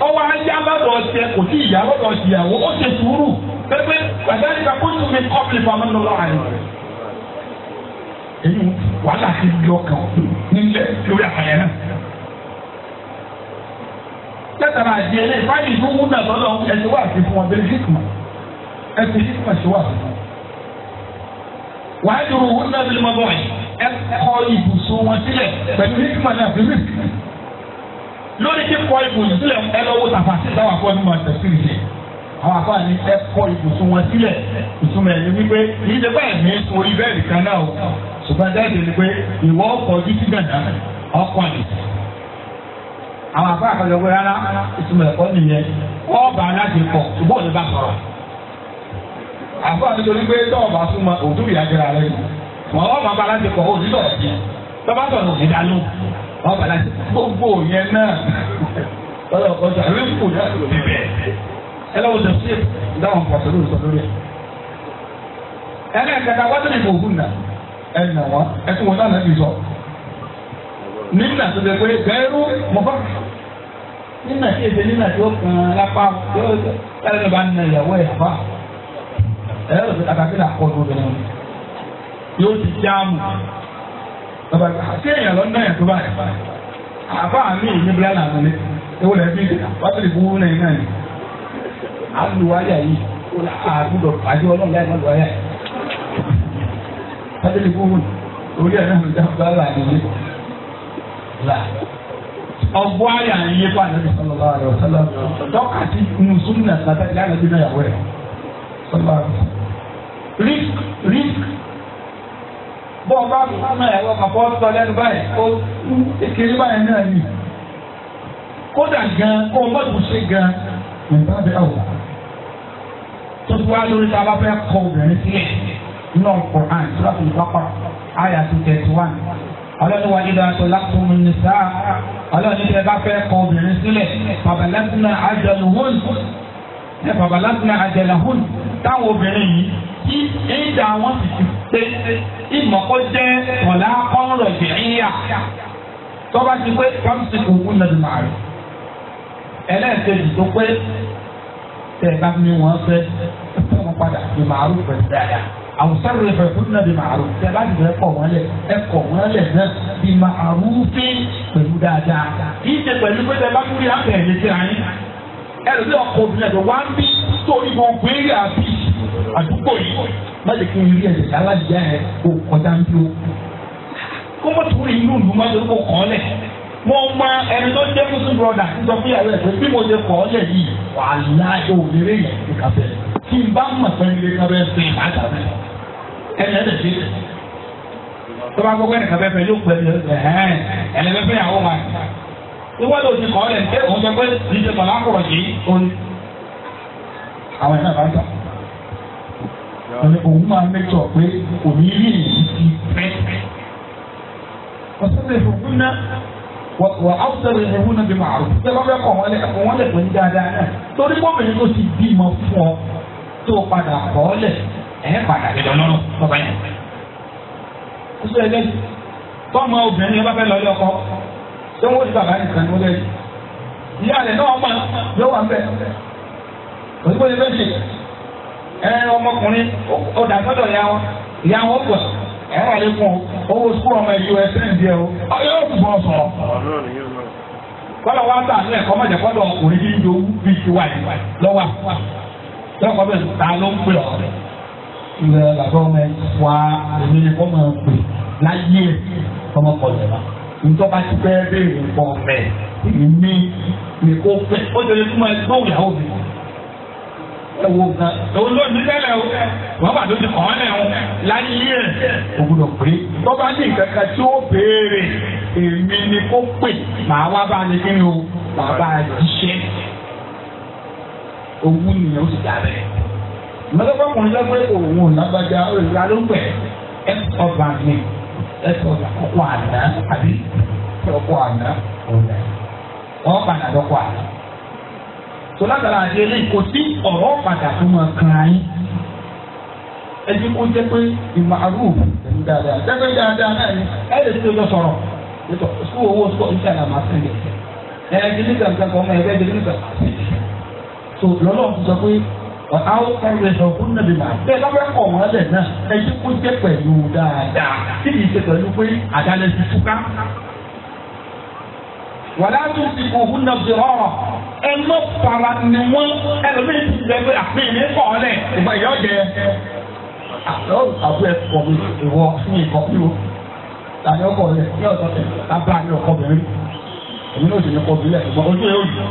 ọ wá yá lọ́dọ̀ ṣe kò tí ìyá lọ́dọ̀ ṣe ìyàwó ó ṣe sùúrù pépé pàṣẹ nípa kó tún mi kọ́ mi pamọ́ lọ́wọ́ àyè. èyí wàhálà ti di ọkàn nílẹ̀ lórí àpàyẹ náà. lẹ́tàrà àti ẹlẹ́yìn fáyì ìdúgbò náà lọ́dọ̀ ẹ̀ṣẹ̀ wà sí fún ọbẹ̀ hikma ẹ̀ṣẹ̀ hikma ṣe wà sí fún ọ wàá dùrù wọn náà bíi mọ́bọ̀ yìí ẹ kọ ibùsùn wọn sílẹ̀ pẹ̀lú hikima náà fi risk lórí tí kọ ibùsùn sílẹ̀ ẹ lọ wo tàfà sí táwọn akọ mímọ tẹsíri sí àwọn akọ àní ẹ kọ ibùsùn wọn sílẹ̀ ìtumọ̀ ẹ̀ ní wípé yìí ti bẹ́ẹ̀ ní orí bẹ́ẹ̀ nìkan náà o ṣùgbọ́n dáàbò ni pé ìwọ ọkọ̀ ojú sí gàdá ọkọ̀ àlè àwọn akọ àkọlẹ̀ wẹ́rẹ́ rárá ìtumọ̀ ẹ̀kọ́ nìyẹn ọ̀bà aláṣẹ pọ̀ ṣùgbọ́n ò àfọ nítorí pé tọ́ọ̀bà fún ma òtú ìyájọra rẹ mọ ọ máa bá láti kọ òtú sọ̀rọ̀ sí tọ́ba sọ̀rọ̀ òní dánú ọ bá láti gbogbo yẹn náà ọlọ́ ọjà rífù náà ló bí bẹ́ẹ̀ ẹ lọ́wọ́ sọ sí dáhùn pàṣẹ lórí sọ lórí ẹ ẹlẹ́ẹ̀kẹta wọ́n ti fòfin nà ẹ nà wọ́n ẹ tún wọn náà lẹ́bi sọ nínà tó lè pé bẹ́ẹ̀rù mọ̀fá nínà tí èdè nínà tí ó ẹ ẹ àkàkẹ́lẹ́ àkọ́dún obìnrin yóò ti jáàmù bàbá àti èèyàn lọ náà yẹn tó báyìí àbá mi ní bíláàlà àmàlẹ́ ewu lẹ́ bí wàtúlì fún wọn náà ni àlùwáyà yìí àgùdọ̀ àjọ ọlọ́run láì má lùwáyà yìí wàtúlì fún wọn orí ẹ̀ náà ló dá bíláàlà àmàlẹ́ là ọgbọ́ àyà ń fún yàwó risk risk bọ́ ọba fún ẹ̀rọ kàpọ̀ sọ lẹ́nu báyìí ó kékeré báyìí náà ni kódà gan kó o mọ̀tò ṣe gan nígbà bẹ́ẹ̀ wò tó ti wá lórí tá a bá fẹ́ kọ obìnrin sílẹ̀ nínú ọ̀pọ̀ àn tó láti lọ́kọ̀ àyà tó tẹ̀sí wà ní. ọlọ́ni wa ìdá aṣọ láti mú ní sáà ọlọ́ni tẹ bá fẹ́ kọ obìnrin sílẹ̀ babalásínà àjẹlẹ̀ hún ẹ babalásínà àjẹlẹ̀ hún táwọn obìnrin yìí kí ẹ̀yìn wọn sì ti pé ìmọ̀kọ́ jẹ́ ọ̀la ọ̀rọ̀ ìgbìyà tọ́ba ti pé pàmìsì kò kú lẹ́nu màá ẹlẹ́ẹ̀kejì tó pé tẹ̀ bá mi wọ́n fẹ́ fẹ́ wọn padà ní màá pẹ̀lú dáadáa àwùjọ rẹ fẹ́ fún náà bí tẹ̀ bá dìbò ẹ̀kọ́ wọn lẹ̀ ẹ̀kọ́ wọn lẹ̀ náà bí màá rú pẹ̀lú dáadáa kì pẹ̀lú pé tẹ̀ bá kúrì àpẹẹrẹ ti ra yín ẹ̀rọ bí ọkọ̀ obìnrin àdúgbò yìí má lè kí n rí ẹsẹ̀ alájẹ ẹ̀ kó kọjá ń dúró. kó mọ̀ tó rí inú ìlú má lè kó kọ́ lẹ̀. mo ma ẹni tó jẹ́ muslim brother ti sọ fún yàrá ẹ̀ pé bí mo ṣe kọ́ lẹ̀ yìí wàhálà òmìnira yẹn ti kà bẹ́ẹ̀. kí n bá mọ̀ pé ilé kábẹ́ fi ìbàdà bẹ́ẹ̀. ẹni ẹ̀ lẹ̀ fi tó bá gbọ́ pé ẹnì kábẹ́ fẹ́ yóò pẹ́ ẹ̀hẹ́n ẹ̀lẹ́fẹ́ yàwó máa ìwọ́n ló ti kọ́ lẹ̀ ṣé òun sọ pé ìjọba lákọ̀ọ́ yìí ó ní àwọn ẹ̀ka bá ń tà ẹni òun máa mẹ́tọ̀ pé òní rí èyí ti pẹ́. ọ̀sẹ̀ lè fòkún náà wà á sọ̀rọ̀ ẹ̀hún náà bí mà á rò. ṣé wọ́n fẹ́ kọ̀ wọ́n lẹ̀ kọ̀ wọ́n lẹ̀ pẹ̀lú dáadáa náà. torí mọ́mìnrin ló ti bímọ fún ọ tó padà kọ́ lẹ̀ ẹ̀ padà lọ lọ́rùn tọ́ba yẹn. ó sọ ẹlẹ́yìn tọ́mọ obìnrin bá fẹ́ lọ ilé ọkọ ẹ ọmọkùnrin ó dàgbọ́dọ̀ ya wọn ya wọn gbà ẹ wà lẹ́kùn owó sukú ọmọ ẹ̀yọ ẹsẹ̀ ń o yóò kù bọ́ sọ. kọ́lọ̀ wá tà ní ẹ̀kọ́ mọ̀jẹ̀ kọ́lọ̀ yìí ti wà ta ló ń pè ilẹ̀ wá èmi kọ́ máa pè láyé ti ẹwọ gan. òun ló ní tẹ́lẹ̀ o wọ́n bá tó ti kàn án lẹ̀ o láyé ẹ̀. o gbọ́dọ̀ pé bọ́bá ní kankan tí ó béèrè èmi ni kó pè màá wá bá ní kíni o màá bá a jíṣẹ́. owó nìyẹn ó sì dà mọ́tòkọ́ kùnrin lọ́gbẹ́ òun ò lágbájá olùkọ́ alóńgbẹ̀ ẹ̀ ọba mi ẹ̀ ọba ọkọ̀ àná àbí ọkọ̀ àná ọ̀nà ọ̀ padà dọ́kọ̀ àná tó látara àti eléyìí kò sí ọ̀rọ̀ padà tó máa kan ayé ẹni kó jẹ́ pé ìmàlúù ẹni dáadáa jẹ́pẹ́ dáadáa náà ni ẹ lè tó yọ sọ̀rọ̀ yẹtọ̀ sùn owó sùkọ́ ìṣe àlàmà sílẹ̀ ẹ ẹ dìní kankan kan ọmọ ẹ bẹ dìní kankan so lọ́lọ́ ti sọ pé ọ̀tá ó kẹ́rù ẹ̀sọ̀ fún nàbì máa bẹ́ẹ̀ lọ́wọ́ ẹ̀kọ́ wọn lẹ̀ náà ẹni kó jẹ́ pẹ̀lú dáadáa kí ni ìṣe pẹ̀lú pé àdálẹ́ ti túká wàlá tó ti kò hún náà fi hàn ẹ má fara ni wọn ẹlòmíì ti bẹ pé àfihàn ní kọ́ ọ lẹ̀ ìgbà ìyá ọ̀jẹ̀ àlọ́ àbúrò ẹ̀ kọ̀ mi ìwọ mi ìkọ̀ mi o tani ọkọ rẹ ní ọ̀sán tẹ̀ lábẹ́ àmì ọkọ mi rí èmi náà sì ní kọ́ mi lẹ̀ ṣùgbọ́n ojú ẹ̀ òjò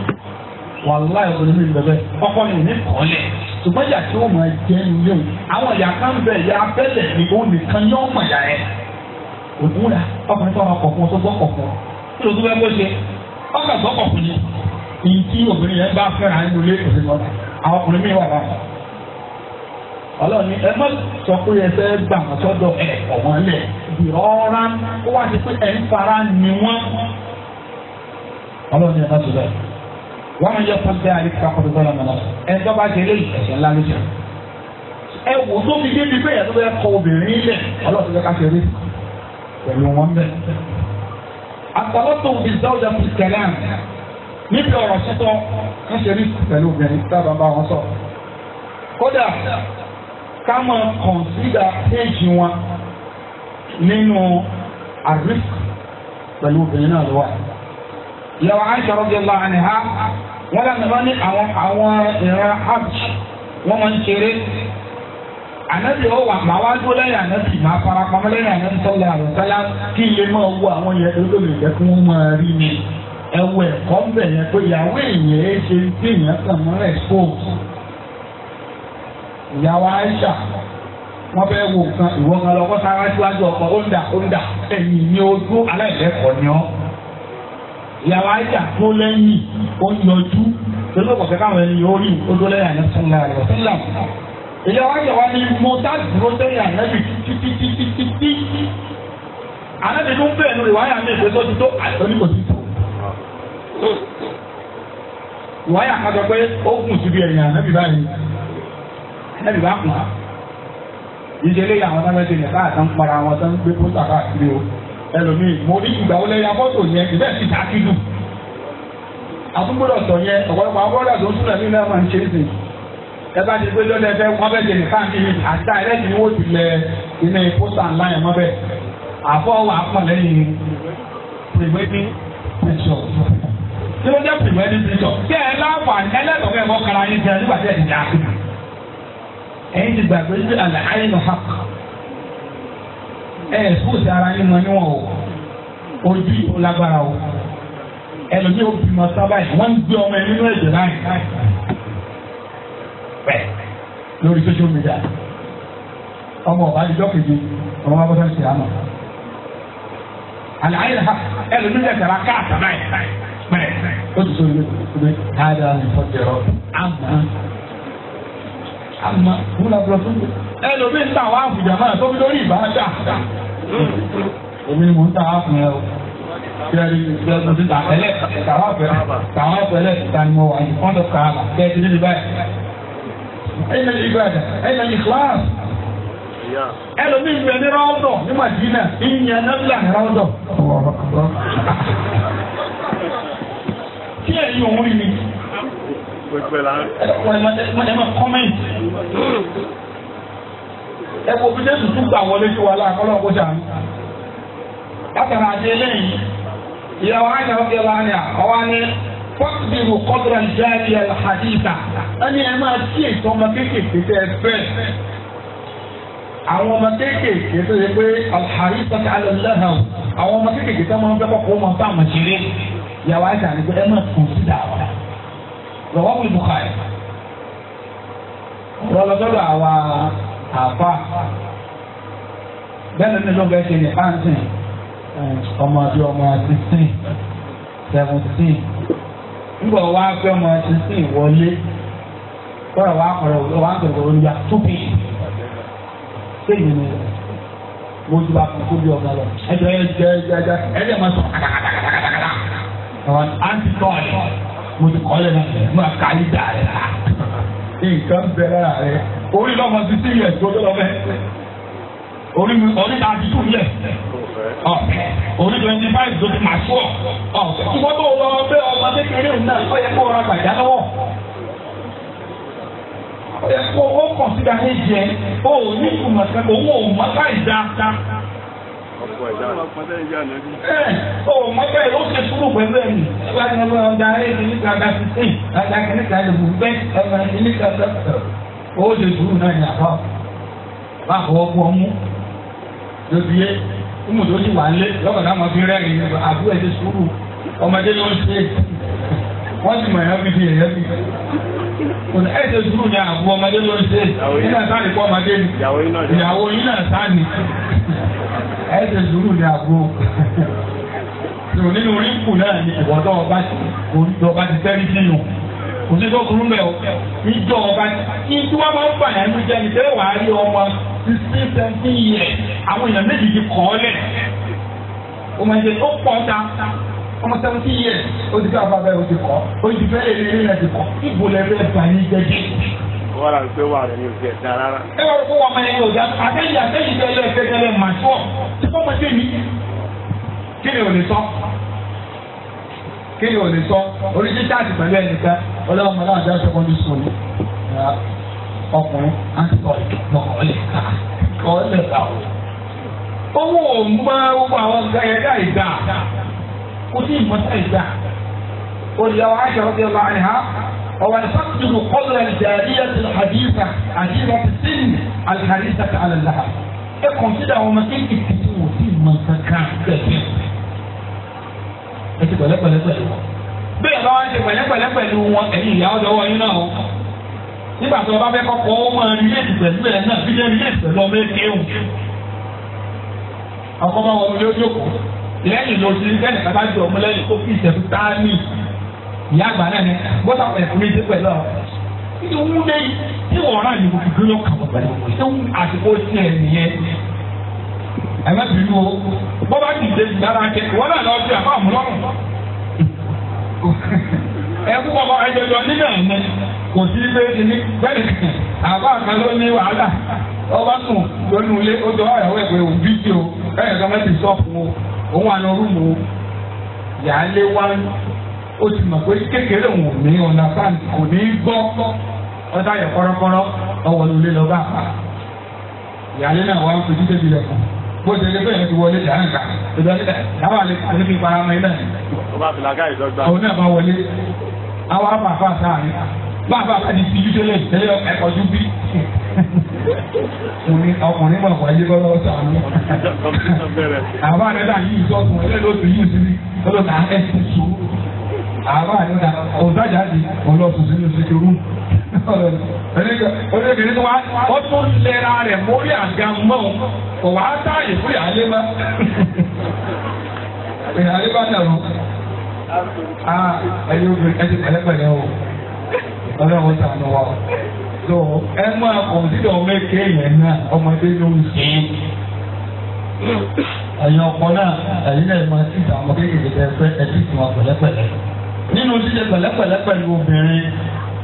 wàláì ọkùnrin mi bẹ̀rẹ̀ ọkọ mi ní kọ́ lẹ̀ ṣùgbọ́n ìyá tí ó máa jẹ́ nílé o àwọn ìyá kan bẹ ìyá abẹ́lẹ̀ ni ó nìkan yọ ọmọ ìyá rẹ̀ òdúnrà ọkùnrin tó wà kọ̀ọ̀kan tó gbọ́ kọ̀ọ̀kan kí ló tún bẹ́ẹ̀ bó ṣe ọkà gbọ́kọ̀ fún yẹn èyí tí obìnrin yẹn bá fẹ́ràn nínú ilé ìwé wọn àwọn ọkùnrin mi wà báyìí ọlọ́ọ̀ni ẹ má sọ pé ẹ fẹ́ gbà wọ́n sọ́dọ̀ ẹ ọ̀wọ́n lẹ̀ ìrọ́ra ó wá sí pé ẹ ń fara ni wọ́n ọlọ́ọ̀ni ẹ má sọ bẹ́ẹ̀ wọ́n máa yẹ fún bẹ́ẹ̀ àríkà kọ́tù bọ́lá mọ́ná ẹ ń dọ́gba jẹ eléyìí ẹ̀ṣẹ̀ ńlá ló ẹ wò tó àtàlọ́tò òbí záwùjà fi tẹ̀lé àná níbi ọ̀rọ̀ sísọ ń ṣe rí pẹ̀lú obìnrin sábà bá wọn sọ. kódà ká máa kọ̀nsídà éèjì wọn nínú àríf pẹ̀lú obìnrin náà lọ́wọ́. ìyàwó Aisha radiyallahu anha wọ́n lànà bá ní àwọn àwọn ìran hajj wọ́n máa ń ṣeré ànábì ọ wà máa wá dúró lẹ́yìn ànábì máa fara pamọ́ lẹ́yìn ànábì sọ́lá àrùn sálá kí ilé máa wo àwọn yẹn tó lè jẹ́ kí wọ́n máa rí mi ẹwọ ẹ̀kọ́ ń bẹ̀ yẹn pé ìyàwó èèyàn ẹ ṣe ń pè yẹn kàn mọ́ expose ìyàwó Aisha wọ́n fẹ́ wo nǹkan ìwọ kan lọ́kọ́ sára síwájú ọkọ̀ ó ń dà ó ń dà ẹ̀yìn ní ojú aláìlẹ́kọ̀ọ́ ni ọ́ ìyàwó Aisha tó lẹ́yìn ó yanjú lọ́kọ̀ọ́fẹ́ káwọn ẹni yóò rí òdó lẹ́yìn àyẹ̀sọ́lá rẹ̀ ìyá wa yẹ wa ni mo tá dúró sẹ́yìn ànábì títí títí títí ànábì ló ń bẹ̀rẹ̀ lórí wáyà mi ìgbésọ́ ti tó àìsàn ní kò sí tó wáyà kan sọ pé ó kùn síbi ẹ̀yìn ànábì báyìí ànábì bá kùn á ìṣẹ̀lẹ̀ yà wọn náà mẹsẹ yẹn káà tán para wọn tán gbé pósítà káàkiri o ẹlòmíì mo ní ìgbà wọlé ya mọ́tò yẹn ìbẹ́ẹ̀ ti dá kídù àtúgbòdò sọ yẹn ọ̀pọ̀lọpọ̀ àwọn bọ́dà tó ń túnlẹ̀ nínú ẹ̀ máa ń ṣe é sìn ẹgbẹ́ àti ìgbé lọ́dẹ fẹ́ wọ́n bẹ̀ jẹ̀ nìkan kí ni àtà ẹlẹ́sìn ni wọ́n ti lẹ iná pósítà ńlá yẹn mọ́ bẹ́ẹ̀ àfọ́ wà pọ̀ lẹ́yìn pìrìwẹ́dìn pìṣọ̀ tí wọ́n jẹ́ pìrìwẹ́dìn pìṣọ̀ kí ẹ láǹfààní ẹlẹ́dọ̀kẹ́ ẹ̀kọ́ kara yín jẹ nígbà tí ẹ̀ ti dà ẹ̀yin ti gbàgbé ní àlẹ́ ayé nù hàk ẹ̀ ẹ̀sùkùsì ara yín mọ níwọ̀n o ojú ìbò lágbára o ẹlòmíì ó bímọ sábà yìí wọ́n ń gbé ọmọ ẹ̀ nínú ẹ̀jẹ̀ láì pẹ̀ lórí social media ọmọ ọba àdìjọ́ kejì ọmọ bá bọ́sẹ̀ ṣe àná. àlàyé rẹ̀ ẹlòmíì rẹ̀ tẹ̀ra káàtà náà pẹ̀ ó ti sọ ilé ìgbé káàdà ìfọ̀jẹ̀rọ̀ àmà àmà wúlò àbúrò tó ń bọ̀. ẹlòmíì ń ta àwọn àbùjá náà tó fi lórí ìbáradà. èmi ni mò ń ta àfùn ẹ o kiri ẹlẹ tàwọn fẹlẹ tàwọn fẹlẹ tani mo wà ní kọ́ńdọ̀ kàrà kẹ́ẹ̀tì níbi báyìí. ẹ̀yìn mẹ́lẹ̀ ìbàdàn ẹ̀yìn mẹ́lẹ̀ ìkíláàsì. ẹlòmí ń bẹ ní ráwùdọ̀ ní màdínà ìyẹn nábìlà ní ráwùdọ̀. ẹ máa kọ́mẹ́ǹtì. jésù tún gbà wọlé sí wa fọ́tìmù kọ́dọ̀rọ̀ jáde àlàhàdìgbà ẹni ẹ máa tí ètò ọmọ kéékèèké tẹ ẹ fẹ́ àwọn ọmọ kéékèèké tó yẹ pé àlàhàdìgbà tẹ alẹ́ lẹ́hàn àwọn ọmọ kéékèèké tó máa ń fẹ́ kọ́kọ́ ọmọ bá àwọn ṣeré yàrá ẹ̀ka ni pé ẹ máa kùn sí dàwọn lọ́wọ́ wí bùkàì rọlọ́dọ́dọ̀ àwa àfa bẹ́ẹ̀ ni lọ́gbẹ́ ṣe ní pàǹtì ọmọ ọdún ọmọ sixteen seventeen nígbà wá pé ọmọ sísìn wọlé kọ́rọ̀ wá kọ̀rọ̀ wọlé wá ń sọ̀rọ̀ wọlé ya mo ti bá kú bí ọmọ lọ ẹjọ yẹn jẹ ẹjẹ ẹjẹ máa sọ kàtàkàtàkàtàkàtà àǹtí tọ́ọ̀lì mo ti kọ́ lẹ́nu mo kà í dà la nǹkan bẹ̀rẹ̀ rẹ̀ orí lọ́mọ sísìn yẹn tó lọ́mọ orí mi orí ta ti tù yẹn ọ̀pẹ orí twenty five ló ti máa sọ ọ̀pẹ. ìwọ́n tó lọ bẹ́ ọmọ kékeré náà ó yẹ kó ra gbàdá lọ́wọ́. ẹ̀kọ́ ó kàn síbi ayé jẹ ó ní ìkùmọ̀ kan òun ò mọ báyìí dáadáa. ó mọ bẹ́ẹ̀ ló ṣe sùúrù pẹ̀lú ẹ̀mí. láti ọgbọ́n ọjà ayé ti ní kàkà sísìn kàkà kìnnìkan lè bù bẹ́ẹ̀ ẹ̀mí ti ní kàkà ó ṣe sùúrù náà ní àbá. báwo ọkọ̀ ọmú lóbi yé ọmọ tó ti wà lé lọ́kàn náà máa fi rẹ́rìn ní àbúrò ẹ̀ ti sùúrù ọmọdé ló ń ṣe wọ́n ti mọ̀ ẹ̀yọ́ bíbí ẹ̀yọ́ bíbí ẹ̀ ti sùúrù ní àbúrò ọmọdé ló ń ṣe nígbà sáàni kó ọmọdé ni ìyàwó yín náà sáàni ẹ̀ ti sùúrù ní àbúrò tò nínú ríkù náà ni ìwọ́dọ̀ ọba ti oríjọ ọba ti tẹ́rí sínú òṣìṣẹ́ òkúrú mẹ́ o ìjọ ọba ti kí tí wọ́n máa ń sixteen seventeen years àwọn èèyàn méjì ti kọ́ lẹ̀ o máa ń pọ̀ ta ọmọ seventeen years o ti fẹ́ afáfẹ́ o ti kọ́ o ti fẹ́ eré rẹ̀ ti kọ́ ibo lẹ fẹ́ bà ní jẹjẹ. wọ́n rà pé wà ní oṣù ẹ̀dá rárá. ẹ wọ́n rẹ̀ pé wọ́n máa ń yọ ọ̀dà àtẹ̀yìn kí ni ò lè sọ oríṣi táàtì pẹ̀lú ẹnìkan ọlọ́mọ náà jẹ́ sẹ́kọ́ndì sùn ọkùnrin á ti sọ ọ̀lẹ̀ dà o. owó ò ń mọ gbogbo àwọn gẹ̀ẹ́dà ìdá kò sí ìmọ̀tà ìdá. olùyàwó àṣà ọ̀dẹ̀ ọ̀la àìhá ọ̀wà ìfàkùtù kọ́lù àjàdíyà ti hadíta àdíyà ti sin àdíyà ti àlàlà. ẹ kọ̀ǹsídà wọn kí ìtìjú wò sí ìmọ̀tà kan gẹ̀gẹ̀. ẹ ti pẹ̀lẹ́pẹ̀lẹ́ pẹ̀lú wọn. bí ẹ bá wá ń ṣe pẹ̀lẹ́pẹ̀lẹ́ pẹ̀lú wọn ẹ̀yin ìyàwó nígbà tó o bá fẹ́ kọ́kọ́ ó máa rí léèdì pẹ̀lú ẹ̀ náà bí lẹ́ẹ̀rí léèdì pẹ̀lú ọmọ ẹ̀kẹ́hùn. ọkọ bá wọlé lójú kù lẹ́yìn ló ti fẹ́ẹ̀ kàtà jù ọmọ lẹ́yìn kó fi ìṣẹ̀fù táàmì ìyá àgbà náà ni bọ́tà pẹ̀lú mi pẹ̀lú ọ. ìdí wú lẹ́yìn tí wọ́n rà ní gbogbo yọ kàwọ́ pẹ̀lú àsìkò sí ẹ̀ nìyẹn. ẹ kò sí pé ní bẹ́ẹ̀ ni àbá kan ló ní wàhálà ọba sùn lónú ilé ó jọ àyàwó ẹ̀pẹ́ òun bíbí o bẹ́ẹ̀ kan mẹ́tì sọ́ọ̀fù o òun àna rúùmù o lé wá ó sì mọ̀ pé kékeré òun ní ọ̀nà ọ̀tá yẹ kọ́rọ́kọ́rọ́ ọwọ́ ló lé a. náà wá ń fojú débi rẹ̀ bó ṣe lé bẹ́ẹ̀ ti wọlé bàbá àti ìtìjú tẹ́lẹ̀ tẹ́lẹ̀ ẹ̀kọ́jú bí. Òní ọkùnrin bọ̀ wáyé lọ́wọ́ sàánú. Àbá rẹ̀ dà yìí sọ́kùn ẹlẹ́lọ́sùn yìí síbi lọ́dọ̀ tà ẹ̀sìn sùn. Àbá rẹ̀ dà ọ̀sájà di ọlọ́sùn sínú sí irú. Olébìnrin wa ó tún lẹ́ra rẹ̀ mórí àga mọ́ òun. Kò wá táàyè fún ìyáálé mọ́. Ìyáálé bá dàrú. Ah, Ẹ̀yin obìnrin ẹ ti pẹ̀lẹ́pẹ̀lẹ́ o ọlọ́run sànù wa so ẹ máa kọ̀ǹsídà ọmọkẹ́ yẹn náà ọmọdé ló ń sè é ẹ̀yin ọ̀pọ̀ náà ẹ̀yin náà máa ti sàmọ́ kékeré tẹ fẹ́ ẹtí tí wọn pẹ̀lẹ́pẹ̀lẹ́ nínú ṣíṣe pẹ̀lẹ́pẹ̀lẹ́ pẹ̀lú obìnrin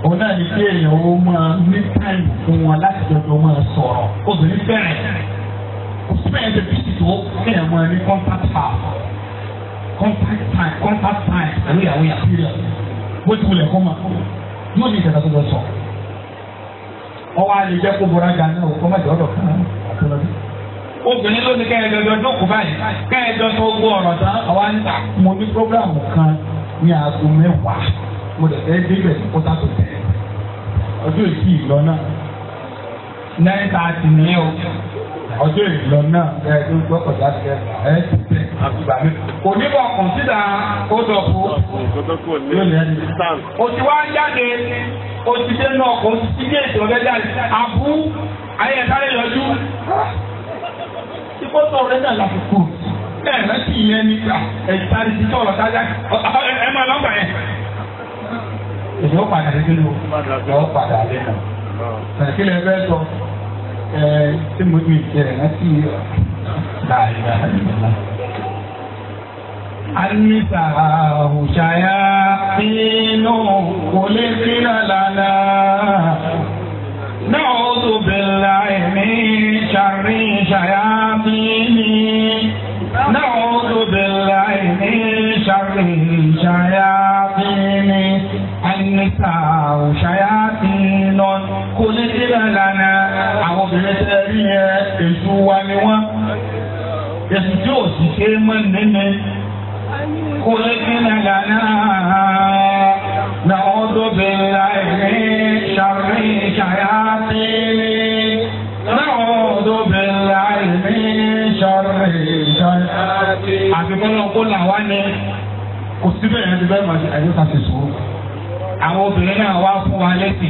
òun náà ní kí èèyàn ó máa ní time fún wọn láti dọ̀dọ̀ máa sọ̀rọ̀ obìnrin bẹ̀rẹ̀ bẹ́ẹ̀ bẹ bí ti tó kéèyàn máa ní contact time contact time contact time pẹ̀lú ìyàwó yàtúrẹ̀ bó ti wulẹ̀ kọ́ máa. yóò ní ìjọba tó lọ sọ ọwọ́ àlè jẹ́ kó bọ́ra gan obìnrin ló ní kẹ́hìn lọ́jọ́ jókòó báyìí kẹ́hìn lọ ọ̀rọ̀ tán ta. mo ní programu kan ní aago mẹ́wàá mo lè fẹ́ débẹ̀ tó tẹ̀ ọjọ́ ìkí ìlọ náà nine o. ọjọ́ ìlọ náà ẹ ló gbọ́ pẹ̀lú àti ẹ ti tẹ àgbà mi. kò ní bọ̀ kọ̀ǹsídà ó dọ̀kú lónìí ẹni. o ti wá jáde o ti dé náà kò sí ilé ìtọ́ bẹ́ẹ̀ jáde àbú ayé ẹ̀sáré yọjú. ikú tó rẹ náà lásìkò ẹ rẹ sì yẹn ní ẹ̀sáré ti tọ̀rọ̀ sájà ẹ máa lọ́gbà yẹn. èyí ó padà lé kí ló ó padà lé náà. kí lè fẹ́ sọ ẹ tí mo mi tẹ̀lé láti láàyè àdìgbà. Alimisa ahujaya inu wole kila lana na o tobi la emi sari shaya. èso wa ni wọ́n èso tí ò sì ṣe é mọ́ nínú kó lè ní nàgà náà náà ó tó bẹ̀rẹ̀ láìpẹ́ ṣàfihàn ṣàyàtì náà ó tó bẹ̀rẹ̀ láìpẹ́ ṣàfihàn ṣàyàtì. àfikún náà kó làwa ni kò síbẹ̀ yẹn ti bẹ́ẹ̀ máa ṣe àyíká ti sùn. àwọn obìnrin náà wá fún wa létí.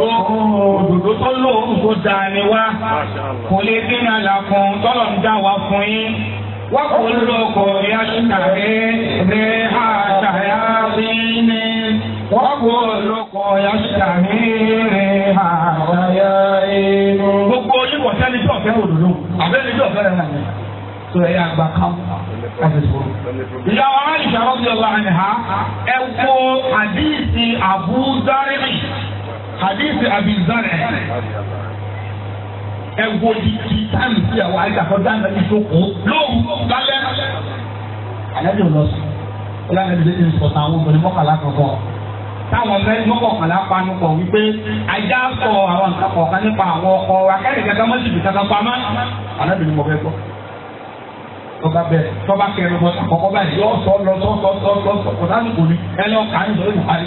àwọn òdòdó tó lóòrùn tó da ni wá kò lè dínà làkùn tọ́lọ̀ ń dá wa fún yín wákò lóko yasutare rẹ̀ àtàyà sí ni wákò lóko yasutare rẹ̀ àtàyà inú. gbogbo yíkọ̀ sẹ́ni tí ọ̀fẹ́ òdòdó àbẹ́ni tí ọ̀fẹ́ rẹ̀ nàní tó ẹ̀yà àgbà kan ìyàwó aláìsàn ọ̀gbìn ọ̀la ẹ̀ ha ẹ̀ àdìsí àbúzárẹ́rì hadith abizare ẹwọ didi táàmì sí ẹwọ ayélujáfọdá náà ìjókòó lóòrù lálẹ́. alájọ lọ sí ọlọ́run ẹni lẹ́yìn sọ̀tà àwọn obìnrin mọ́kànlá kankan táwọn mẹ́rin mọ́kànlá panu pọ̀ wípé ajá sọ àwọn nǹkan kọ̀ọ̀kan nípa àwọn ọkọ akẹ́rì kankan mọ́sibì kankan pamọ́. alájọ ni mo fẹ́ gbọ́ tọba bẹ̀rẹ̀ tọba kẹrin bọ àkọ́kọ́ báyìí yọ sọ lọ sọ sọ sọ sọ kọtà nìkò ní ẹ lọ kà á nìkò ní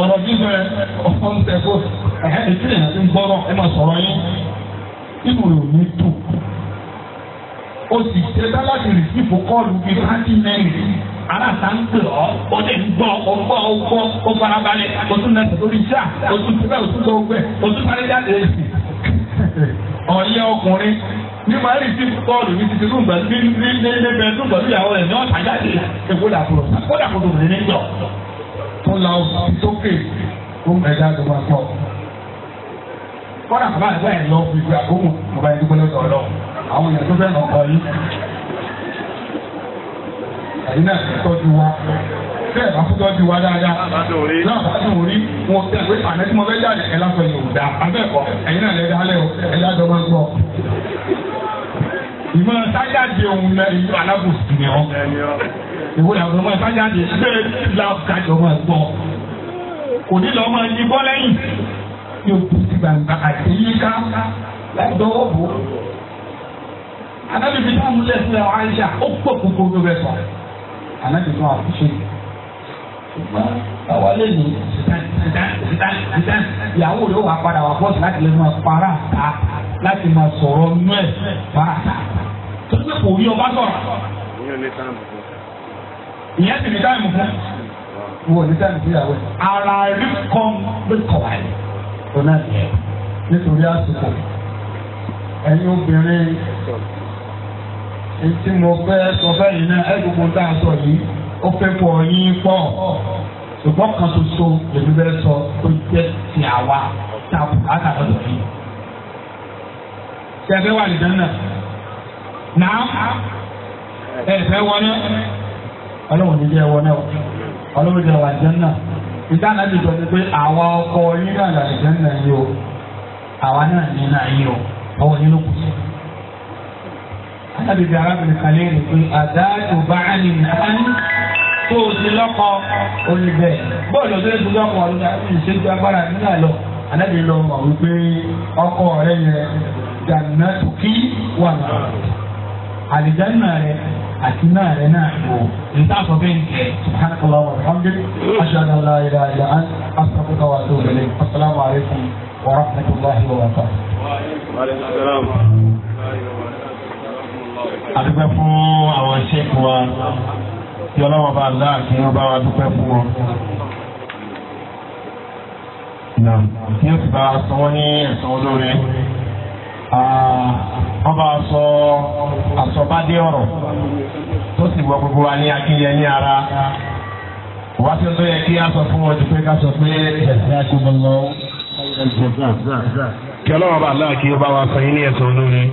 ọ̀rọ̀ sísọ ẹ ọ̀pọ̀ ń tẹ̀kọ́ ẹ̀hẹ́ ìtìlẹ̀ àti gbọ́rọ̀ ẹ máa sọ̀rọ̀ yín inú rẹ̀ ò ní tù. o sì ṣe bá láti rìsífù kọ́ọ̀lù bíi pátí mẹ́rin aláta ń pè ọ́ o lè gbọ́ o gbọ́ o gbọ́ o farabalẹ̀ o tún lọ sórí jà o tún tún bẹ́ẹ̀ o tún lọ gbẹ o tún parí jáde èsì. ọ̀yẹ́ ọkùnrin ní màá rìsífù kọ́ọ̀lù mi ti ti rúgbà ní ní ní ní bẹ́ẹ̀ rúgbà ní ìyàwó rẹ̀ ní ọ̀tá jáde èkó dàkúrò kó dàkúrò rẹ̀ ní jọ tó la òfin tó kè ó ẹja tó máa tọ̀. kọ́nà bàbá àgbà ẹ̀ lọ fi gbà gbóhùn bàbá ẹ̀ dúpẹ́ lọ́dọ̀ ọ̀lọ́ àwọn èèyàn tó fẹ́ nà ọkọ yìí. ẹ̀yin náà ti tọ́jú wa bẹ́ẹ̀ bá fúnjọ́ ju wa dáadáa láàbá tó rí wọn tẹ̀ pé àná tí mo fẹ́ jáde ẹ̀ lásán yóò dá abẹ́ẹ̀kọ́ ẹ̀yin náà lẹ́ẹ̀dá lẹ́ ẹ̀dá jọ gbọ́ ìmọ̀ sájáde òun náà ìlú alábòsí ni ọ́ ìwé àwọn ọmọ sájáde ṣé láwùjáde ọmọ ẹ̀gbọ́ kò ní lọ́ máa bọ́ lẹ́yìn ní òkú ti gbàǹgbà àti yíká láì dọ́wọ́ bò táwọn múlẹ̀ sílẹ̀ wọ́n ó pọ̀ gbogbo gbogbo ẹ̀ sọ anábìbí wọn àti ṣe ṣùgbọ́n àwa lè ní ìyàwó rẹ̀ wà padà wà bọ́ọ̀sì láti lè máa para ta láti máa sọ̀rọ̀ nú ẹ̀ para ta tó ti kò rí ọba sọ̀rọ̀. ìyẹn sì ní táìmù fún wọ ní táìmù sí ìyàwó ara rí kan ló kọ̀ wáyé tó náà nìyẹn nítorí àsìkò ẹ̀yin obìnrin tí mo fẹ́ sọ fẹ́yìn náà ẹ̀ gbogbo tá a sọ yìí. o fẹ́ pọ̀ yín pọ̀ ṣùgbọ́n kan ṣoṣo lèmi bẹ́ẹ̀ sọ tó jẹ́ ti àwa a bù káàkà lọ́dọ̀ fi. ṣé ẹ fẹ́ wà lìdán náà? náà ẹ fẹ́ wọ náà? ọlọ́run ní jẹ́ wọ náà ọlọ́run jẹ́ wà lìdán náà. ìdáná ti sọ pé àwa o awa náà ní náà o alábìbí arábìnrin kan léèrè pé àdáàtò báàlì náà tó o ti lọ́kọ olùbẹ̀ bọ́ọ̀lù tó ti lọ́kọ olùbẹ̀ ìṣèjú agbára nígbà lọ alábìbí lọ mọ̀ wípé ọkọ rẹ yẹ jàǹdà tó kí wà náà àlìjáná rẹ àti náà rẹ náà wò níta sọ bẹ́ẹ̀ ń kẹ́ سبحانك اللهم وبحمدك أشهد أن لا إله إلا أنت أستغفرك وأتوب إليك السلام عليكم ورحمة الله وبركاته وعليكم السلام ورحمة الله وبركاته adúpẹ́ fún àwọn ṣẹ́kù wa tí ọlọ́wọ́ bá dá kí wọ́n bá wa dúpẹ́ fún wọn. kí ó sì bá a sọ wọ́n ní ẹ̀sán olóore wọ́n bá a sọ àsọ̀bádé ọ̀rọ̀ tó sì wọ gbogbo wa ní akínyẹ ní ara wá sí ọdún yẹ kí a sọ fún wọn ju pé ká sọ pé ẹ̀sìn àkóbọ̀ lọ. kí ọlọ́wọ́ bá dá kí wọ́n bá wa sọ yín ní ẹ̀sán olóore.